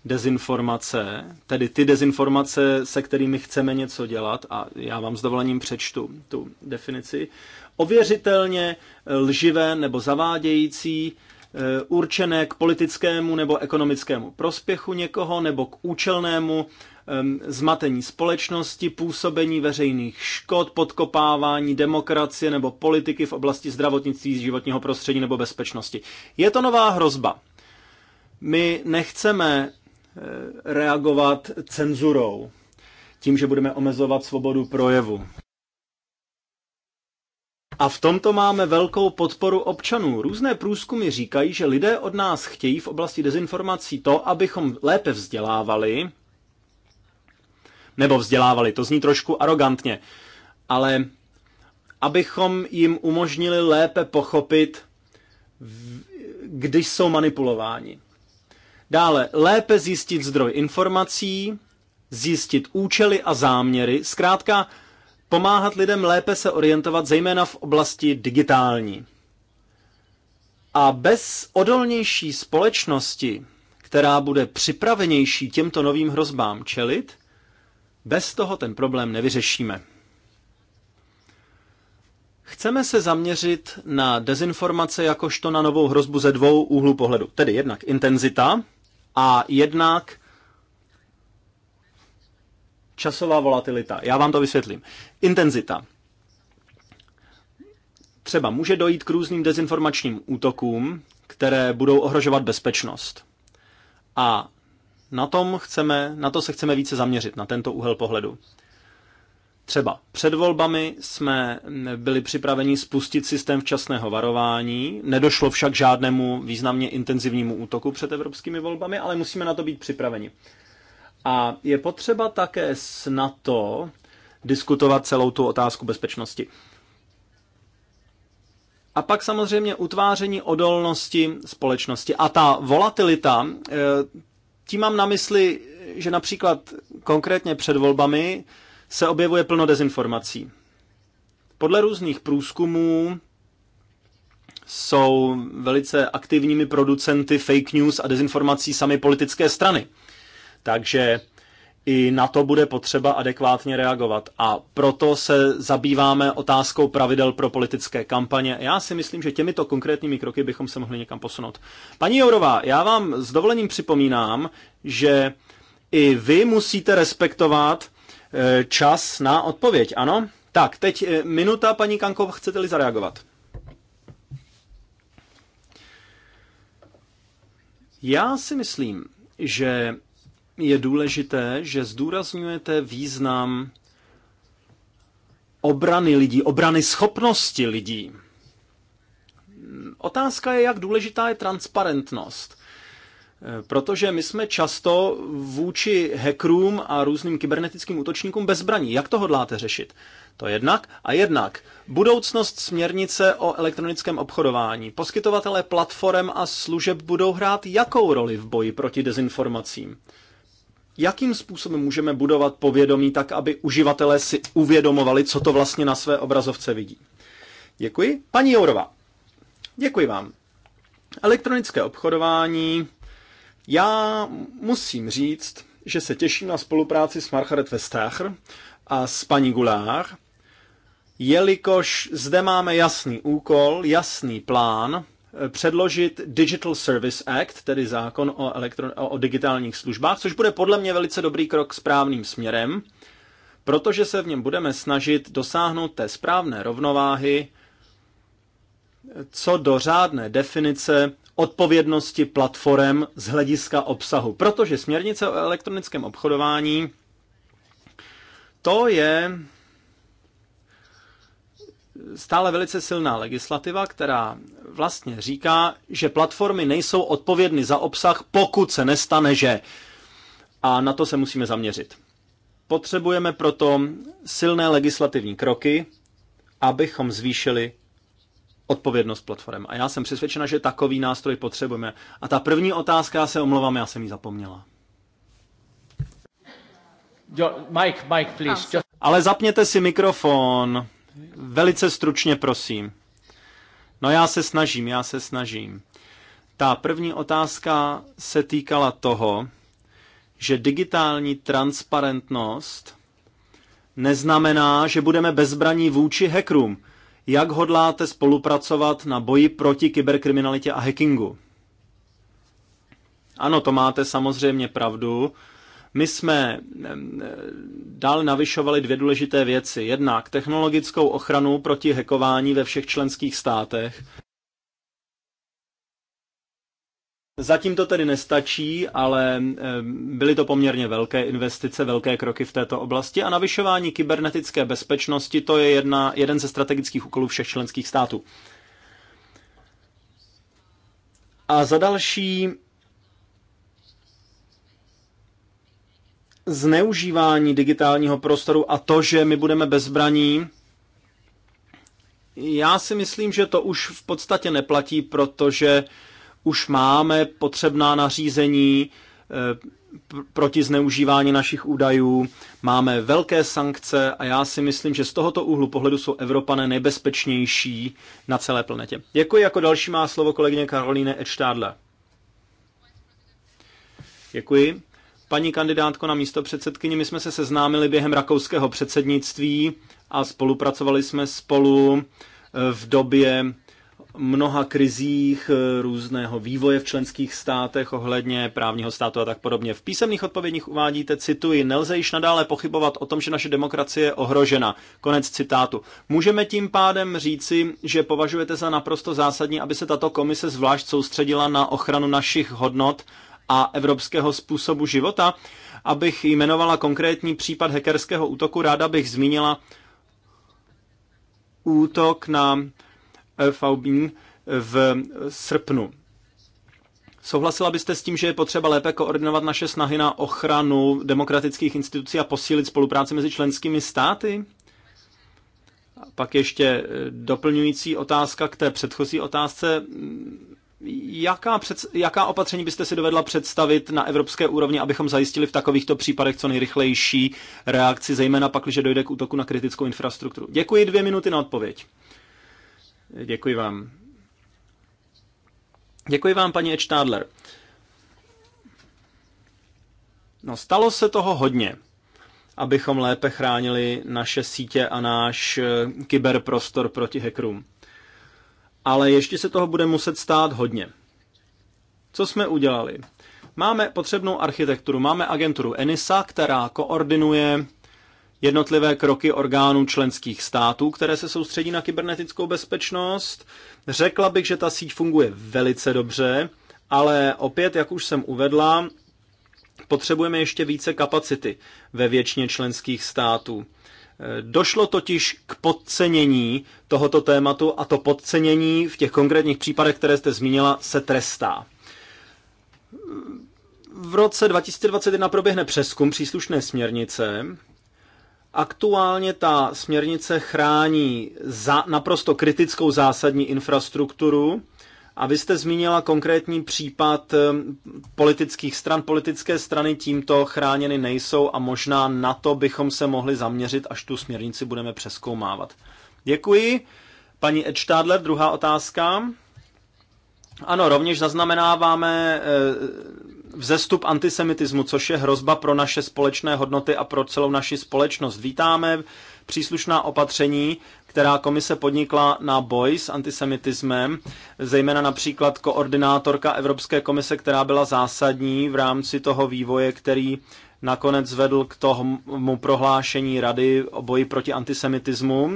dezinformace, tedy ty dezinformace, se kterými chceme něco dělat, a já vám s dovolením přečtu tu definici, ověřitelně lživé nebo zavádějící, eh, určené k politickému nebo ekonomickému prospěchu někoho nebo k účelnému zmatení společnosti, působení veřejných škod, podkopávání demokracie nebo politiky v oblasti zdravotnictví, životního prostředí nebo bezpečnosti. Je to nová hrozba. My nechceme eh, reagovat cenzurou, tím, že budeme omezovat svobodu projevu. A v tomto máme velkou podporu občanů. Různé průzkumy říkají, že lidé od nás chtějí v oblasti dezinformací to, abychom lépe vzdělávali, nebo vzdělávali. To zní trošku arrogantně, ale abychom jim umožnili lépe pochopit, když jsou manipulováni. Dále, lépe zjistit zdroj informací, zjistit účely a záměry, zkrátka pomáhat lidem lépe se orientovat, zejména v oblasti digitální. A bez odolnější společnosti, která bude připravenější těmto novým hrozbám čelit, bez toho ten problém nevyřešíme. Chceme se zaměřit na dezinformace jakožto na novou hrozbu ze dvou úhlů pohledu. Tedy jednak intenzita a jednak časová volatilita. Já vám to vysvětlím. Intenzita. Třeba může dojít k různým dezinformačním útokům, které budou ohrožovat bezpečnost. A na, tom chceme, na to se chceme více zaměřit, na tento úhel pohledu. Třeba před volbami jsme byli připraveni spustit systém včasného varování, nedošlo však žádnému významně intenzivnímu útoku před evropskými volbami, ale musíme na to být připraveni. A je potřeba také s NATO diskutovat celou tu otázku bezpečnosti. A pak samozřejmě utváření odolnosti společnosti. A ta volatilita, eh, tím mám na mysli, že například konkrétně před volbami se objevuje plno dezinformací. Podle různých průzkumů jsou velice aktivními producenty fake news a dezinformací sami politické strany. Takže i na to bude potřeba adekvátně reagovat. A proto se zabýváme otázkou pravidel pro politické kampaně. Já si myslím, že těmito konkrétními kroky bychom se mohli někam posunout. Paní Jourová, já vám s dovolením připomínám, že i vy musíte respektovat eh, čas na odpověď, ano? Tak, teď eh, minuta, paní Kankov, chcete-li zareagovat? Já si myslím, že je důležité, že zdůrazňujete význam obrany lidí, obrany schopnosti lidí. Otázka je, jak důležitá je transparentnost. Protože my jsme často vůči hackerům a různým kybernetickým útočníkům bezbraní. Jak to hodláte řešit? To jednak. A jednak budoucnost směrnice o elektronickém obchodování. Poskytovatelé platform a služeb budou hrát jakou roli v boji proti dezinformacím? jakým způsobem můžeme budovat povědomí tak, aby uživatelé si uvědomovali, co to vlastně na své obrazovce vidí. Děkuji. Paní Jourova, děkuji vám. Elektronické obchodování. Já musím říct, že se těším na spolupráci s Margaret Vestager a s paní Goulart, jelikož zde máme jasný úkol, jasný plán předložit Digital Service Act, tedy zákon o, elektron- o digitálních službách, což bude podle mě velice dobrý krok správným směrem, protože se v něm budeme snažit dosáhnout té správné rovnováhy co do řádné definice odpovědnosti platform z hlediska obsahu. Protože směrnice o elektronickém obchodování to je stále velice silná legislativa, která vlastně říká, že platformy nejsou odpovědny za obsah, pokud se nestane, že. A na to se musíme zaměřit. Potřebujeme proto silné legislativní kroky, abychom zvýšili odpovědnost platform. A já jsem přesvědčena, že takový nástroj potřebujeme. A ta první otázka, já se omlouvám, já jsem ji zapomněla. Mike, Mike, please. Ale zapněte si mikrofon. Velice stručně, prosím. No já se snažím, já se snažím. Ta první otázka se týkala toho, že digitální transparentnost neznamená, že budeme bezbraní vůči hackerům. Jak hodláte spolupracovat na boji proti kyberkriminalitě a hackingu? Ano, to máte samozřejmě pravdu. My jsme dál navyšovali dvě důležité věci. Jednak technologickou ochranu proti hekování ve všech členských státech. Zatím to tedy nestačí, ale byly to poměrně velké investice, velké kroky v této oblasti a navyšování kybernetické bezpečnosti to je jedna, jeden ze strategických úkolů všech členských států. A za další zneužívání digitálního prostoru a to, že my budeme bezbraní, já si myslím, že to už v podstatě neplatí, protože už máme potřebná nařízení eh, proti zneužívání našich údajů, máme velké sankce a já si myslím, že z tohoto úhlu pohledu jsou Evropané nejbezpečnější na celé planetě. Děkuji, jako další má slovo kolegyně Karolíne Edštádle. Děkuji. Paní kandidátko na místo předsedkyni, my jsme se seznámili během rakouského předsednictví a spolupracovali jsme spolu eh, v době mnoha krizích, eh, různého vývoje v členských státech ohledně právního státu a tak podobně. V písemných odpovědích uvádíte, cituji, nelze již nadále pochybovat o tom, že naše demokracie je ohrožena. Konec citátu. Můžeme tím pádem říci, že považujete za naprosto zásadní, aby se tato komise zvlášť soustředila na ochranu našich hodnot a evropského způsobu života. Abych jmenovala konkrétní případ hackerského útoku, ráda bych zmínila útok na eh, Faubín v srpnu. Souhlasila byste s tím, že je potřeba lépe koordinovat naše snahy na ochranu demokratických institucí a posílit spolupráci mezi členskými státy? A pak ještě eh, doplňující otázka k té předchozí otázce. Jaká, před, jaká opatření byste si dovedla představit na evropské úrovni, abychom zajistili v takovýchto případech co nejrychlejší reakci, zejména pak, když dojde k útoku na kritickou infrastrukturu? Děkuji, dvě minuty na odpověď. Děkuji vám. Děkuji vám, paní Edštádler. No, stalo se toho hodně, abychom lépe chránili naše sítě a náš eh, kyberprostor proti hackerům ale ještě se toho bude muset stát hodně. Co jsme udělali? Máme potřebnou architekturu, máme agenturu ENISA, která koordinuje jednotlivé kroky orgánů členských států, které se soustředí na kybernetickou bezpečnost. Řekla bych, že ta síť funguje velice dobře, ale opět, jak už jsem uvedla, potřebujeme ještě více kapacity ve většině členských států. Došlo totiž k podcenění tohoto tématu a to podcenění v těch konkrétních případech, které jste zmínila, se trestá. V roce 2021 proběhne přeskum příslušné směrnice. Aktuálně ta směrnice chrání za naprosto kritickou zásadní infrastrukturu, a vy jste zmínila konkrétní případ ehm, politických stran. Politické strany tímto chráněny nejsou a možná na to bychom se mohli zaměřit, až tu směrnici budeme přeskoumávat. Děkuji. Paní Edštádler, druhá otázka. Ano, rovněž zaznamenáváme ehm, vzestup antisemitismu, což je hrozba pro naše společné hodnoty a pro celou naši společnost. Vítáme příslušná opatření která komise podnikla na boj s antisemitismem, zejména například koordinátorka Evropské komise, která byla zásadní v rámci toho vývoje, který nakonec vedl k tomu prohlášení rady o boji proti antisemitismu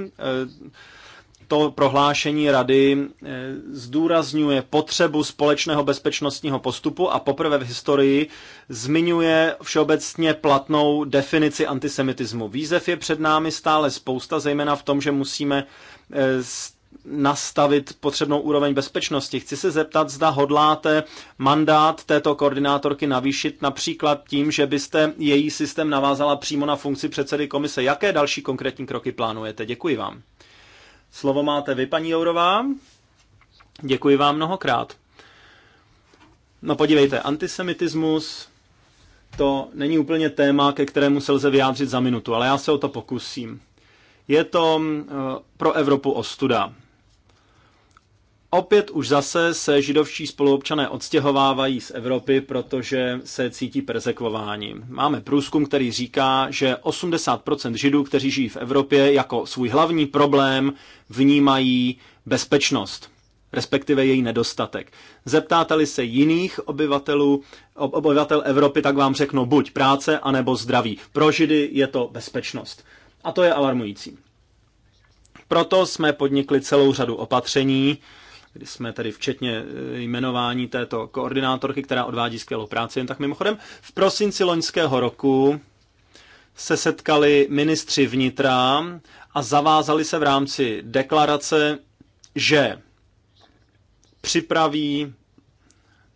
to prohlášení rady eh, zdůrazňuje potřebu společného bezpečnostního postupu a poprvé v historii zmiňuje všeobecně platnou definici antisemitismu. Výzev je před námi stále spousta, zejména v tom, že musíme eh, nastavit potřebnou úroveň bezpečnosti. Chci se zeptat, zda hodláte mandát této koordinátorky navýšit například tím, že byste její systém navázala přímo na funkci předsedy komise. Jaké další konkrétní kroky plánujete? Děkuji vám. Slovo máte vy, paní Jourová. Děkuji vám mnohokrát. No podívejte, antisemitismus to není úplně téma, ke kterému se lze vyjádřit za minutu, ale já se o to pokusím. Je to eh, pro Evropu ostuda. Opět už zase se židovští spoluobčané odstěhovávají z Evropy, protože se cítí persekvováni. Máme průzkum, který říká, že 80% židů, kteří žijí v Evropě, jako svůj hlavní problém vnímají bezpečnost, respektive její nedostatek. Zeptáte-li se jiných obyvatelů, obyvatel Evropy, tak vám řeknou buď práce, anebo zdraví. Pro židy je to bezpečnost. A to je alarmující. Proto jsme podnikli celou řadu opatření, kdy jsme tedy včetně e, jmenování této koordinátorky, která odvádí skvělou práci, jen tak mimochodem, v prosinci loňského roku se setkali ministři vnitra a zavázali se v rámci deklarace, že připraví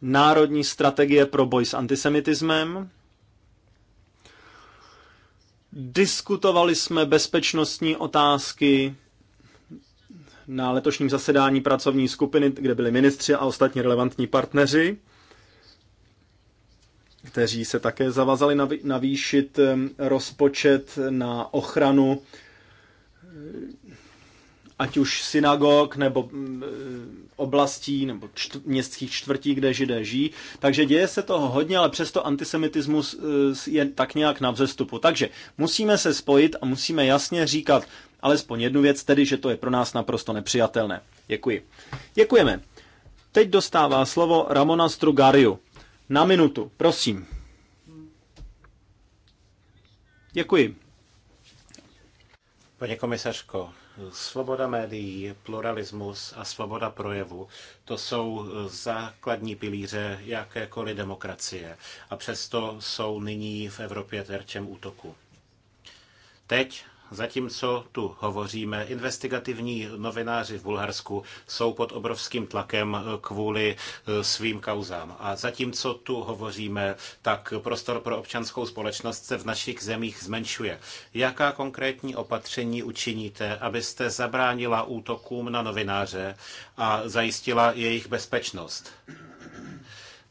národní strategie pro boj s antisemitismem. Diskutovali jsme bezpečnostní otázky, na letošním zasedání pracovní skupiny, kde byli ministři a ostatní relevantní partneři, kteří se také zavazali navýšit rozpočet na ochranu eh, ať už synagog nebo mm, eh, oblastí nebo čtv, městských čtvrtí, kde židé žijí. Takže děje se toho hodně, ale přesto antisemitismus eh, je tak nějak na vzestupu. Takže musíme se spojit a musíme jasně říkat, alespoň jednu věc, tedy, že to je pro nás naprosto nepřijatelné. Děkuji. Děkujeme. Teď dostává slovo Ramona Strugariu. Na minutu, prosím. Děkuji. Paní komisařko, Svoboda médií, pluralismus a svoboda projevu, to jsou základní pilíře jakékoliv demokracie. A přesto jsou nyní v Evropě terčem útoku. Teď Zatímco tu hovoříme, investigativní novináři v Bulharsku jsou pod obrovským tlakem eh, kvůli eh, svým kauzám. A zatímco tu hovoříme, tak prostor pro občanskou společnost se v našich zemích zmenšuje. Jaká konkrétní opatření učiníte, abyste zabránila útokům na novináře a zajistila jejich bezpečnost?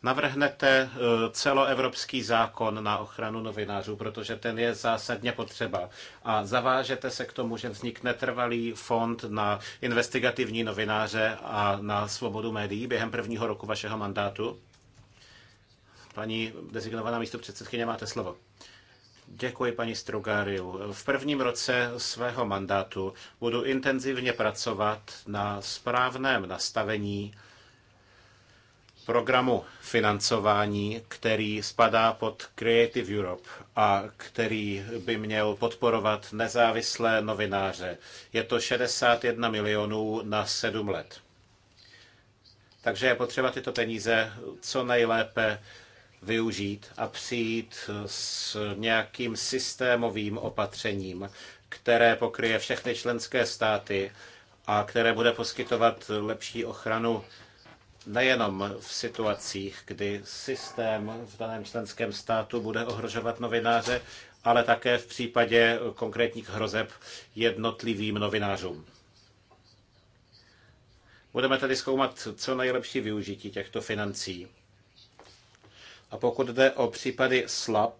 navrhnete eh, celoevropský zákon na ochranu novinářů, protože ten je zásadně potřeba. A zavážete se k tomu, že vznikne trvalý fond na investigativní novináře a na svobodu médií během prvního roku vašeho mandátu? Paní designovaná místo předsedkyně, máte slovo. Děkuji, paní Strugariu. V prvním roce svého mandátu budu intenzivně pracovat na správném nastavení programu financování, který spadá pod Creative Europe a který by měl podporovat nezávislé novináře. Je to 61 milionů na 7 let. Takže je potřeba tyto peníze co nejlépe využít a přijít s nějakým systémovým opatřením, které pokryje všechny členské státy a které bude poskytovat lepší ochranu nejenom v situacích, kdy systém v daném členském státu bude ohrožovat novináře, ale také v případě konkrétních hrozeb jednotlivým novinářům. Budeme tedy zkoumat co nejlepší využití těchto financí. A pokud jde o případy slab,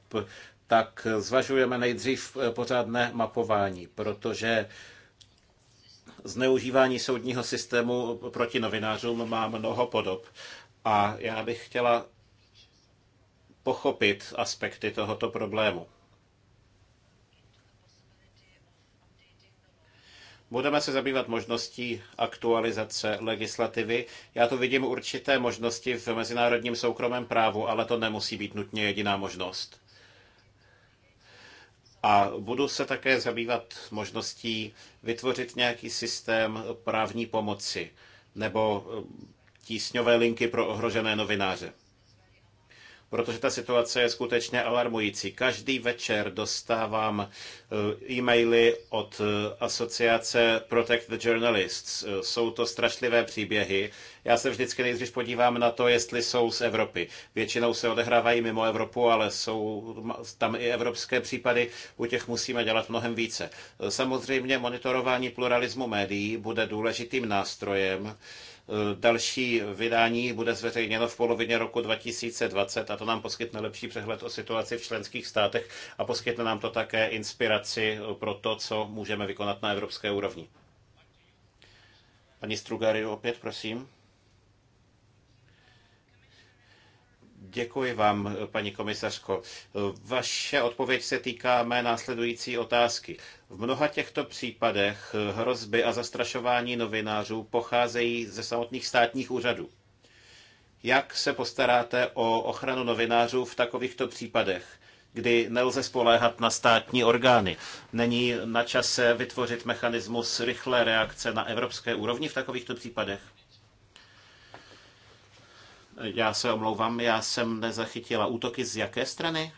tak zvažujeme nejdřív pořádné mapování, protože zneužívání soudního systému proti novinářům má mnoho podob. A já bych chtěla pochopit aspekty tohoto problému. Budeme se zabývat možností aktualizace legislativy. Já tu vidím určité možnosti v mezinárodním soukromém právu, ale to nemusí být nutně jediná možnost. A budu se také zabývat možností vytvořit nějaký systém právní pomoci nebo eh, tísňové linky pro ohrožené novináře protože ta situace je skutečně alarmující. Každý večer dostávám eh, e-maily od eh, asociace Protect the Journalists. Eh, jsou to strašlivé příběhy. Já se vždycky nejdřív podívám na to, jestli jsou z Evropy. Většinou se odehrávají mimo Evropu, ale jsou tam i evropské případy. U těch musíme dělat mnohem více. Samozřejmě monitorování pluralismu médií bude důležitým nástrojem, Eh, další vydání bude zveřejněno v polovině roku 2020 a to nám poskytne lepší přehled o situaci v členských státech a poskytne nám to také inspiraci eh, pro to, co můžeme vykonat na evropské úrovni. Paní Strugari, opět prosím. Děkuji vám, paní komisařko. Vaše odpověď se týká mé následující otázky. V mnoha těchto případech hrozby a zastrašování novinářů pocházejí ze samotných státních úřadů. Jak se postaráte o ochranu novinářů v takovýchto případech? kdy nelze spoléhat na státní orgány. Není na čase vytvořit mechanismus rychlé reakce na evropské úrovni v takovýchto případech? Já se omlouvám, já jsem nezachytila útoky z jaké strany?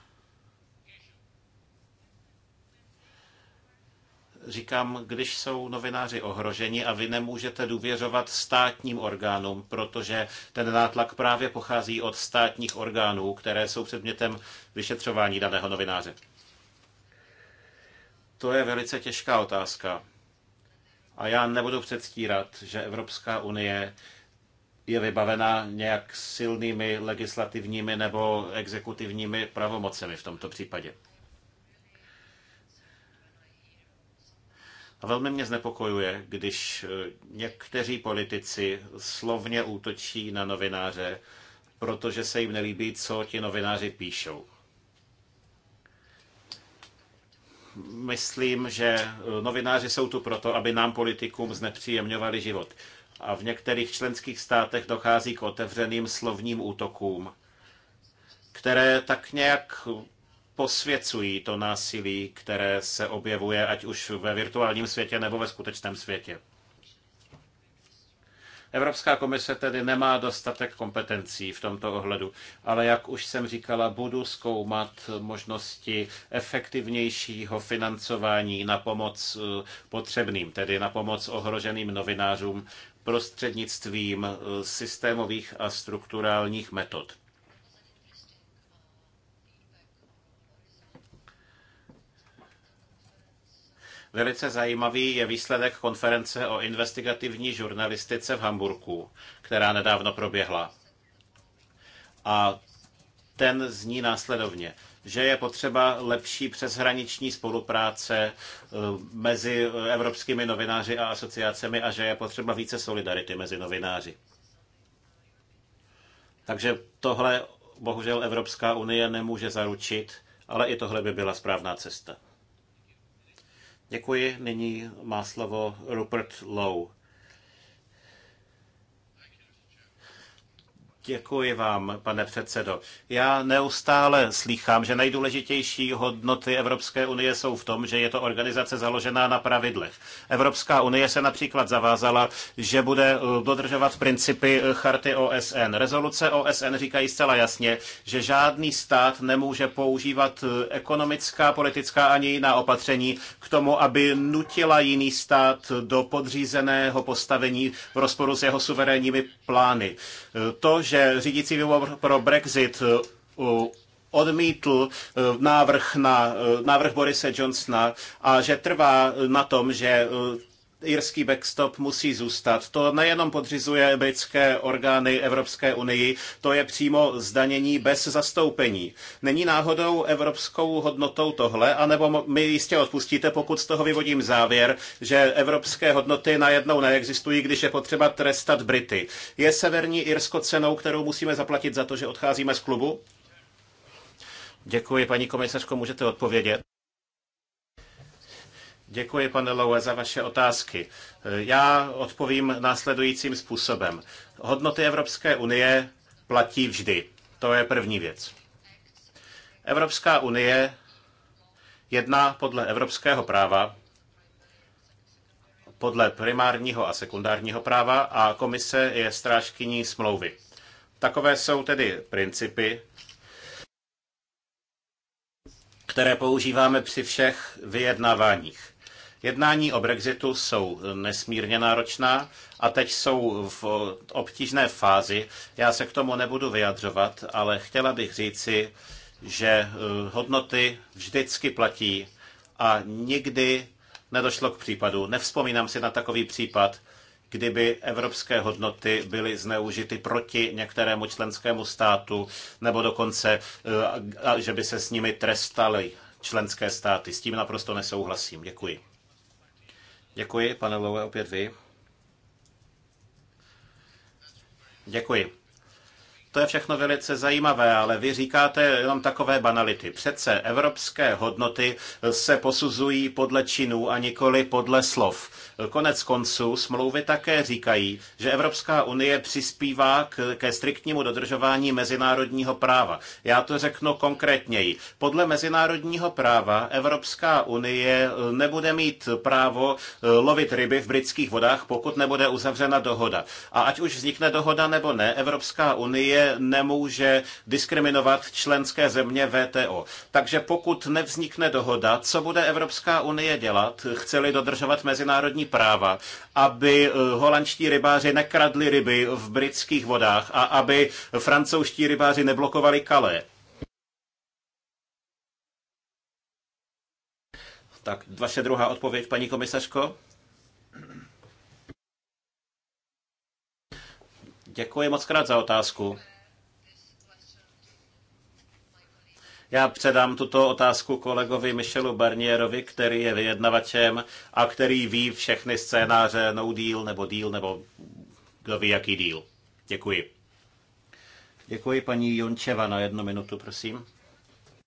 říkám, když jsou novináři ohroženi a vy nemůžete důvěřovat státním orgánům, protože ten nátlak právě pochází od státních orgánů, které jsou předmětem vyšetřování daného novináře. To je velice těžká otázka. A já nebudu předstírat, že Evropská unie je vybavena nějak silnými legislativními nebo exekutivními pravomocemi v tomto případě. A velmi mě znepokojuje, když eh, někteří politici slovně útočí na novináře, protože se jim nelíbí, co ti novináři píšou. Myslím, že eh, novináři jsou tu proto, aby nám politikům znepříjemňovali život a v některých členských státech dochází k otevřeným slovním útokům, které tak nějak posvěcují to násilí, které se objevuje ať už ve virtuálním světě nebo ve skutečném světě. Evropská komise tedy nemá dostatek kompetencí v tomto ohledu, ale jak už jsem říkala, budu zkoumat možnosti efektivnějšího financování na pomoc eh, potřebným, tedy na pomoc ohroženým novinářům prostřednictvím eh, systémových a strukturálních metod. Velice zajímavý je výsledek konference o investigativní žurnalistice v Hamburku, která nedávno proběhla. A ten zní následovně že je potřeba lepší přeshraniční spolupráce eh, mezi evropskými novináři a asociacemi a že je potřeba více solidarity mezi novináři. Takže tohle bohužel Evropská unie nemůže zaručit, ale i tohle by byla správná cesta. Děkuji. Nyní má slovo Rupert Lowe Děkuji vám, pane předsedo. Já neustále slýchám, že nejdůležitější hodnoty Evropské unie jsou v tom, že je to organizace založená na pravidlech. Evropská unie se například zavázala, že bude eh, dodržovat principy eh, charty OSN. Rezoluce OSN říkají zcela jasně, že žádný stát nemůže používat eh, ekonomická, politická ani jiná opatření k tomu, aby nutila jiný stát do podřízeného postavení v rozporu s jeho suverénními plány. To, že že řídící výbor pro Brexit eh, odmítl eh, návrh, na, eh, návrh Borise Johnsona a že trvá na tom, že irský backstop musí zůstat. To nejenom podřizuje britské orgány Evropské unii, to je přímo zdanění bez zastoupení. Není náhodou evropskou hodnotou tohle, anebo mi jistě odpustíte, pokud z toho vyvodím závěr, že evropské hodnoty najednou neexistují, když je potřeba trestat Brity. Je Severní Irsko cenou, kterou musíme zaplatit za to, že odcházíme z klubu? Děkuji, paní komisařko, můžete odpovědět. Děkuji, pane Lowe, za vaše otázky. Já odpovím následujícím způsobem. Hodnoty Evropské unie platí vždy. To je první věc. Evropská unie jedná podle evropského práva, podle primárního a sekundárního práva a komise je strážkyní smlouvy. Takové jsou tedy principy, které používáme při všech vyjednáváních. Jednání o Brexitu jsou nesmírně náročná a teď jsou v obtížné fázi. Já se k tomu nebudu vyjadřovat, ale chtěla bych říci, že eh, hodnoty vždycky platí a nikdy nedošlo k případu. Nevzpomínám si na takový případ, kdyby evropské hodnoty byly zneužity proti některému členskému státu, nebo dokonce, eh, že by se s nimi trestaly členské státy. S tím naprosto nesouhlasím. Děkuji. Děkuji, pane Lowe, opět vy. Děkuji. To je všechno velice zajímavé, ale vy říkáte jenom takové banality. Přece evropské hodnoty se posuzují podle činů a nikoli podle slov. Konec konců smlouvy také říkají, že Evropská unie přispívá k, ke striktnímu dodržování mezinárodního práva. Já to řeknu konkrétněji. Podle mezinárodního práva Evropská unie nebude mít právo eh, lovit ryby v britských vodách, pokud nebude uzavřena dohoda. A ať už vznikne dohoda nebo ne, Evropská unie nemůže diskriminovat členské země VTO. Takže pokud nevznikne dohoda, co bude Evropská unie dělat, chceli dodržovat mezinárodní práva, aby eh, holandští rybáři nekradli ryby v britských vodách a aby francouzští rybáři neblokovali kalé. Tak vaše druhá odpověď, paní komisařko. Děkuji moc krát za otázku. Já předám tuto otázku kolegovi Michelu Barnierovi, který je vyjednavačem a který ví všechny scénáře no deal nebo deal nebo kdo ví jaký deal. Děkuji. Děkuji paní Jončeva na jednu minutu, prosím.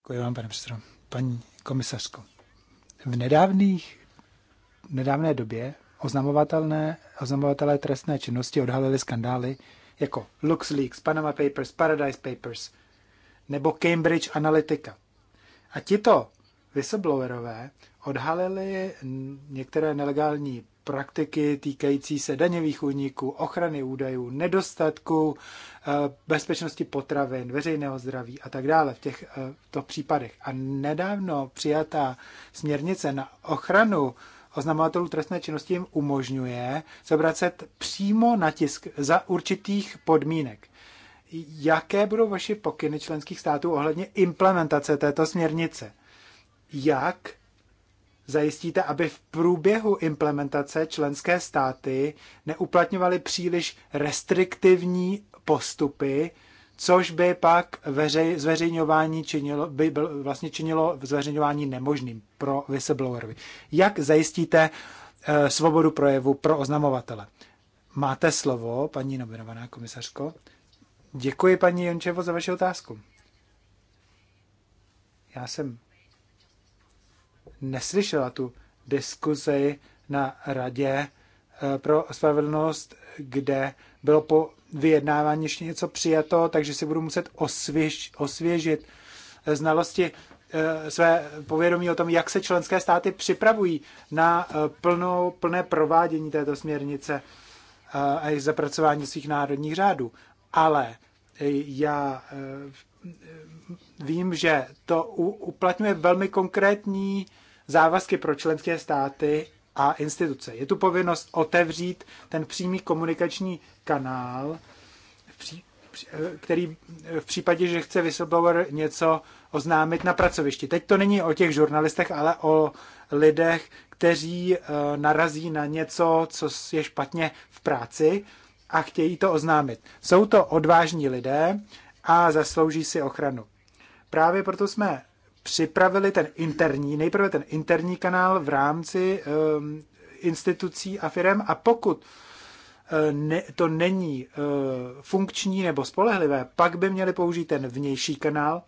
Děkuji vám, pane předsedo. Paní komisařko, v nedávných, nedávné době oznamovatelné, oznamovatelé trestné činnosti odhalili skandály jako LuxLeaks, Panama Papers, Paradise Papers – nebo Cambridge Analytica. A tito whistleblowerové odhalili některé nelegální praktiky týkající se daňových úniků, ochrany údajů, nedostatku eh, bezpečnosti potravin, veřejného zdraví a tak dále v těchto eh, případech. A nedávno přijatá směrnice na ochranu oznamovatelů trestné činnosti jim umožňuje se přímo na tisk za určitých podmínek jaké budou vaše pokyny členských států ohledně implementace této směrnice? Jak zajistíte, aby v průběhu implementace členské státy neuplatňovaly příliš restriktivní postupy, což by pak veřej, zveřejňování činilo, by byl, vlastně činilo zveřejňování nemožným pro whistleblowery. Jak zajistíte e, svobodu projevu pro oznamovatele? Máte slovo, paní nominovaná komisařko. Děkuji, paní Jončevo, za vaši otázku. Já jsem neslyšela tu diskuzi na radě eh, pro spravedlnost, kde bylo po vyjednávání ještě něco přijato, takže si budu muset osvěž, osvěžit znalosti eh, své povědomí o tom, jak se členské státy připravují na eh, plnou, plné provádění této směrnice a i zapracování svých národních řádů ale eh, já eh, vím, že to uplatňuje velmi konkrétní závazky pro členské státy a instituce. Je tu povinnost otevřít ten přímý komunikační kanál, eh, který v případě, že chce whistleblower něco oznámit na pracovišti. Teď to není o těch žurnalistech, ale o lidech, kteří narazí na něco, co je špatně v práci a chtějí to oznámit. Jsou to odvážní lidé a zaslouží si ochranu. Právě proto jsme připravili ten interní, nejprve ten interní kanál v rámci um, institucí a firm a pokud eh, ne, to není uh, funkční nebo spolehlivé, pak by měli použít ten vnější kanál,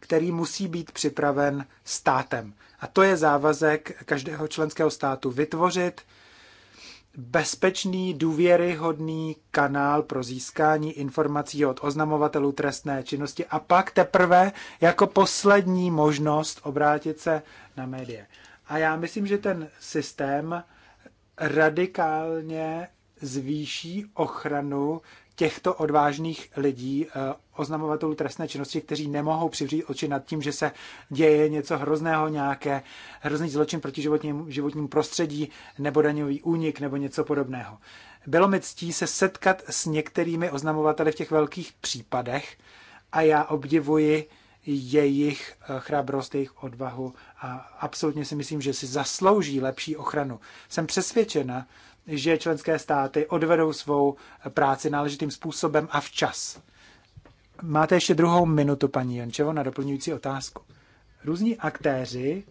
který musí být připraven státem. A to je závazek každého členského státu vytvořit bezpečný, důvěryhodný kanál pro získání informací od oznamovatelů trestné činnosti a pak teprve jako poslední možnost obrátit se na média. A já myslím, že ten systém radikálně zvýší ochranu těchto odvážných lidí eh, oznamovatelů trestné činnosti, kteří nemohou přivřít oči nad tím, že se děje něco hrozného, nějaké hrozný zločin proti životnímu, životním prostředí nebo daňový únik nebo něco podobného. Bylo mi ctí se setkat s některými oznamovateli v těch velkých případech a já obdivuji jejich eh, chrabrost, jejich odvahu a absolutně si myslím, že si zaslouží lepší ochranu. Jsem přesvědčena, že členské státy odvedou svou eh, práci náležitým způsobem a včas. Máte ještě druhou minutu, paní Jančevo, na doplňující otázku. Různí aktéři,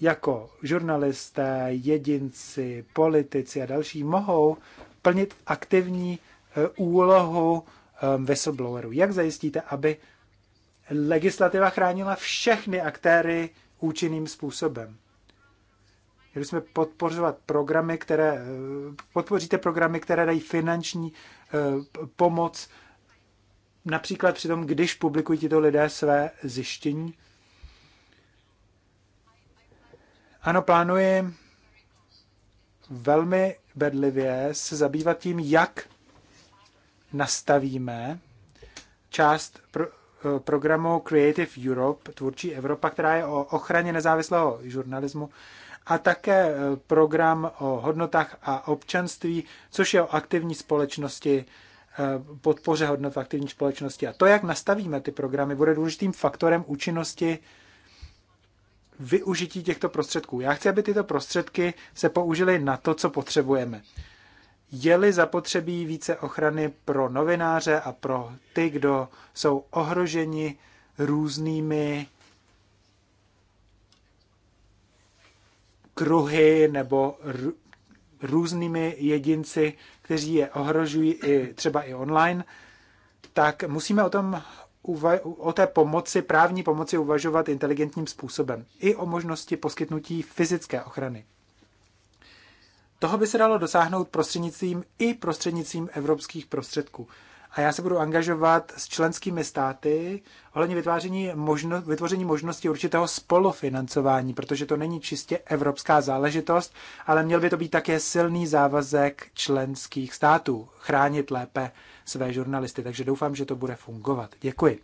jako žurnalisté, jedinci, politici a další, mohou plnit aktivní eh, úlohu eh, whistleblowerů. Jak zajistíte, aby legislativa chránila všechny aktéry účinným způsobem? Měli jsme podpořovat programy, které, eh, podpoříte programy, které dají finanční pomoc například při tom, když publikují tito lidé své zjištění? Ano, plánuji velmi bedlivě se zabývat tím, jak nastavíme část pro, eh, programu Creative Europe, Tvůrčí Evropa, která je o ochraně nezávislého žurnalismu, a také eh, program o hodnotách a občanství, což je o aktivní společnosti Eh, podpoře hodnot v aktivní společnosti. A to, jak nastavíme ty programy, bude důležitým faktorem účinnosti využití těchto prostředků. Já chci, aby tyto prostředky se použily na to, co potřebujeme. Je-li zapotřebí více ochrany pro novináře a pro ty, kdo jsou ohroženi různými kruhy nebo různými jedinci, kteří je ohrožují i třeba i online, tak musíme o tom o té pomoci, právní pomoci uvažovat inteligentním způsobem. I o možnosti poskytnutí fyzické ochrany. Toho by se dalo dosáhnout prostřednictvím i prostřednictvím evropských prostředků a já se budu angažovat s členskými státy ohledně vytváření možno, vytvoření možnosti určitého spolufinancování, protože to není čistě evropská záležitost, ale měl by to být také silný závazek členských států chránit lépe své žurnalisty. Takže doufám, že to bude fungovat. Děkuji.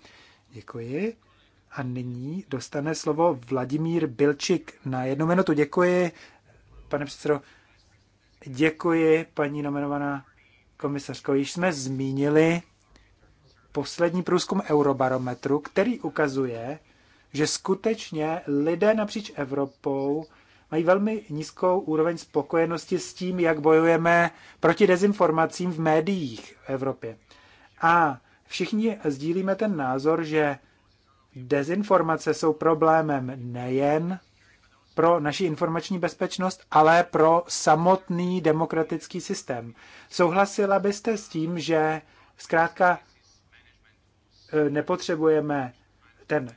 Děkuji. A nyní dostane slovo Vladimír Bilčik na jednu minutu. Děkuji, pane předsedo. Děkuji, paní nominovaná komisařko, již jsme zmínili poslední průzkum Eurobarometru, který ukazuje, že skutečně lidé napříč Evropou mají velmi nízkou úroveň spokojenosti s tím, jak bojujeme proti dezinformacím v médiích v Evropě. A všichni sdílíme ten názor, že dezinformace jsou problémem nejen pro naši informační bezpečnost, ale pro samotný demokratický systém. Souhlasila byste s tím, že zkrátka e, nepotřebujeme ten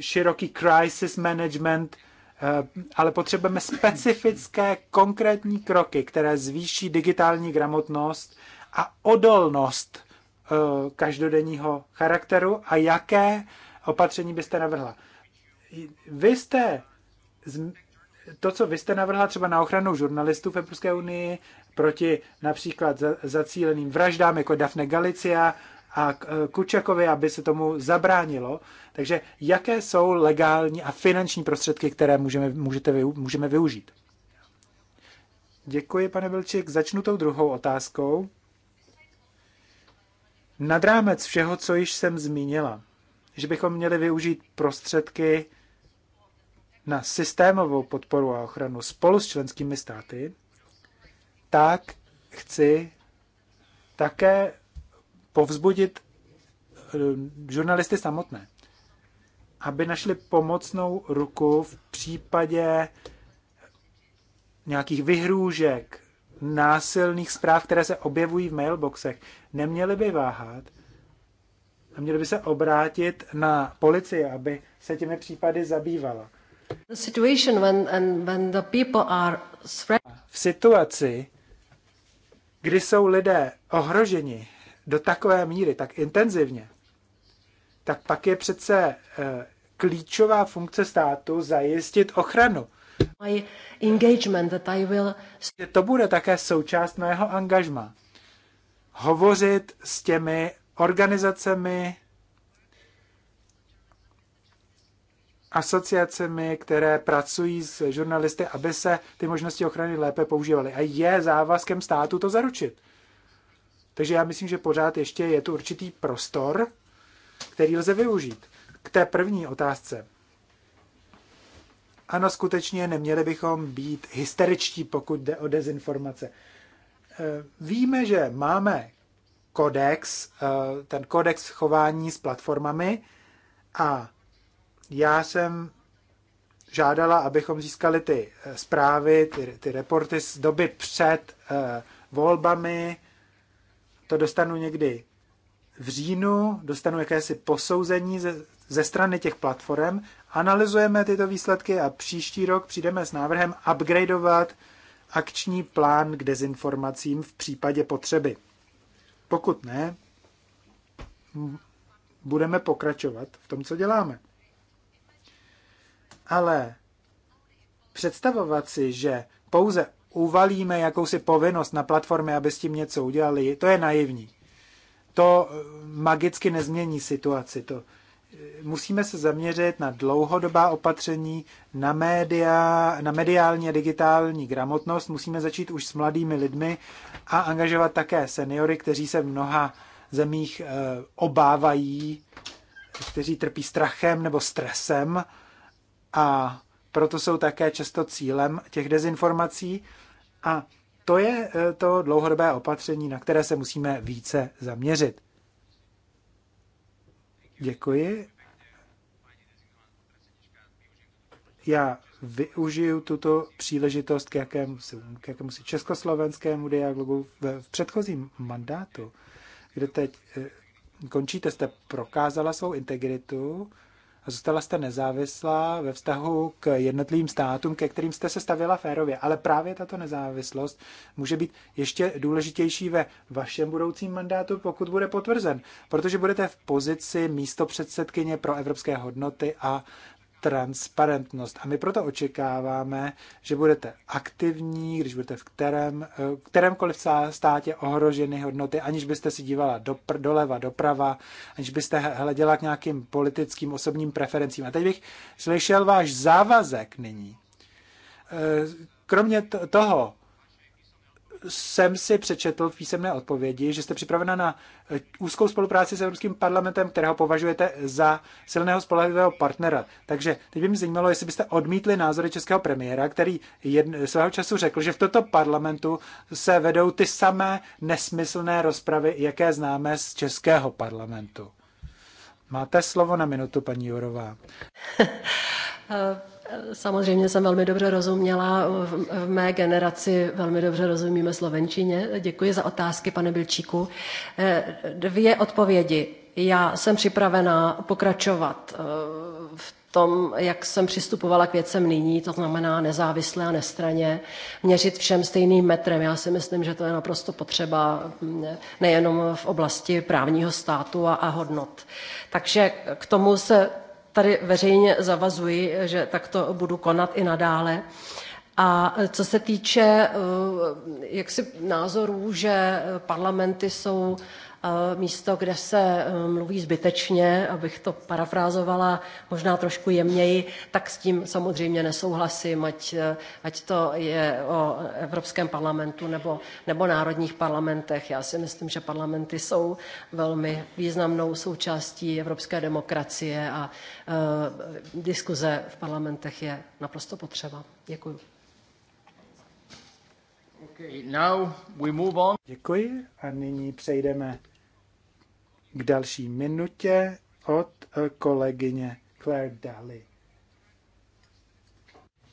široký crisis management, e, ale potřebujeme specifické konkrétní kroky, které zvýší digitální gramotnost a odolnost e, každodenního charakteru a jaké opatření byste navrhla. Vy jste to, co vy jste navrhla třeba na ochranu žurnalistů v Evropské unii proti například zacíleným vraždám jako Dafne Galicia a Kučakovi, aby se tomu zabránilo. Takže jaké jsou legální a finanční prostředky, které můžeme, můžete, můžeme využít? Děkuji, pane Belčík. Začnu tou druhou otázkou. Nad rámec všeho, co již jsem zmínila, že bychom měli využít prostředky na systémovou podporu a ochranu spolu s členskými státy, tak chci také povzbudit eh, žurnalisty samotné, aby našli pomocnou ruku v případě nějakých vyhrůžek, násilných zpráv, které se objevují v mailboxech. Neměli by váhat a měli by se obrátit na policii, aby se těmi případy zabývala. V situaci, kdy jsou lidé ohroženi do takové míry, tak intenzivně, tak pak je přece eh, klíčová funkce státu zajistit ochranu. My engagement that I will... To bude také součást mého angažma. Hovořit s těmi organizacemi, asociacemi, které pracují s žurnalisty, aby se ty možnosti ochrany lépe používaly. A je závazkem státu to zaručit. Takže já myslím, že pořád ještě je tu určitý prostor, který lze využít. K té první otázce. Ano, skutečně neměli bychom být hysteričtí, pokud jde o dezinformace. Eh, víme, že máme kodex, eh, ten kodex chování s platformami a já jsem žádala, abychom získali ty eh, zprávy, ty, ty reporty z doby před eh, volbami. To dostanu někdy v říjnu, dostanu jakési posouzení ze, ze strany těch platform. Analyzujeme tyto výsledky a příští rok přijdeme s návrhem upgradeovat akční plán k dezinformacím v případě potřeby. Pokud ne, budeme pokračovat v tom, co děláme. Ale představovat si, že pouze uvalíme jakousi povinnost na platformy, aby s tím něco udělali, to je naivní. To eh, magicky nezmění situaci. To, eh, musíme se zaměřit na dlouhodobá opatření, na média, na mediální a digitální gramotnost. Musíme začít už s mladými lidmi a angažovat také seniory, kteří se v mnoha zemích eh, obávají, kteří trpí strachem nebo stresem a proto jsou také často cílem těch dezinformací a to je e, to dlouhodobé opatření, na které se musíme více zaměřit. Děkuji. Já využiju tuto příležitost k jakému, k jakému si československému dialogu v, v předchozím mandátu, kde teď e, končíte, jste prokázala svou integritu Zůstala jste nezávislá ve vztahu k jednotlivým státům, ke kterým jste se stavěla férově. Ale právě tato nezávislost může být ještě důležitější ve vašem budoucím mandátu, pokud bude potvrzen. Protože budete v pozici místo předsedkyně pro evropské hodnoty a transparentnost. A my proto očekáváme, že budete aktivní, když budete v kterém, eh, kterémkoliv státě ohroženy hodnoty, aniž byste si dívala dopr, doleva, doprava, aniž byste hleděla k nějakým politickým osobním preferencím. A teď bych slyšel váš závazek nyní. Eh, kromě toho, jsem si přečetl v písemné odpovědi, že jste připravena na eh, úzkou spolupráci s Evropským parlamentem, kterého považujete za silného spolehlivého partnera. Takže teď by mě zajímalo, jestli byste odmítli názory českého premiéra, který jedn, svého času řekl, že v tomto parlamentu se vedou ty samé nesmyslné rozpravy, jaké známe z českého parlamentu. Máte slovo na minutu, paní Jurová. (laughs) Samozřejmě jsem velmi dobře rozuměla. V mé generaci velmi dobře rozumíme slovenčině. Děkuji za otázky, pane Bilčíku. Eh, dvě odpovědi. Já jsem připravená pokračovat eh, v tom, jak jsem přistupovala k věcem nyní, to znamená nezávisle a nestraně, měřit všem stejným metrem. Já si myslím, že to je naprosto potřeba mm, nejenom v oblasti právního státu a, a hodnot. Takže k tomu se tady veřejně zavazuji, že takto budu konat i nadále. A co se týče eh, jaksi názorů, že parlamenty jsou Eh, místo, kde se eh, mluví zbytečně, abych to parafrázovala možná trošku jemněji, tak s tím samozřejmě nesouhlasím, ať, eh, ať to je o Evropském parlamentu nebo, nebo národních parlamentech. Já si myslím, že parlamenty jsou velmi významnou součástí evropské demokracie a diskuze v parlamentech je naprosto potřeba. Děkuji. Okay, now we move on. Děkuji a nyní přejdeme k další minutě od eh, kolegyně Claire Daly.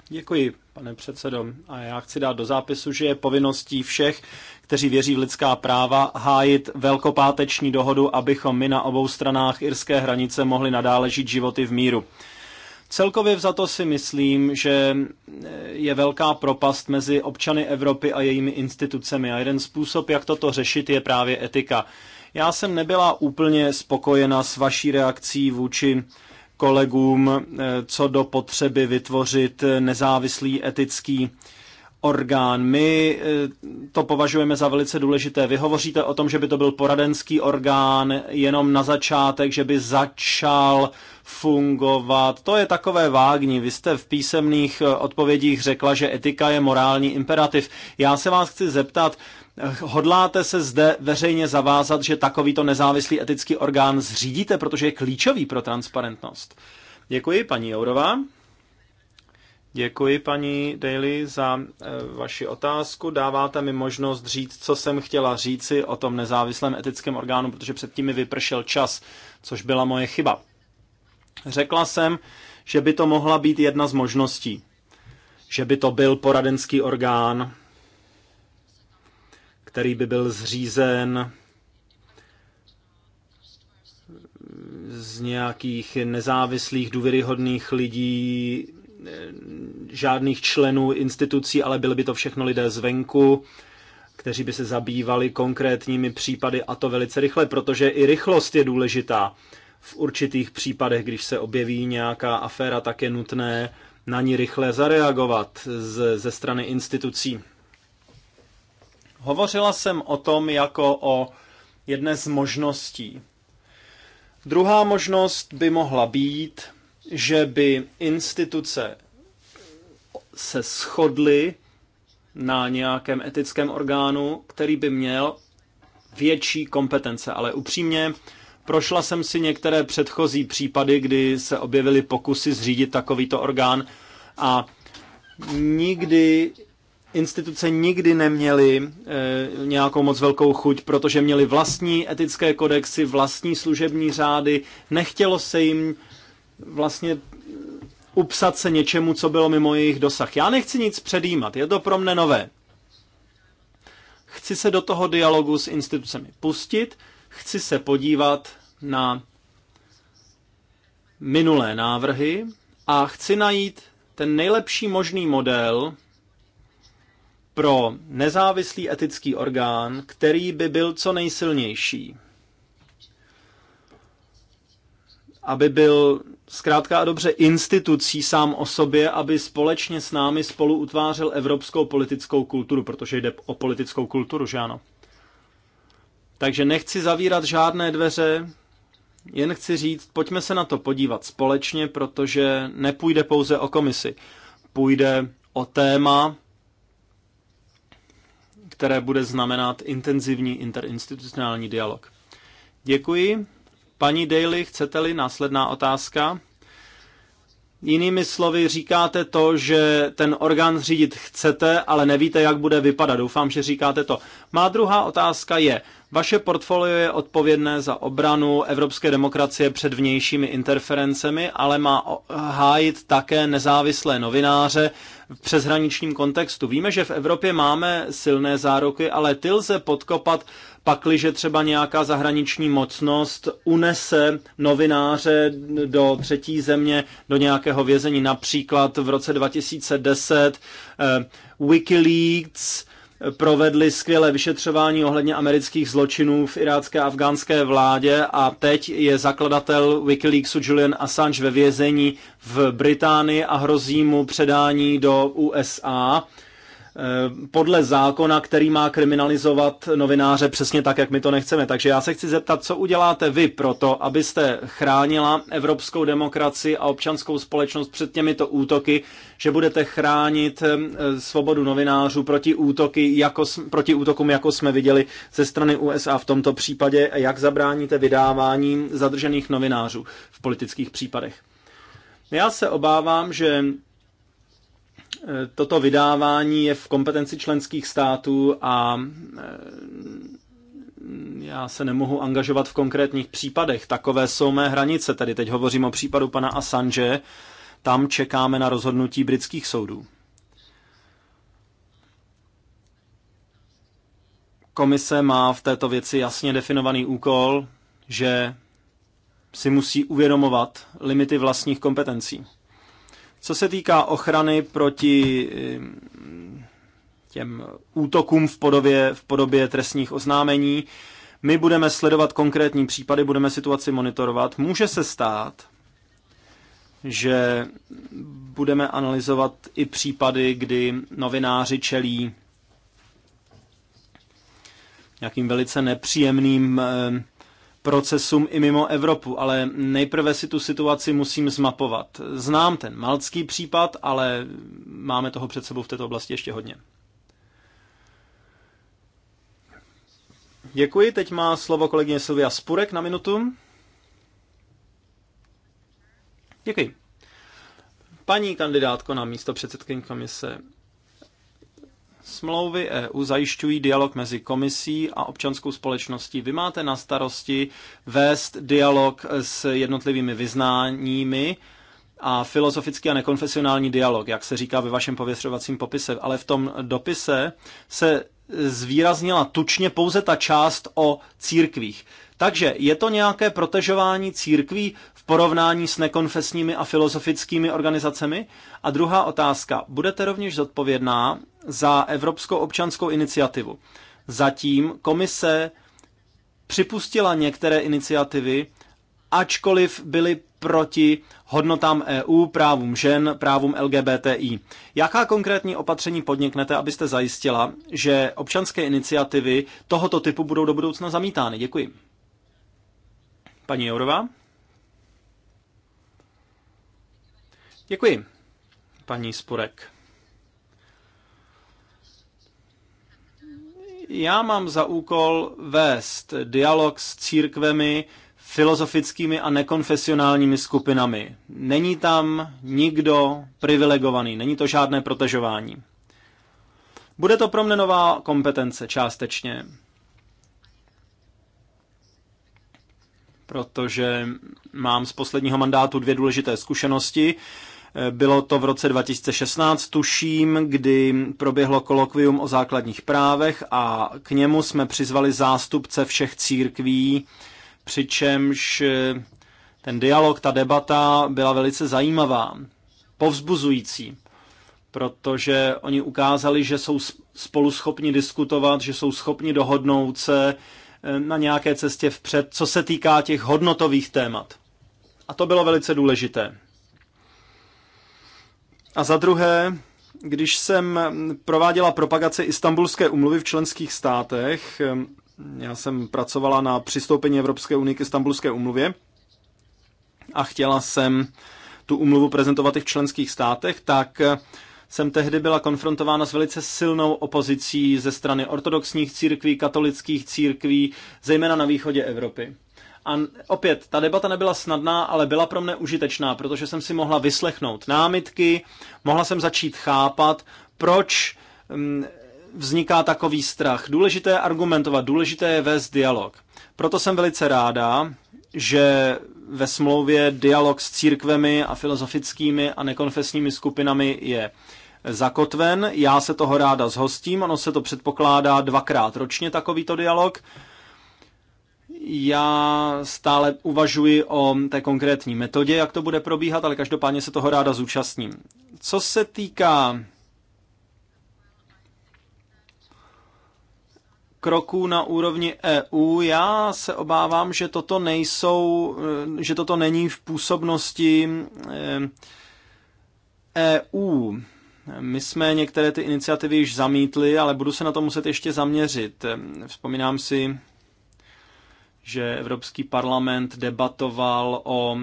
Děkuji, pane předsedo. A já chci dát do zápisu, že je povinností všech, kteří věří v lidská práva, hájit velkopáteční dohodu, abychom my na obou stranách irské hranice mohli nadále žít životy v míru. Celkově to si myslím, že eh, je velká propast mezi občany Evropy a jejími institucemi a jeden způsob, jak toto řešit, je právě etika. Já jsem nebyla úplně spokojena s vaší reakcí vůči kolegům eh, co do potřeby vytvořit nezávislý etický orgán. My eh, to považujeme za velice důležité. Vy hovoříte o tom, že by to byl poradenský orgán jenom na začátek, že by začal fungovat. To je takové vágní. Vy jste v písemných eh, odpovědích řekla, že etika je morální imperativ. Já se vás chci zeptat, Hodláte se zde veřejně zavázat, že takovýto nezávislý etický orgán zřídíte, protože je klíčový pro transparentnost? Děkuji, paní Jourová. Děkuji, paní Daly, za eh, vaši otázku. Dáváte mi možnost říct, co jsem chtěla říci o tom nezávislém etickém orgánu, protože předtím mi vypršel čas, což byla moje chyba. Řekla jsem, že by to mohla být jedna z možností. Že by to byl poradenský orgán, který by byl zřízen z nějakých nezávislých, důvěryhodných lidí, žádných členů institucí, ale byly by to všechno lidé zvenku, kteří by se zabývali konkrétními případy a to velice rychle, protože i rychlost je důležitá. V určitých případech, když se objeví nějaká aféra, tak je nutné na ní rychle zareagovat ze strany institucí. Hovořila jsem o tom jako o jedné z možností. Druhá možnost by mohla být, že by instituce se shodly na nějakém etickém orgánu, který by měl větší kompetence. Ale upřímně, prošla jsem si některé předchozí případy, kdy se objevily pokusy zřídit takovýto orgán a nikdy instituce nikdy neměly e, nějakou moc velkou chuť, protože měly vlastní etické kodexy, vlastní služební řády, nechtělo se jim vlastně upsat se něčemu, co bylo mimo jejich dosah. Já nechci nic předjímat, je to pro mne nové. Chci se do toho dialogu s institucemi pustit, chci se podívat na minulé návrhy a chci najít ten nejlepší možný model, pro nezávislý etický orgán, který by byl co nejsilnější. Aby byl zkrátka a dobře institucí sám o sobě, aby společně s námi spolu utvářel evropskou politickou kulturu, protože jde o politickou kulturu, že ano? Takže nechci zavírat žádné dveře, jen chci říct, pojďme se na to podívat společně, protože nepůjde pouze o komisi. Půjde o téma, které bude znamenat intenzivní interinstitucionální dialog. Děkuji. Paní Daly, chcete-li následná otázka? Jinými slovy, říkáte to, že ten orgán řídit chcete, ale nevíte, jak bude vypadat. Doufám, že říkáte to. Má druhá otázka je, vaše portfolio je odpovědné za obranu evropské demokracie před vnějšími interferencemi, ale má hájit také nezávislé novináře v přeshraničním kontextu. Víme, že v Evropě máme silné zároky, ale ty lze podkopat pakliže třeba nějaká zahraniční mocnost unese novináře do třetí země, do nějakého vězení. Například v roce 2010 eh, Wikileaks provedli skvělé vyšetřování ohledně amerických zločinů v irácké a afgánské vládě a teď je zakladatel Wikileaksu Julian Assange ve vězení v Británii a hrozí mu předání do USA Eh, podle zákona, který má kriminalizovat novináře přesně tak, jak my to nechceme. Takže já se chci zeptat, co uděláte vy pro to, abyste chránila evropskou demokracii a občanskou společnost před těmito útoky, že budete chránit eh, svobodu novinářů proti, útoky, jako, proti útokům, jako jsme viděli ze strany USA v tomto případě, jak zabráníte vydávání zadržených novinářů v politických případech. Já se obávám, že Eh, toto vydávání je v kompetenci členských států a eh, já se nemohu angažovat v konkrétních případech. Takové jsou mé hranice, Tady teď hovořím o případu pana Assange, tam čekáme na rozhodnutí britských soudů. Komise má v této věci jasně definovaný úkol, že si musí uvědomovat limity vlastních kompetencí. Co se týká ochrany proti těm útokům v podobě, v podobě trestních oznámení, my budeme sledovat konkrétní případy, budeme situaci monitorovat. Může se stát, že budeme analyzovat i případy, kdy novináři čelí nějakým velice nepříjemným procesům i mimo Evropu, ale nejprve si tu situaci musím zmapovat. Znám ten malcký případ, ale máme toho před sebou v této oblasti ještě hodně. Děkuji, teď má slovo kolegyně Silvia Spurek na minutu. Děkuji. Paní kandidátko na místo předsedkyní komise, Smlouvy EU zajišťují dialog mezi komisí a občanskou společností. Vy máte na starosti vést dialog s jednotlivými vyznáními a filozofický a nekonfesionální dialog, jak se říká ve vašem pověřovacím popise. Ale v tom dopise se zvýraznila tučně pouze ta část o církvích. Takže je to nějaké protežování církví v porovnání s nekonfesními a filozofickými organizacemi? A druhá otázka. Budete rovněž zodpovědná za Evropskou občanskou iniciativu. Zatím komise připustila některé iniciativy, ačkoliv byly proti hodnotám EU, právům žen, právům LGBTI. Jaká konkrétní opatření podniknete, abyste zajistila, že občanské iniciativy tohoto typu budou do budoucna zamítány? Děkuji. Paní Jourová? Děkuji, paní Spurek. Já mám za úkol vést dialog s církvemi, filozofickými a nekonfesionálními skupinami. Není tam nikdo privilegovaný, není to žádné protežování. Bude to pro mě nová kompetence částečně. protože mám z posledního mandátu dvě důležité zkušenosti. Bylo to v roce 2016, tuším, kdy proběhlo kolokvium o základních právech a k němu jsme přizvali zástupce všech církví, přičemž ten dialog, ta debata byla velice zajímavá, povzbuzující, protože oni ukázali, že jsou spolu schopni diskutovat, že jsou schopni dohodnout se, na nějaké cestě vpřed, co se týká těch hodnotových témat. A to bylo velice důležité. A za druhé, když jsem prováděla propagaci istambulské umluvy v členských státech, já jsem pracovala na přistoupení Evropské unie k istambulské umluvě a chtěla jsem tu umluvu prezentovat i v členských státech, tak jsem tehdy byla konfrontována s velice silnou opozicí ze strany ortodoxních církví, katolických církví, zejména na východě Evropy. A opět, ta debata nebyla snadná, ale byla pro mne užitečná, protože jsem si mohla vyslechnout námitky, mohla jsem začít chápat, proč mm, vzniká takový strach. Důležité je argumentovat, důležité je vést dialog. Proto jsem velice ráda, že ve smlouvě dialog s církvemi a filozofickými a nekonfesními skupinami je zakotven. Já se toho ráda zhostím, ono se to předpokládá dvakrát ročně takovýto dialog. Já stále uvažuji o té konkrétní metodě, jak to bude probíhat, ale každopádně se toho ráda zúčastním. Co se týká kroků na úrovni EU, já se obávám, že toto nejsou, že toto není v působnosti EU. Eh, e my jsme některé ty iniciativy již zamítli, ale budu se na to muset ještě zaměřit. Vzpomínám si, že Evropský parlament debatoval o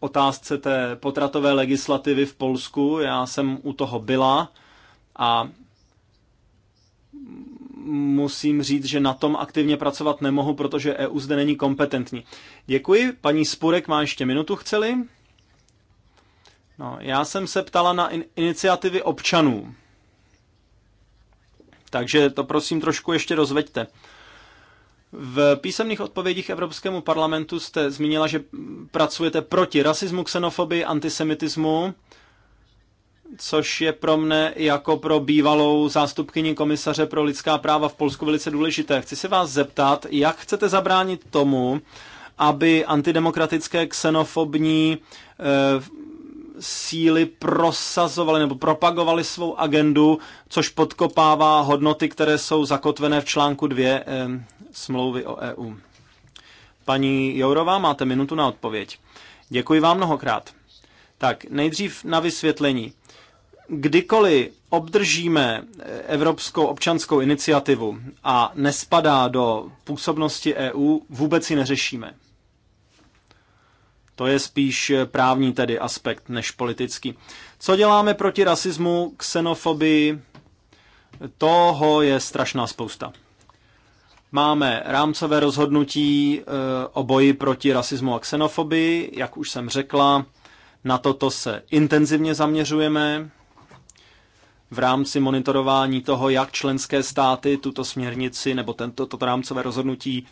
otázce té potratové legislativy v Polsku. Já jsem u toho byla a musím říct, že na tom aktivně pracovat nemohu, protože EU zde není kompetentní. Děkuji. Paní Spurek má ještě minutu, chceli? No, já jsem se ptala na in- iniciativy občanů. Takže to prosím trošku ještě rozveďte. V písemných odpovědích Evropskému parlamentu jste zmínila, že pracujete proti rasismu, xenofobii, antisemitismu, což je pro mne jako pro bývalou zástupkyni komisaře pro lidská práva v Polsku velice důležité. Chci se vás zeptat, jak chcete zabránit tomu, aby antidemokratické, xenofobní eh, síly prosazovaly nebo propagovaly svou agendu, což podkopává hodnoty, které jsou zakotvené v článku 2 eh, smlouvy o EU. Paní Jourová, máte minutu na odpověď. Děkuji vám mnohokrát. Tak, nejdřív na vysvětlení. Kdykoliv obdržíme eh, Evropskou občanskou iniciativu a nespadá do působnosti EU, vůbec ji neřešíme. To je spíš eh, právní tedy aspekt než politický. Co děláme proti rasismu, xenofobii? Toho je strašná spousta. Máme rámcové rozhodnutí eh, o boji proti rasismu a xenofobii, jak už jsem řekla, na toto se intenzivně zaměřujeme v rámci monitorování toho, jak členské státy tuto směrnici nebo tento, toto rámcové rozhodnutí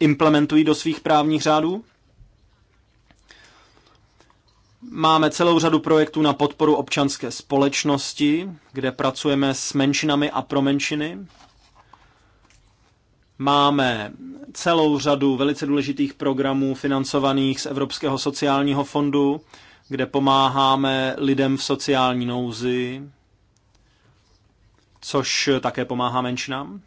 implementují do svých právních řádů. Máme celou řadu projektů na podporu občanské společnosti, kde pracujeme s menšinami a pro menšiny. Máme celou řadu velice důležitých programů financovaných z Evropského sociálního fondu, kde pomáháme lidem v sociální nouzi, což také pomáhá menšinám.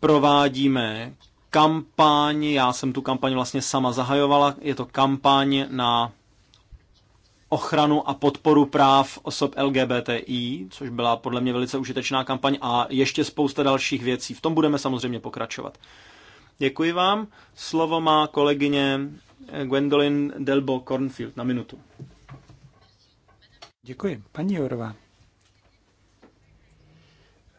Provádíme kampaň, já jsem tu kampaň vlastně sama zahajovala, je to kampaň na ochranu a podporu práv osob LGBTI, což byla podle mě velice užitečná kampaň a ještě spousta dalších věcí. V tom budeme samozřejmě pokračovat. Děkuji vám. Slovo má kolegyně Gwendolyn Delbo Cornfield na minutu. Děkuji. Paní Jorová,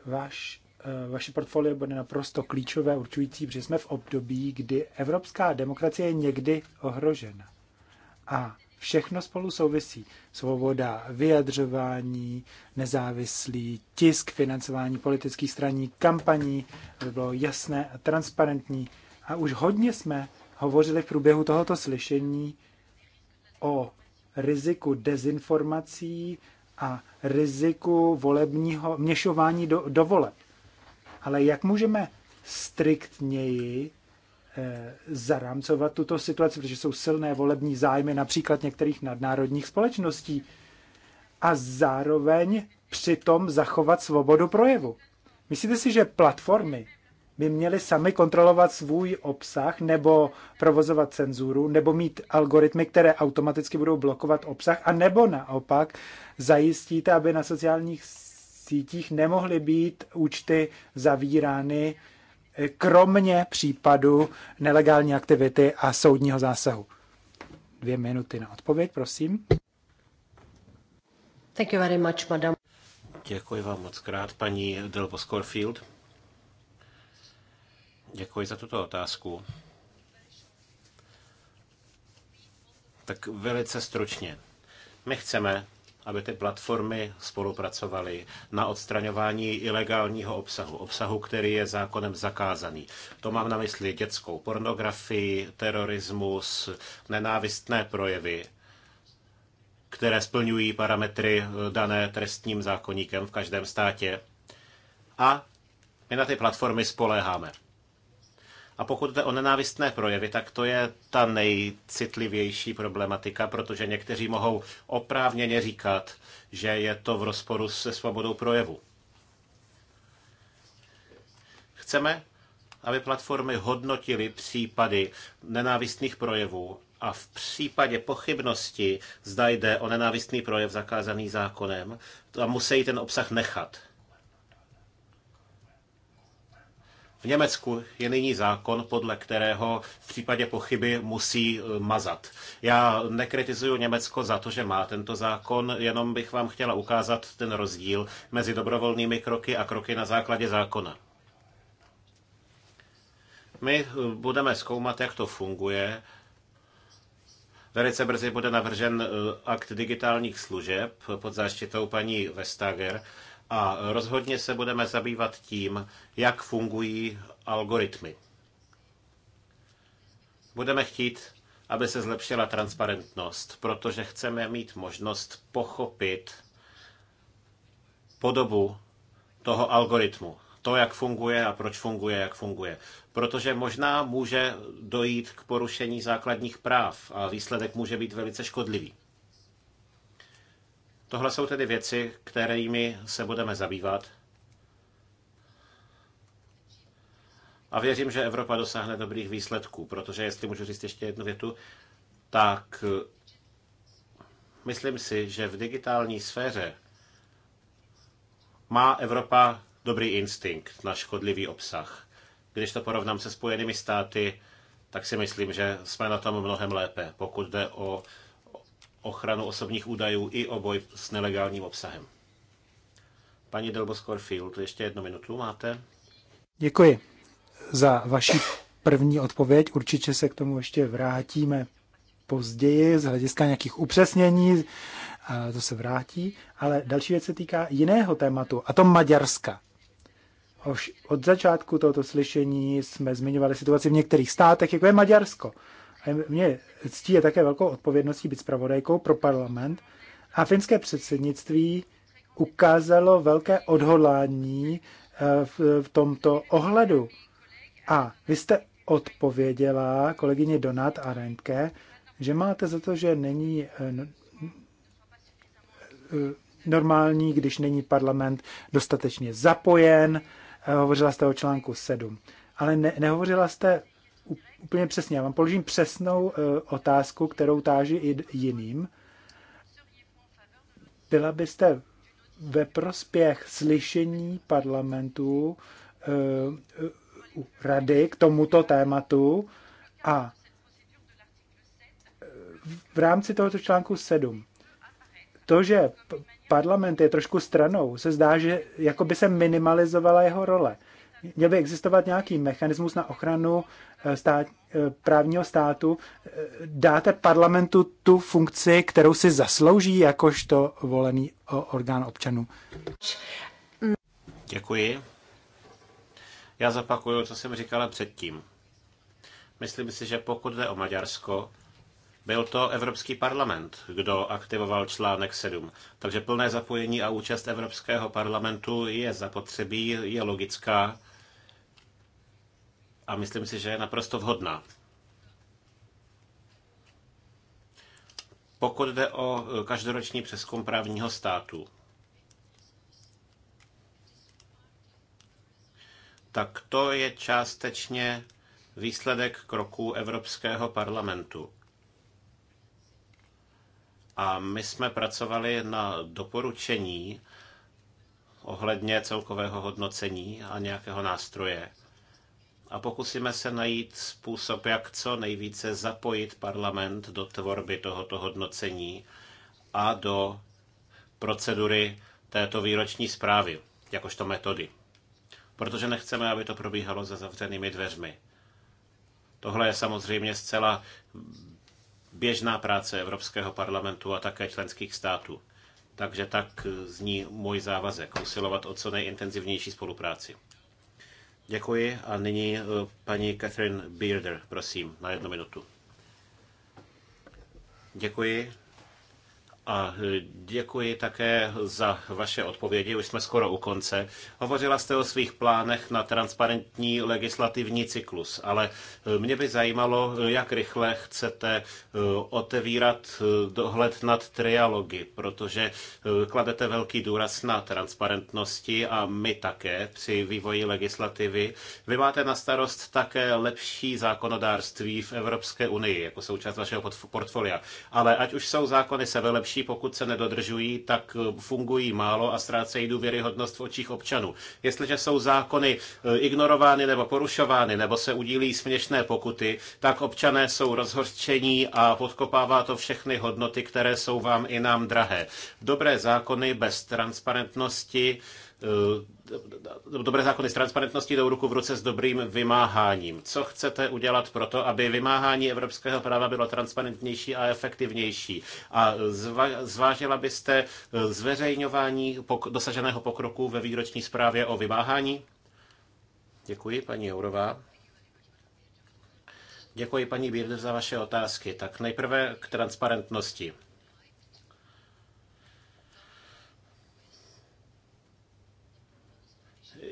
váš Eh, vaše portfolio bude naprosto klíčové, určující, protože jsme v období, kdy evropská demokracie je někdy ohrožena. A všechno spolu souvisí. Svoboda vyjadřování, nezávislý tisk, financování politických straní, kampaní, aby bylo jasné a transparentní. A už hodně jsme hovořili v průběhu tohoto slyšení o riziku dezinformací a riziku volebního měšování do, do voleb. Ale jak můžeme striktněji eh, zarámcovat tuto situaci, protože jsou silné volební zájmy například některých nadnárodních společností a zároveň přitom zachovat svobodu projevu. Myslíte si, že platformy by měly sami kontrolovat svůj obsah nebo provozovat cenzuru, nebo mít algoritmy, které automaticky budou blokovat obsah, a nebo naopak zajistíte, aby na sociálních sítích nemohly být účty zavírány, eh, kromě případu nelegální aktivity a soudního zásahu. Dvě minuty na odpověď, prosím. Thank you very much, madam. Děkuji vám moc krát, paní Delbo Scorfield. Děkuji za tuto otázku. Tak velice stručně. My chceme, aby ty platformy spolupracovaly na odstraňování ilegálního obsahu, obsahu, který je zákonem zakázaný. To mám na mysli dětskou pornografii, terorismus, nenávistné projevy, které splňují parametry eh, dané trestním zákoníkem v každém státě. A my na ty platformy spoléháme. A pokud jde o nenávistné projevy, tak to je ta nejcitlivější problematika, protože někteří mohou oprávněně říkat, že je to v rozporu se svobodou projevu. Chceme, aby platformy hodnotily případy nenávistných projevů a v případě pochybnosti, zda jde o nenávistný projev zakázaný zákonem, a musí ten obsah nechat. V Německu je nyní zákon, podle kterého v případě pochyby musí e, mazat. Já nekritizuju Německo za to, že má tento zákon, jenom bych vám chtěla ukázat ten rozdíl mezi dobrovolnými kroky a kroky na základě zákona. My e, budeme zkoumat, jak to funguje. Velice brzy bude navržen e, akt digitálních služeb pod záštitou paní Vestager a rozhodně se budeme zabývat tím, jak fungují algoritmy. Budeme chtít, aby se zlepšila transparentnost, protože chceme mít možnost pochopit podobu toho algoritmu. To, jak funguje a proč funguje, jak funguje. Protože možná může dojít k porušení základních práv a výsledek může být velice škodlivý. Tohle jsou tedy věci, kterými se budeme zabývat. A věřím, že Evropa dosáhne dobrých výsledků, protože jestli můžu říct ještě jednu větu, tak myslím si, že v digitální sféře má Evropa dobrý instinkt na škodlivý obsah. Když to porovnám se Spojenými státy, tak si myslím, že jsme na tom mnohem lépe, pokud jde o ochranu osobních údajů i o boj s nelegálním obsahem. Paní Delbo Scorfield, ještě jednu minutu máte. Děkuji za vaši první odpověď. Určitě se k tomu ještě vrátíme později z hlediska nějakých upřesnění, a to se vrátí. Ale další věc se týká jiného tématu, a to Maďarska. Už od začátku tohoto slyšení jsme zmiňovali situaci v některých státech, jako je Maďarsko mě ctí je také velkou odpovědností být zpravodajkou pro parlament a finské předsednictví ukázalo velké odhodlání eh, v tomto ohledu. A vy jste odpověděla kolegyně Donat a Renke, že máte za to, že není eh, eh, normální, když není parlament dostatečně zapojen. Hovořila jste o článku 7. Ale ne, nehovořila jste úplně přesně. Já vám položím přesnou eh, otázku, kterou táži i jiným. Byla byste ve prospěch slyšení parlamentu eh, rady k tomuto tématu a eh, v rámci tohoto článku 7. To, že parlament je trošku stranou, se zdá, že jako by se minimalizovala jeho role měl by existovat nějaký mechanismus na ochranu eh, stát, eh, právního státu. Eh, dáte parlamentu tu funkci, kterou si zaslouží jakožto volený orgán občanů. Děkuji. Já zapakuju, co jsem říkala předtím. Myslím si, že pokud jde o Maďarsko, byl to Evropský parlament, kdo aktivoval článek 7. Takže plné zapojení a účast Evropského parlamentu je zapotřebí, je logická a myslím si, že je naprosto vhodná. Pokud jde o e, každoroční přeskum právního státu, tak to je částečně výsledek kroků Evropského parlamentu. A my jsme pracovali na doporučení ohledně celkového hodnocení a nějakého nástroje a pokusíme se najít způsob, jak co nejvíce zapojit parlament do tvorby tohoto hodnocení a do procedury této výroční zprávy, jakožto metody. Protože nechceme, aby to probíhalo za zavřenými dveřmi. Tohle je samozřejmě zcela běžná práce Evropského parlamentu a také členských států. Takže tak zní můj závazek usilovat o co nejintenzivnější spolupráci. Děkuji a nyní eh, paní Catherine Bearder, prosím, na jednu minutu. Děkuji. A děkuji také za vaše odpovědi, už jsme skoro u konce. Hovořila jste o svých plánech na transparentní legislativní cyklus, ale mě by zajímalo, jak rychle chcete eh, otevírat eh, dohled nad trialogy, protože eh, kladete velký důraz na transparentnosti a my také při vývoji legislativy. Vy máte na starost také lepší zákonodárství v Evropské unii jako součást vašeho portfolia, ale ať už jsou zákony sebelepší, lepší, pokud se nedodržují, tak eh, fungují málo a ztrácejí důvěryhodnost v očích občanů. Jestliže jsou zákony eh, ignorovány nebo porušovány, nebo se udílí směšné pokuty, tak občané jsou rozhorčení a podkopává to všechny hodnoty, které jsou vám i nám drahé. Dobré zákony bez transparentnosti, Eh, dobré zákony s transparentností jdou ruku v ruce s dobrým vymáháním. Co chcete udělat pro to, aby vymáhání evropského práva bylo transparentnější a efektivnější? A zvážila byste eh, zveřejňování dosaženého pokroku ve výroční zprávě o vymáhání? Děkuji, paní Jourová. Děkuji, paní Bírder, za vaše otázky. Tak nejprve k transparentnosti.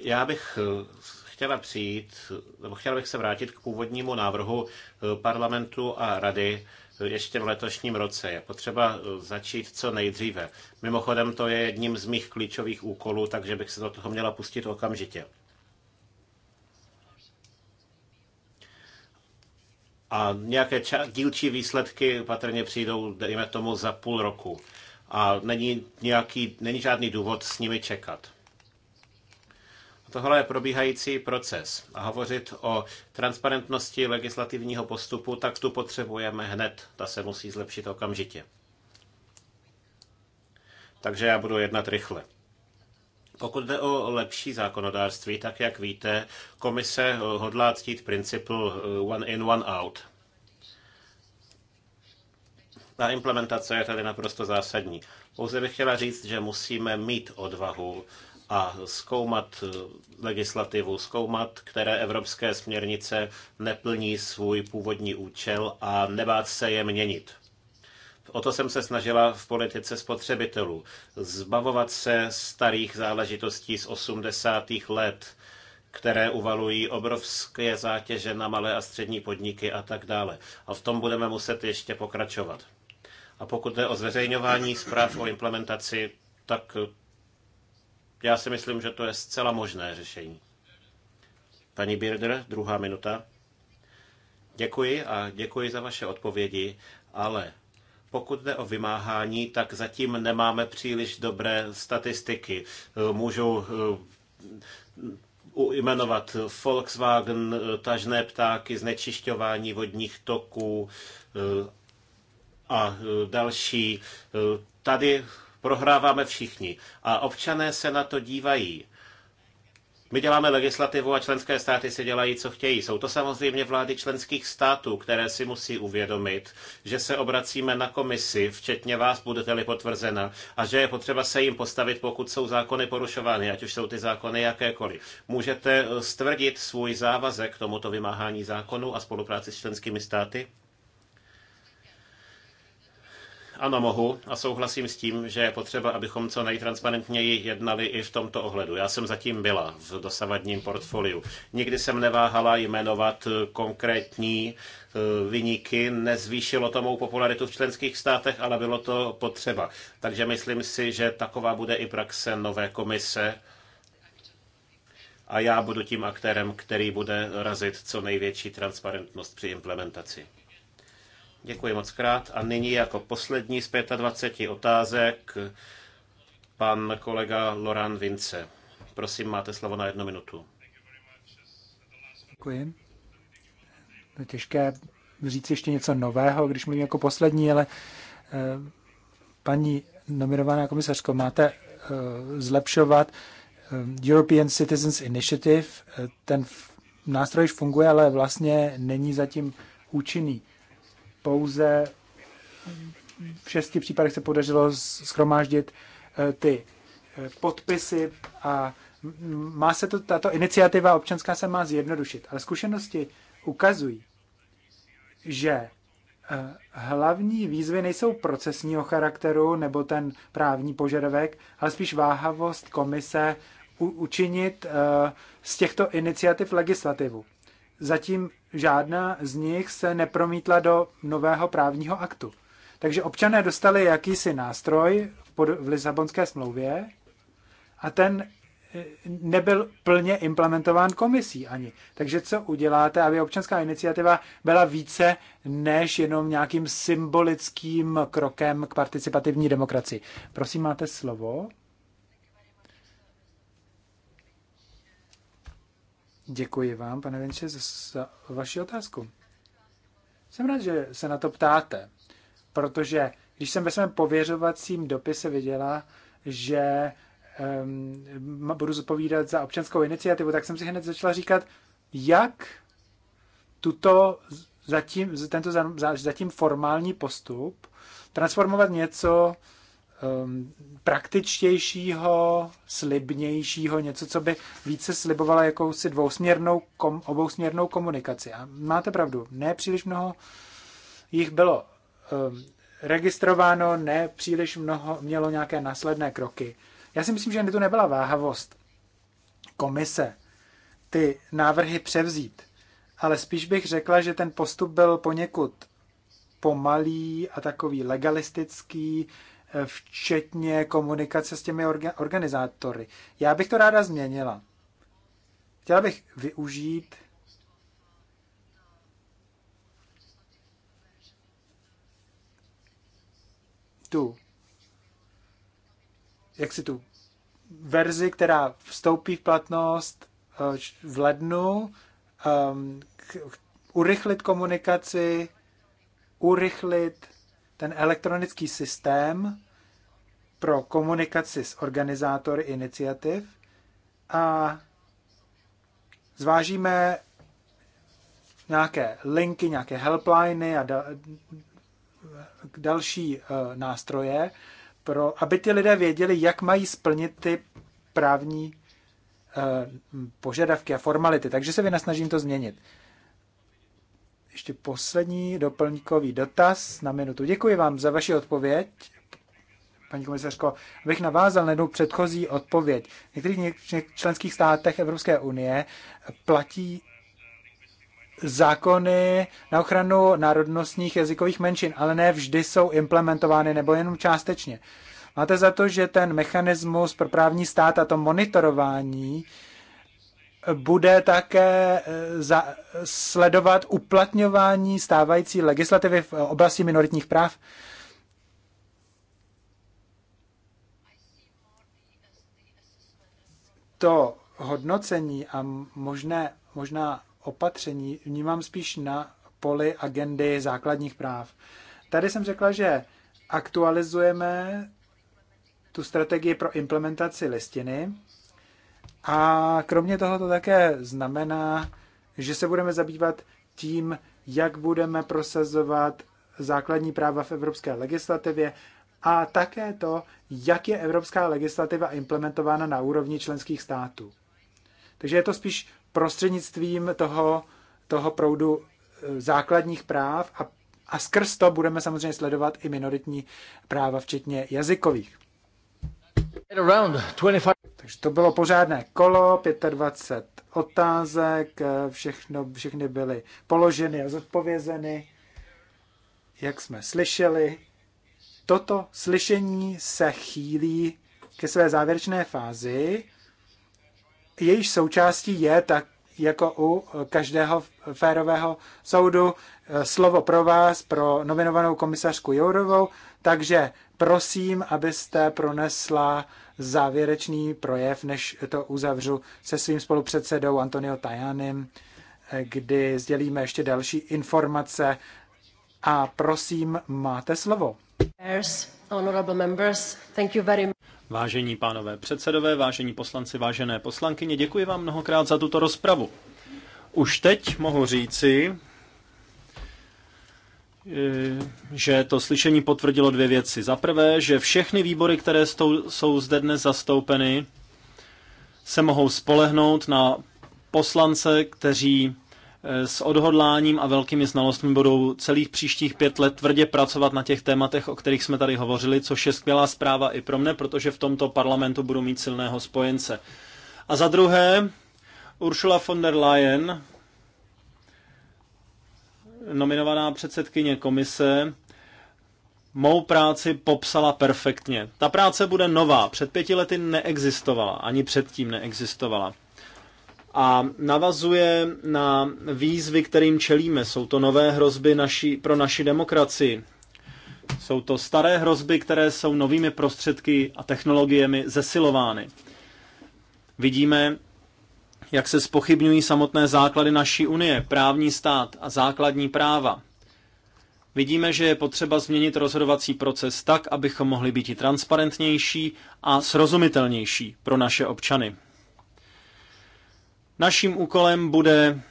Já bych eh, chtěla přijít, nebo chtěla bych se vrátit k původnímu návrhu eh, parlamentu a rady eh, ještě v letošním roce. Je potřeba začít co nejdříve. Mimochodem to je jedním z mých klíčových úkolů, takže bych se do toho měla pustit okamžitě. A nějaké ča- dílčí výsledky patrně přijdou, dejme tomu, za půl roku. A není, nějaký, není žádný důvod s nimi čekat. Tohle je probíhající proces a hovořit o transparentnosti legislativního postupu, tak tu potřebujeme hned. Ta se musí zlepšit okamžitě. Takže já budu jednat rychle. Pokud jde o lepší zákonodárství, tak jak víte, komise hodlá ctít princip one in, one out. Ta implementace je tady naprosto zásadní. Pouze bych chtěla říct, že musíme mít odvahu a zkoumat eh, legislativu, zkoumat, které evropské směrnice neplní svůj původní účel a nebát se je měnit. O to jsem se snažila v politice spotřebitelů. Zbavovat se starých záležitostí z 80. let, které uvalují obrovské zátěže na malé a střední podniky a tak dále. A v tom budeme muset ještě pokračovat. A pokud jde o zveřejňování zpráv o implementaci, tak já si myslím, že to je zcela možné řešení. Paní Birder, druhá minuta. Děkuji a děkuji za vaše odpovědi, ale pokud jde o vymáhání, tak zatím nemáme příliš dobré statistiky. Můžu eh, ujmenovat Volkswagen, eh, tažné ptáky, znečišťování vodních toků eh, a další. Tady Prohráváme všichni. A občané se na to dívají. My děláme legislativu a členské státy si dělají, co chtějí. Jsou to samozřejmě vlády členských států, které si musí uvědomit, že se obracíme na komisi, včetně vás, budete-li potvrzena, a že je potřeba se jim postavit, pokud jsou zákony porušovány, ať už jsou ty zákony jakékoliv. Můžete stvrdit svůj závazek k tomuto vymáhání zákonu a spolupráci s členskými státy? Ano, mohu a souhlasím s tím, že je potřeba, abychom co nejtransparentněji jednali i v tomto ohledu. Já jsem zatím byla v dosavadním portfoliu. Nikdy jsem neváhala jmenovat konkrétní eh, vyniky, nezvýšilo to mou popularitu v členských státech, ale bylo to potřeba. Takže myslím si, že taková bude i praxe nové komise a já budu tím aktérem, který bude razit co největší transparentnost při implementaci. Děkuji moc krát. A nyní jako poslední z 25 otázek pan kolega Loran Vince. Prosím, máte slovo na jednu minutu. Děkuji. To je těžké říct ještě něco nového, když mluvím jako poslední, ale eh, paní nominovaná komisařko, máte eh, zlepšovat eh, European Citizens Initiative. Ten nástroj funguje, ale vlastně není zatím účinný pouze v šesti případech se podařilo schromáždit eh, ty eh, podpisy a má se to, tato iniciativa občanská se má zjednodušit, ale zkušenosti ukazují, že eh, hlavní výzvy nejsou procesního charakteru nebo ten právní požadavek, ale spíš váhavost komise učinit z těchto iniciativ legislativu zatím žádná z nich se nepromítla do nového právního aktu. Takže občané dostali jakýsi nástroj v Lisabonské smlouvě a ten e, nebyl plně implementován komisí ani. Takže co uděláte, aby občanská iniciativa byla více než jenom nějakým symbolickým krokem k participativní demokracii? Prosím, máte slovo. Děkuji vám, pane Vinče, za vaši otázku. Jsem rád, že se na to ptáte, protože když jsem ve svém pověřovacím dopise viděla, že um, budu zodpovídat za občanskou iniciativu, tak jsem si hned začala říkat, jak tuto zatím, tento zatím formální postup transformovat něco, um, praktičtějšího, slibnějšího, něco, co by více slibovalo jakousi dvousměrnou, kom, obousměrnou komunikaci. A máte pravdu, ne příliš mnoho jich bylo um, registrováno, ne příliš mnoho mělo nějaké následné kroky. Já si myslím, že to nebyla váhavost komise ty návrhy převzít, ale spíš bych řekla, že ten postup byl poněkud pomalý a takový legalistický, včetně komunikace s těmi organizátory. Já bych to ráda změnila. Chtěla bych využít tu, jak si tu verzi, která vstoupí v platnost eh, v lednu, um, urychlit komunikaci, urychlit ten elektronický systém pro komunikaci s organizátory iniciativ a zvážíme nějaké linky, nějaké helpliny a další eh, nástroje, pro, aby ty lidé věděli, jak mají splnit ty právní eh, požadavky a formality. Takže se vynasnažím to změnit ještě poslední doplňkový dotaz na minutu. Děkuji vám za vaši odpověď. Paní komisařko, abych navázal na jednu předchozí odpověď. V některých členských státech Evropské unie platí zákony na ochranu národnostních jazykových menšin, ale ne vždy jsou implementovány nebo jenom částečně. Máte za to, že ten mechanismus pro právní stát a to monitorování bude také eh, za, sledovat uplatňování stávající legislativy v oblasti minoritních práv. To hodnocení a možné, možná opatření vnímám spíš na poli agendy základních práv. Tady jsem řekla, že aktualizujeme tu strategii pro implementaci listiny a kromě toho to také znamená, že se budeme zabývat tím, jak budeme prosazovat základní práva v evropské legislativě a také to, jak je evropská legislativa implementována na úrovni členských států. Takže je to spíš prostřednictvím toho, toho proudu eh, základních práv a, a skrz to budeme samozřejmě sledovat i minoritní práva, včetně jazykových. Takže to bylo pořádné kolo, 25 otázek, eh, všechno, všechny byly položeny a zodpovězeny. Jak jsme slyšeli, toto slyšení se chýlí ke své závěrečné fázi. Jejíž součástí je tak jako u každého férového soudu, eh, slovo pro vás, pro nominovanou komisařku Jourovou, takže prosím, abyste pronesla závěrečný projev, než to uzavřu se svým spolupředsedou Antonio Tajanem, eh, kdy sdělíme ještě další informace. A prosím, máte slovo. Vážení pánové předsedové, vážení poslanci, vážené poslankyně, děkuji vám mnohokrát za tuto rozpravu. Už teď mohu říci, eh, že to slyšení potvrdilo dvě věci. Za prvé, že všechny výbory, které jsou zde dnes zastoupeny, se mohou spolehnout na poslance, kteří s odhodláním a velkými znalostmi budou celých příštích pět let tvrdě pracovat na těch tématech, o kterých jsme tady hovořili, což je skvělá zpráva i pro mne, protože v tomto parlamentu budu mít silného spojence. A za druhé, Ursula von der Leyen, nominovaná předsedkyně komise, mou práci popsala perfektně. Ta práce bude nová, před pěti lety neexistovala, ani předtím neexistovala a navazuje na výzvy, kterým čelíme. Jsou to nové hrozby naší, pro naši demokracii. Jsou to staré hrozby, které jsou novými prostředky a technologiemi zesilovány. Vidíme, jak se spochybňují samotné základy naší unie, právní stát a základní práva. Vidíme, že je potřeba změnit rozhodovací proces tak, abychom mohli být i transparentnější a srozumitelnější pro naše občany. Naším úkolem bude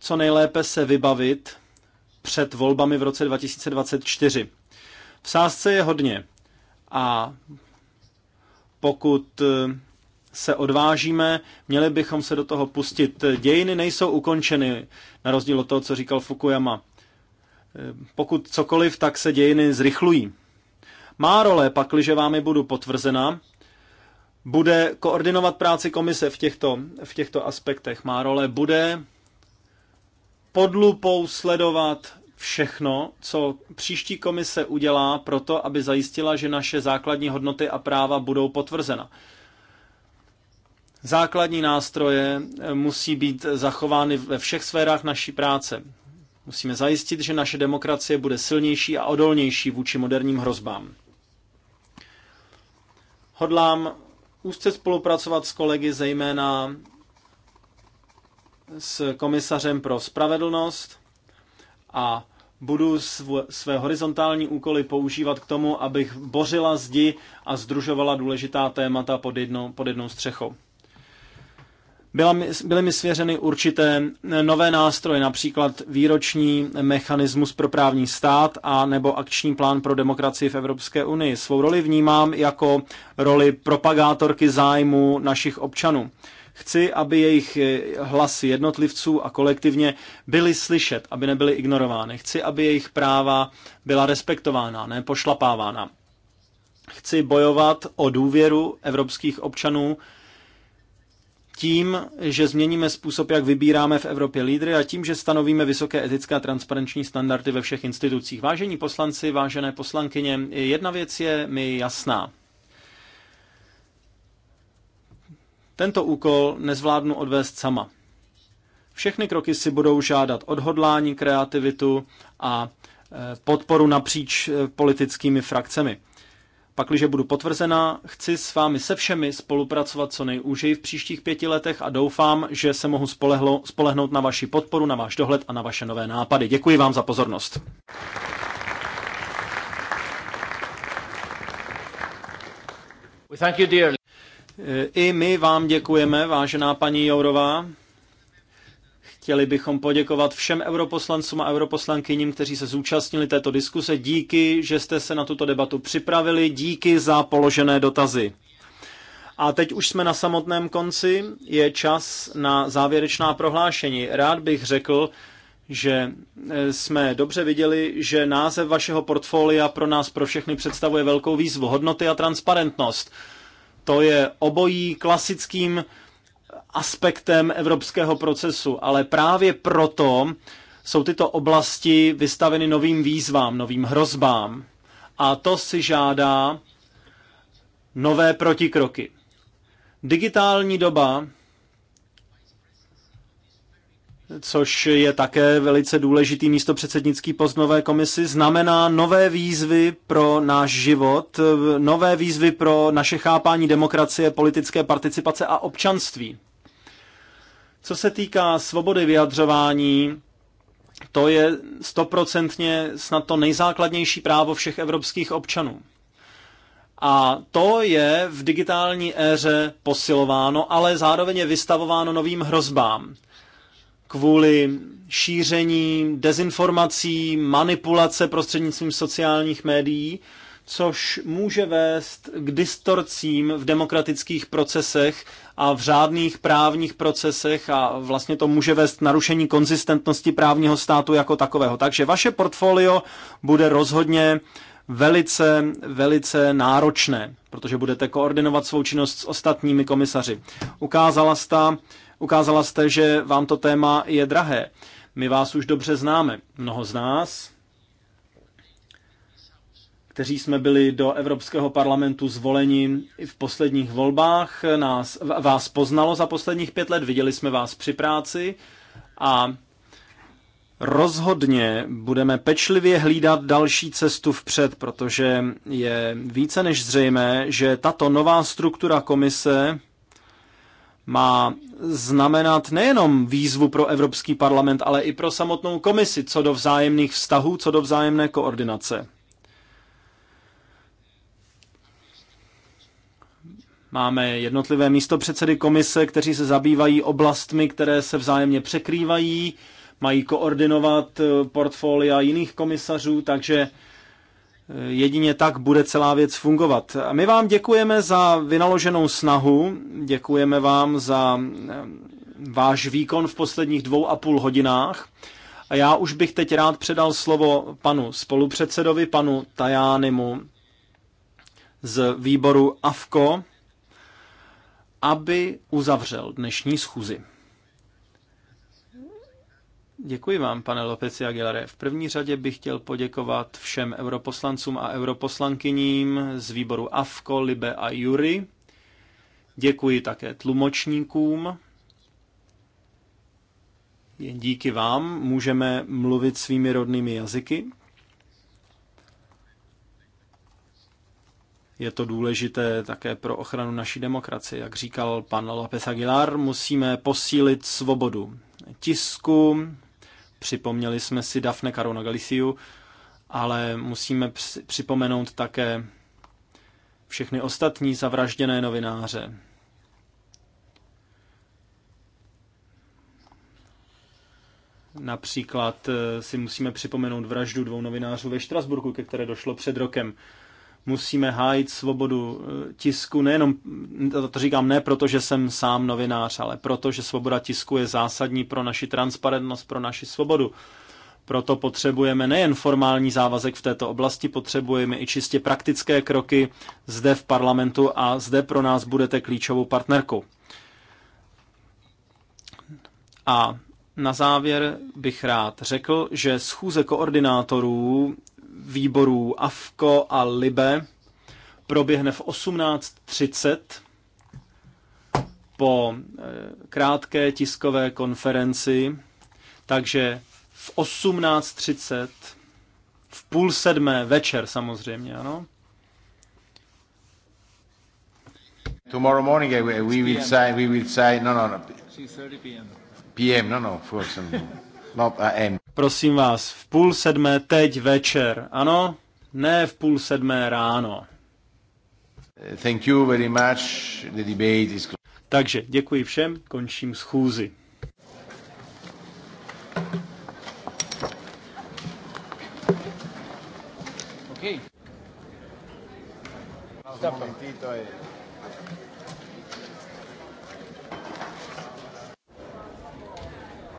co nejlépe se vybavit před volbami v roce 2024. V sázce je hodně a pokud eh, se odvážíme, měli bychom se do toho pustit. Dějiny nejsou ukončeny, na rozdíl od toho, co říkal Fukuyama. Eh, pokud cokoliv, tak se dějiny zrychlují. Má role, pakliže vámi budu potvrzena, bude koordinovat práci komise v těchto, v těchto aspektech. Má role bude pod lupou sledovat všechno, co příští komise udělá pro to, aby zajistila, že naše základní hodnoty a práva budou potvrzena. Základní nástroje eh, musí být zachovány ve všech sférách naší práce. Musíme zajistit, že naše demokracie bude silnější a odolnější vůči moderním hrozbám. Hodlám úzce spolupracovat s kolegy, zejména s komisařem pro spravedlnost a budu své horizontální úkoly používat k tomu, abych bořila zdi a združovala důležitá témata pod jednou, pod jednou střechou. Byla byly mi svěřeny určité nové nástroje, například výroční mechanismus pro právní stát a nebo akční plán pro demokracii v Evropské unii. Svou roli vnímám jako roli propagátorky zájmu našich občanů. Chci, aby jejich hlasy jednotlivců a kolektivně byly slyšet, aby nebyly ignorovány. Chci, aby jejich práva byla respektována, ne pošlapávána. Chci bojovat o důvěru evropských občanů tím, že změníme způsob, jak vybíráme v Evropě lídry a tím, že stanovíme vysoké etické a transparenční standardy ve všech institucích. Vážení poslanci, vážené poslankyně, jedna věc je mi jasná. Tento úkol nezvládnu odvést sama. Všechny kroky si budou žádat odhodlání, kreativitu a eh, podporu napříč eh, politickými frakcemi. Pakliže budu potvrzena, chci s vámi se všemi spolupracovat co nejúžeji v příštích pěti letech a doufám, že se mohu spolehlo, spolehnout na vaši podporu, na váš dohled a na vaše nové nápady. Děkuji vám za pozornost. I my vám děkujeme, vážená paní Jourová. Chtěli bychom poděkovat všem europoslancům a europoslankyním, kteří se zúčastnili této diskuse. Díky, že jste se na tuto debatu připravili. Díky za položené dotazy. A teď už jsme na samotném konci. Je čas na závěrečná prohlášení. Rád bych řekl, že eh, jsme dobře viděli, že název vašeho portfolia pro nás, pro všechny, představuje velkou výzvu hodnoty a transparentnost. To je obojí klasickým aspektem evropského procesu, ale právě proto jsou tyto oblasti vystaveny novým výzvám, novým hrozbám. A to si žádá nové protikroky. Digitální doba, což je také velice důležitý místo předsednický post nové komisy, znamená nové výzvy pro náš život, nové výzvy pro naše chápání demokracie, politické participace a občanství. Co se týká svobody vyjadřování, to je stoprocentně snad to nejzákladnější právo všech evropských občanů. A to je v digitální éře posilováno, ale zároveň je vystavováno novým hrozbám. Kvůli šíření dezinformací, manipulace prostřednictvím sociálních médií, což může vést k distorcím v demokratických procesech a v řádných právních procesech a vlastně to může vést k narušení konzistentnosti právního státu jako takového. Takže vaše portfolio bude rozhodně velice, velice náročné, protože budete koordinovat svou činnost s ostatními komisaři. Ukázala jste, ukázala jste, že vám to téma je drahé. My vás už dobře známe, mnoho z nás, kteří jsme byli do Evropského parlamentu zvoleni i v posledních volbách, nás, vás poznalo za posledních pět let, viděli jsme vás při práci a rozhodně budeme pečlivě hlídat další cestu vpřed, protože je více než zřejmé, že tato nová struktura komise má znamenat nejenom výzvu pro Evropský parlament, ale i pro samotnou komisi co do vzájemných vztahů, co do vzájemné koordinace. Máme jednotlivé místo předsedy komise, kteří se zabývají oblastmi, které se vzájemně překrývají, mají koordinovat eh, portfolia jiných komisařů, takže eh, jedině tak bude celá věc fungovat. A my vám děkujeme za vynaloženou snahu, děkujeme vám za eh, váš výkon v posledních dvou a půl hodinách. A já už bych teď rád předal slovo panu spolupředsedovi, panu Tajánimu z výboru AFKO, aby uzavřel dnešní schůzi. Děkuji vám, pane Lopeci Aguilare. V první řadě bych chtěl poděkovat všem europoslancům a europoslankyním z výboru AFKO, Libe a Jury. Děkuji také tlumočníkům. Jen díky vám můžeme mluvit svými rodnými jazyky. Je to důležité také pro ochranu naší demokracie. Jak říkal pan López Aguilar, musíme posílit svobodu tisku. Připomněli jsme si Dafne Caruana Galiciu, ale musíme připomenout také všechny ostatní zavražděné novináře. Například eh, si musíme připomenout vraždu dvou novinářů ve Štrasburku, ke které došlo před rokem musíme hájit svobodu eh, tisku, nejenom, to říkám ne proto, že jsem sám novinář, ale proto, že svoboda tisku je zásadní pro naši transparentnost, pro naši svobodu. Proto potřebujeme nejen formální závazek v této oblasti, potřebujeme i čistě praktické kroky zde v parlamentu a zde pro nás budete klíčovou partnerkou. A na závěr bych rád řekl, že schůze koordinátorů výborů AFKO a LIBE proběhne v 18.30 po eh, krátké tiskové konferenci, takže v 18.30, v půl sedmé večer samozřejmě, ano. Tomorrow morning eh, we will say, we will say, no, no, no. 3.30 p.m. PM, no, no, of course. No, no. Not AM. Uh, Prosím vás, v půl sedmé teď večer, ano? Ne v půl sedmé ráno. Thank you very much. The debate is... Takže děkuji všem, končím schůzi. Okay. Stop.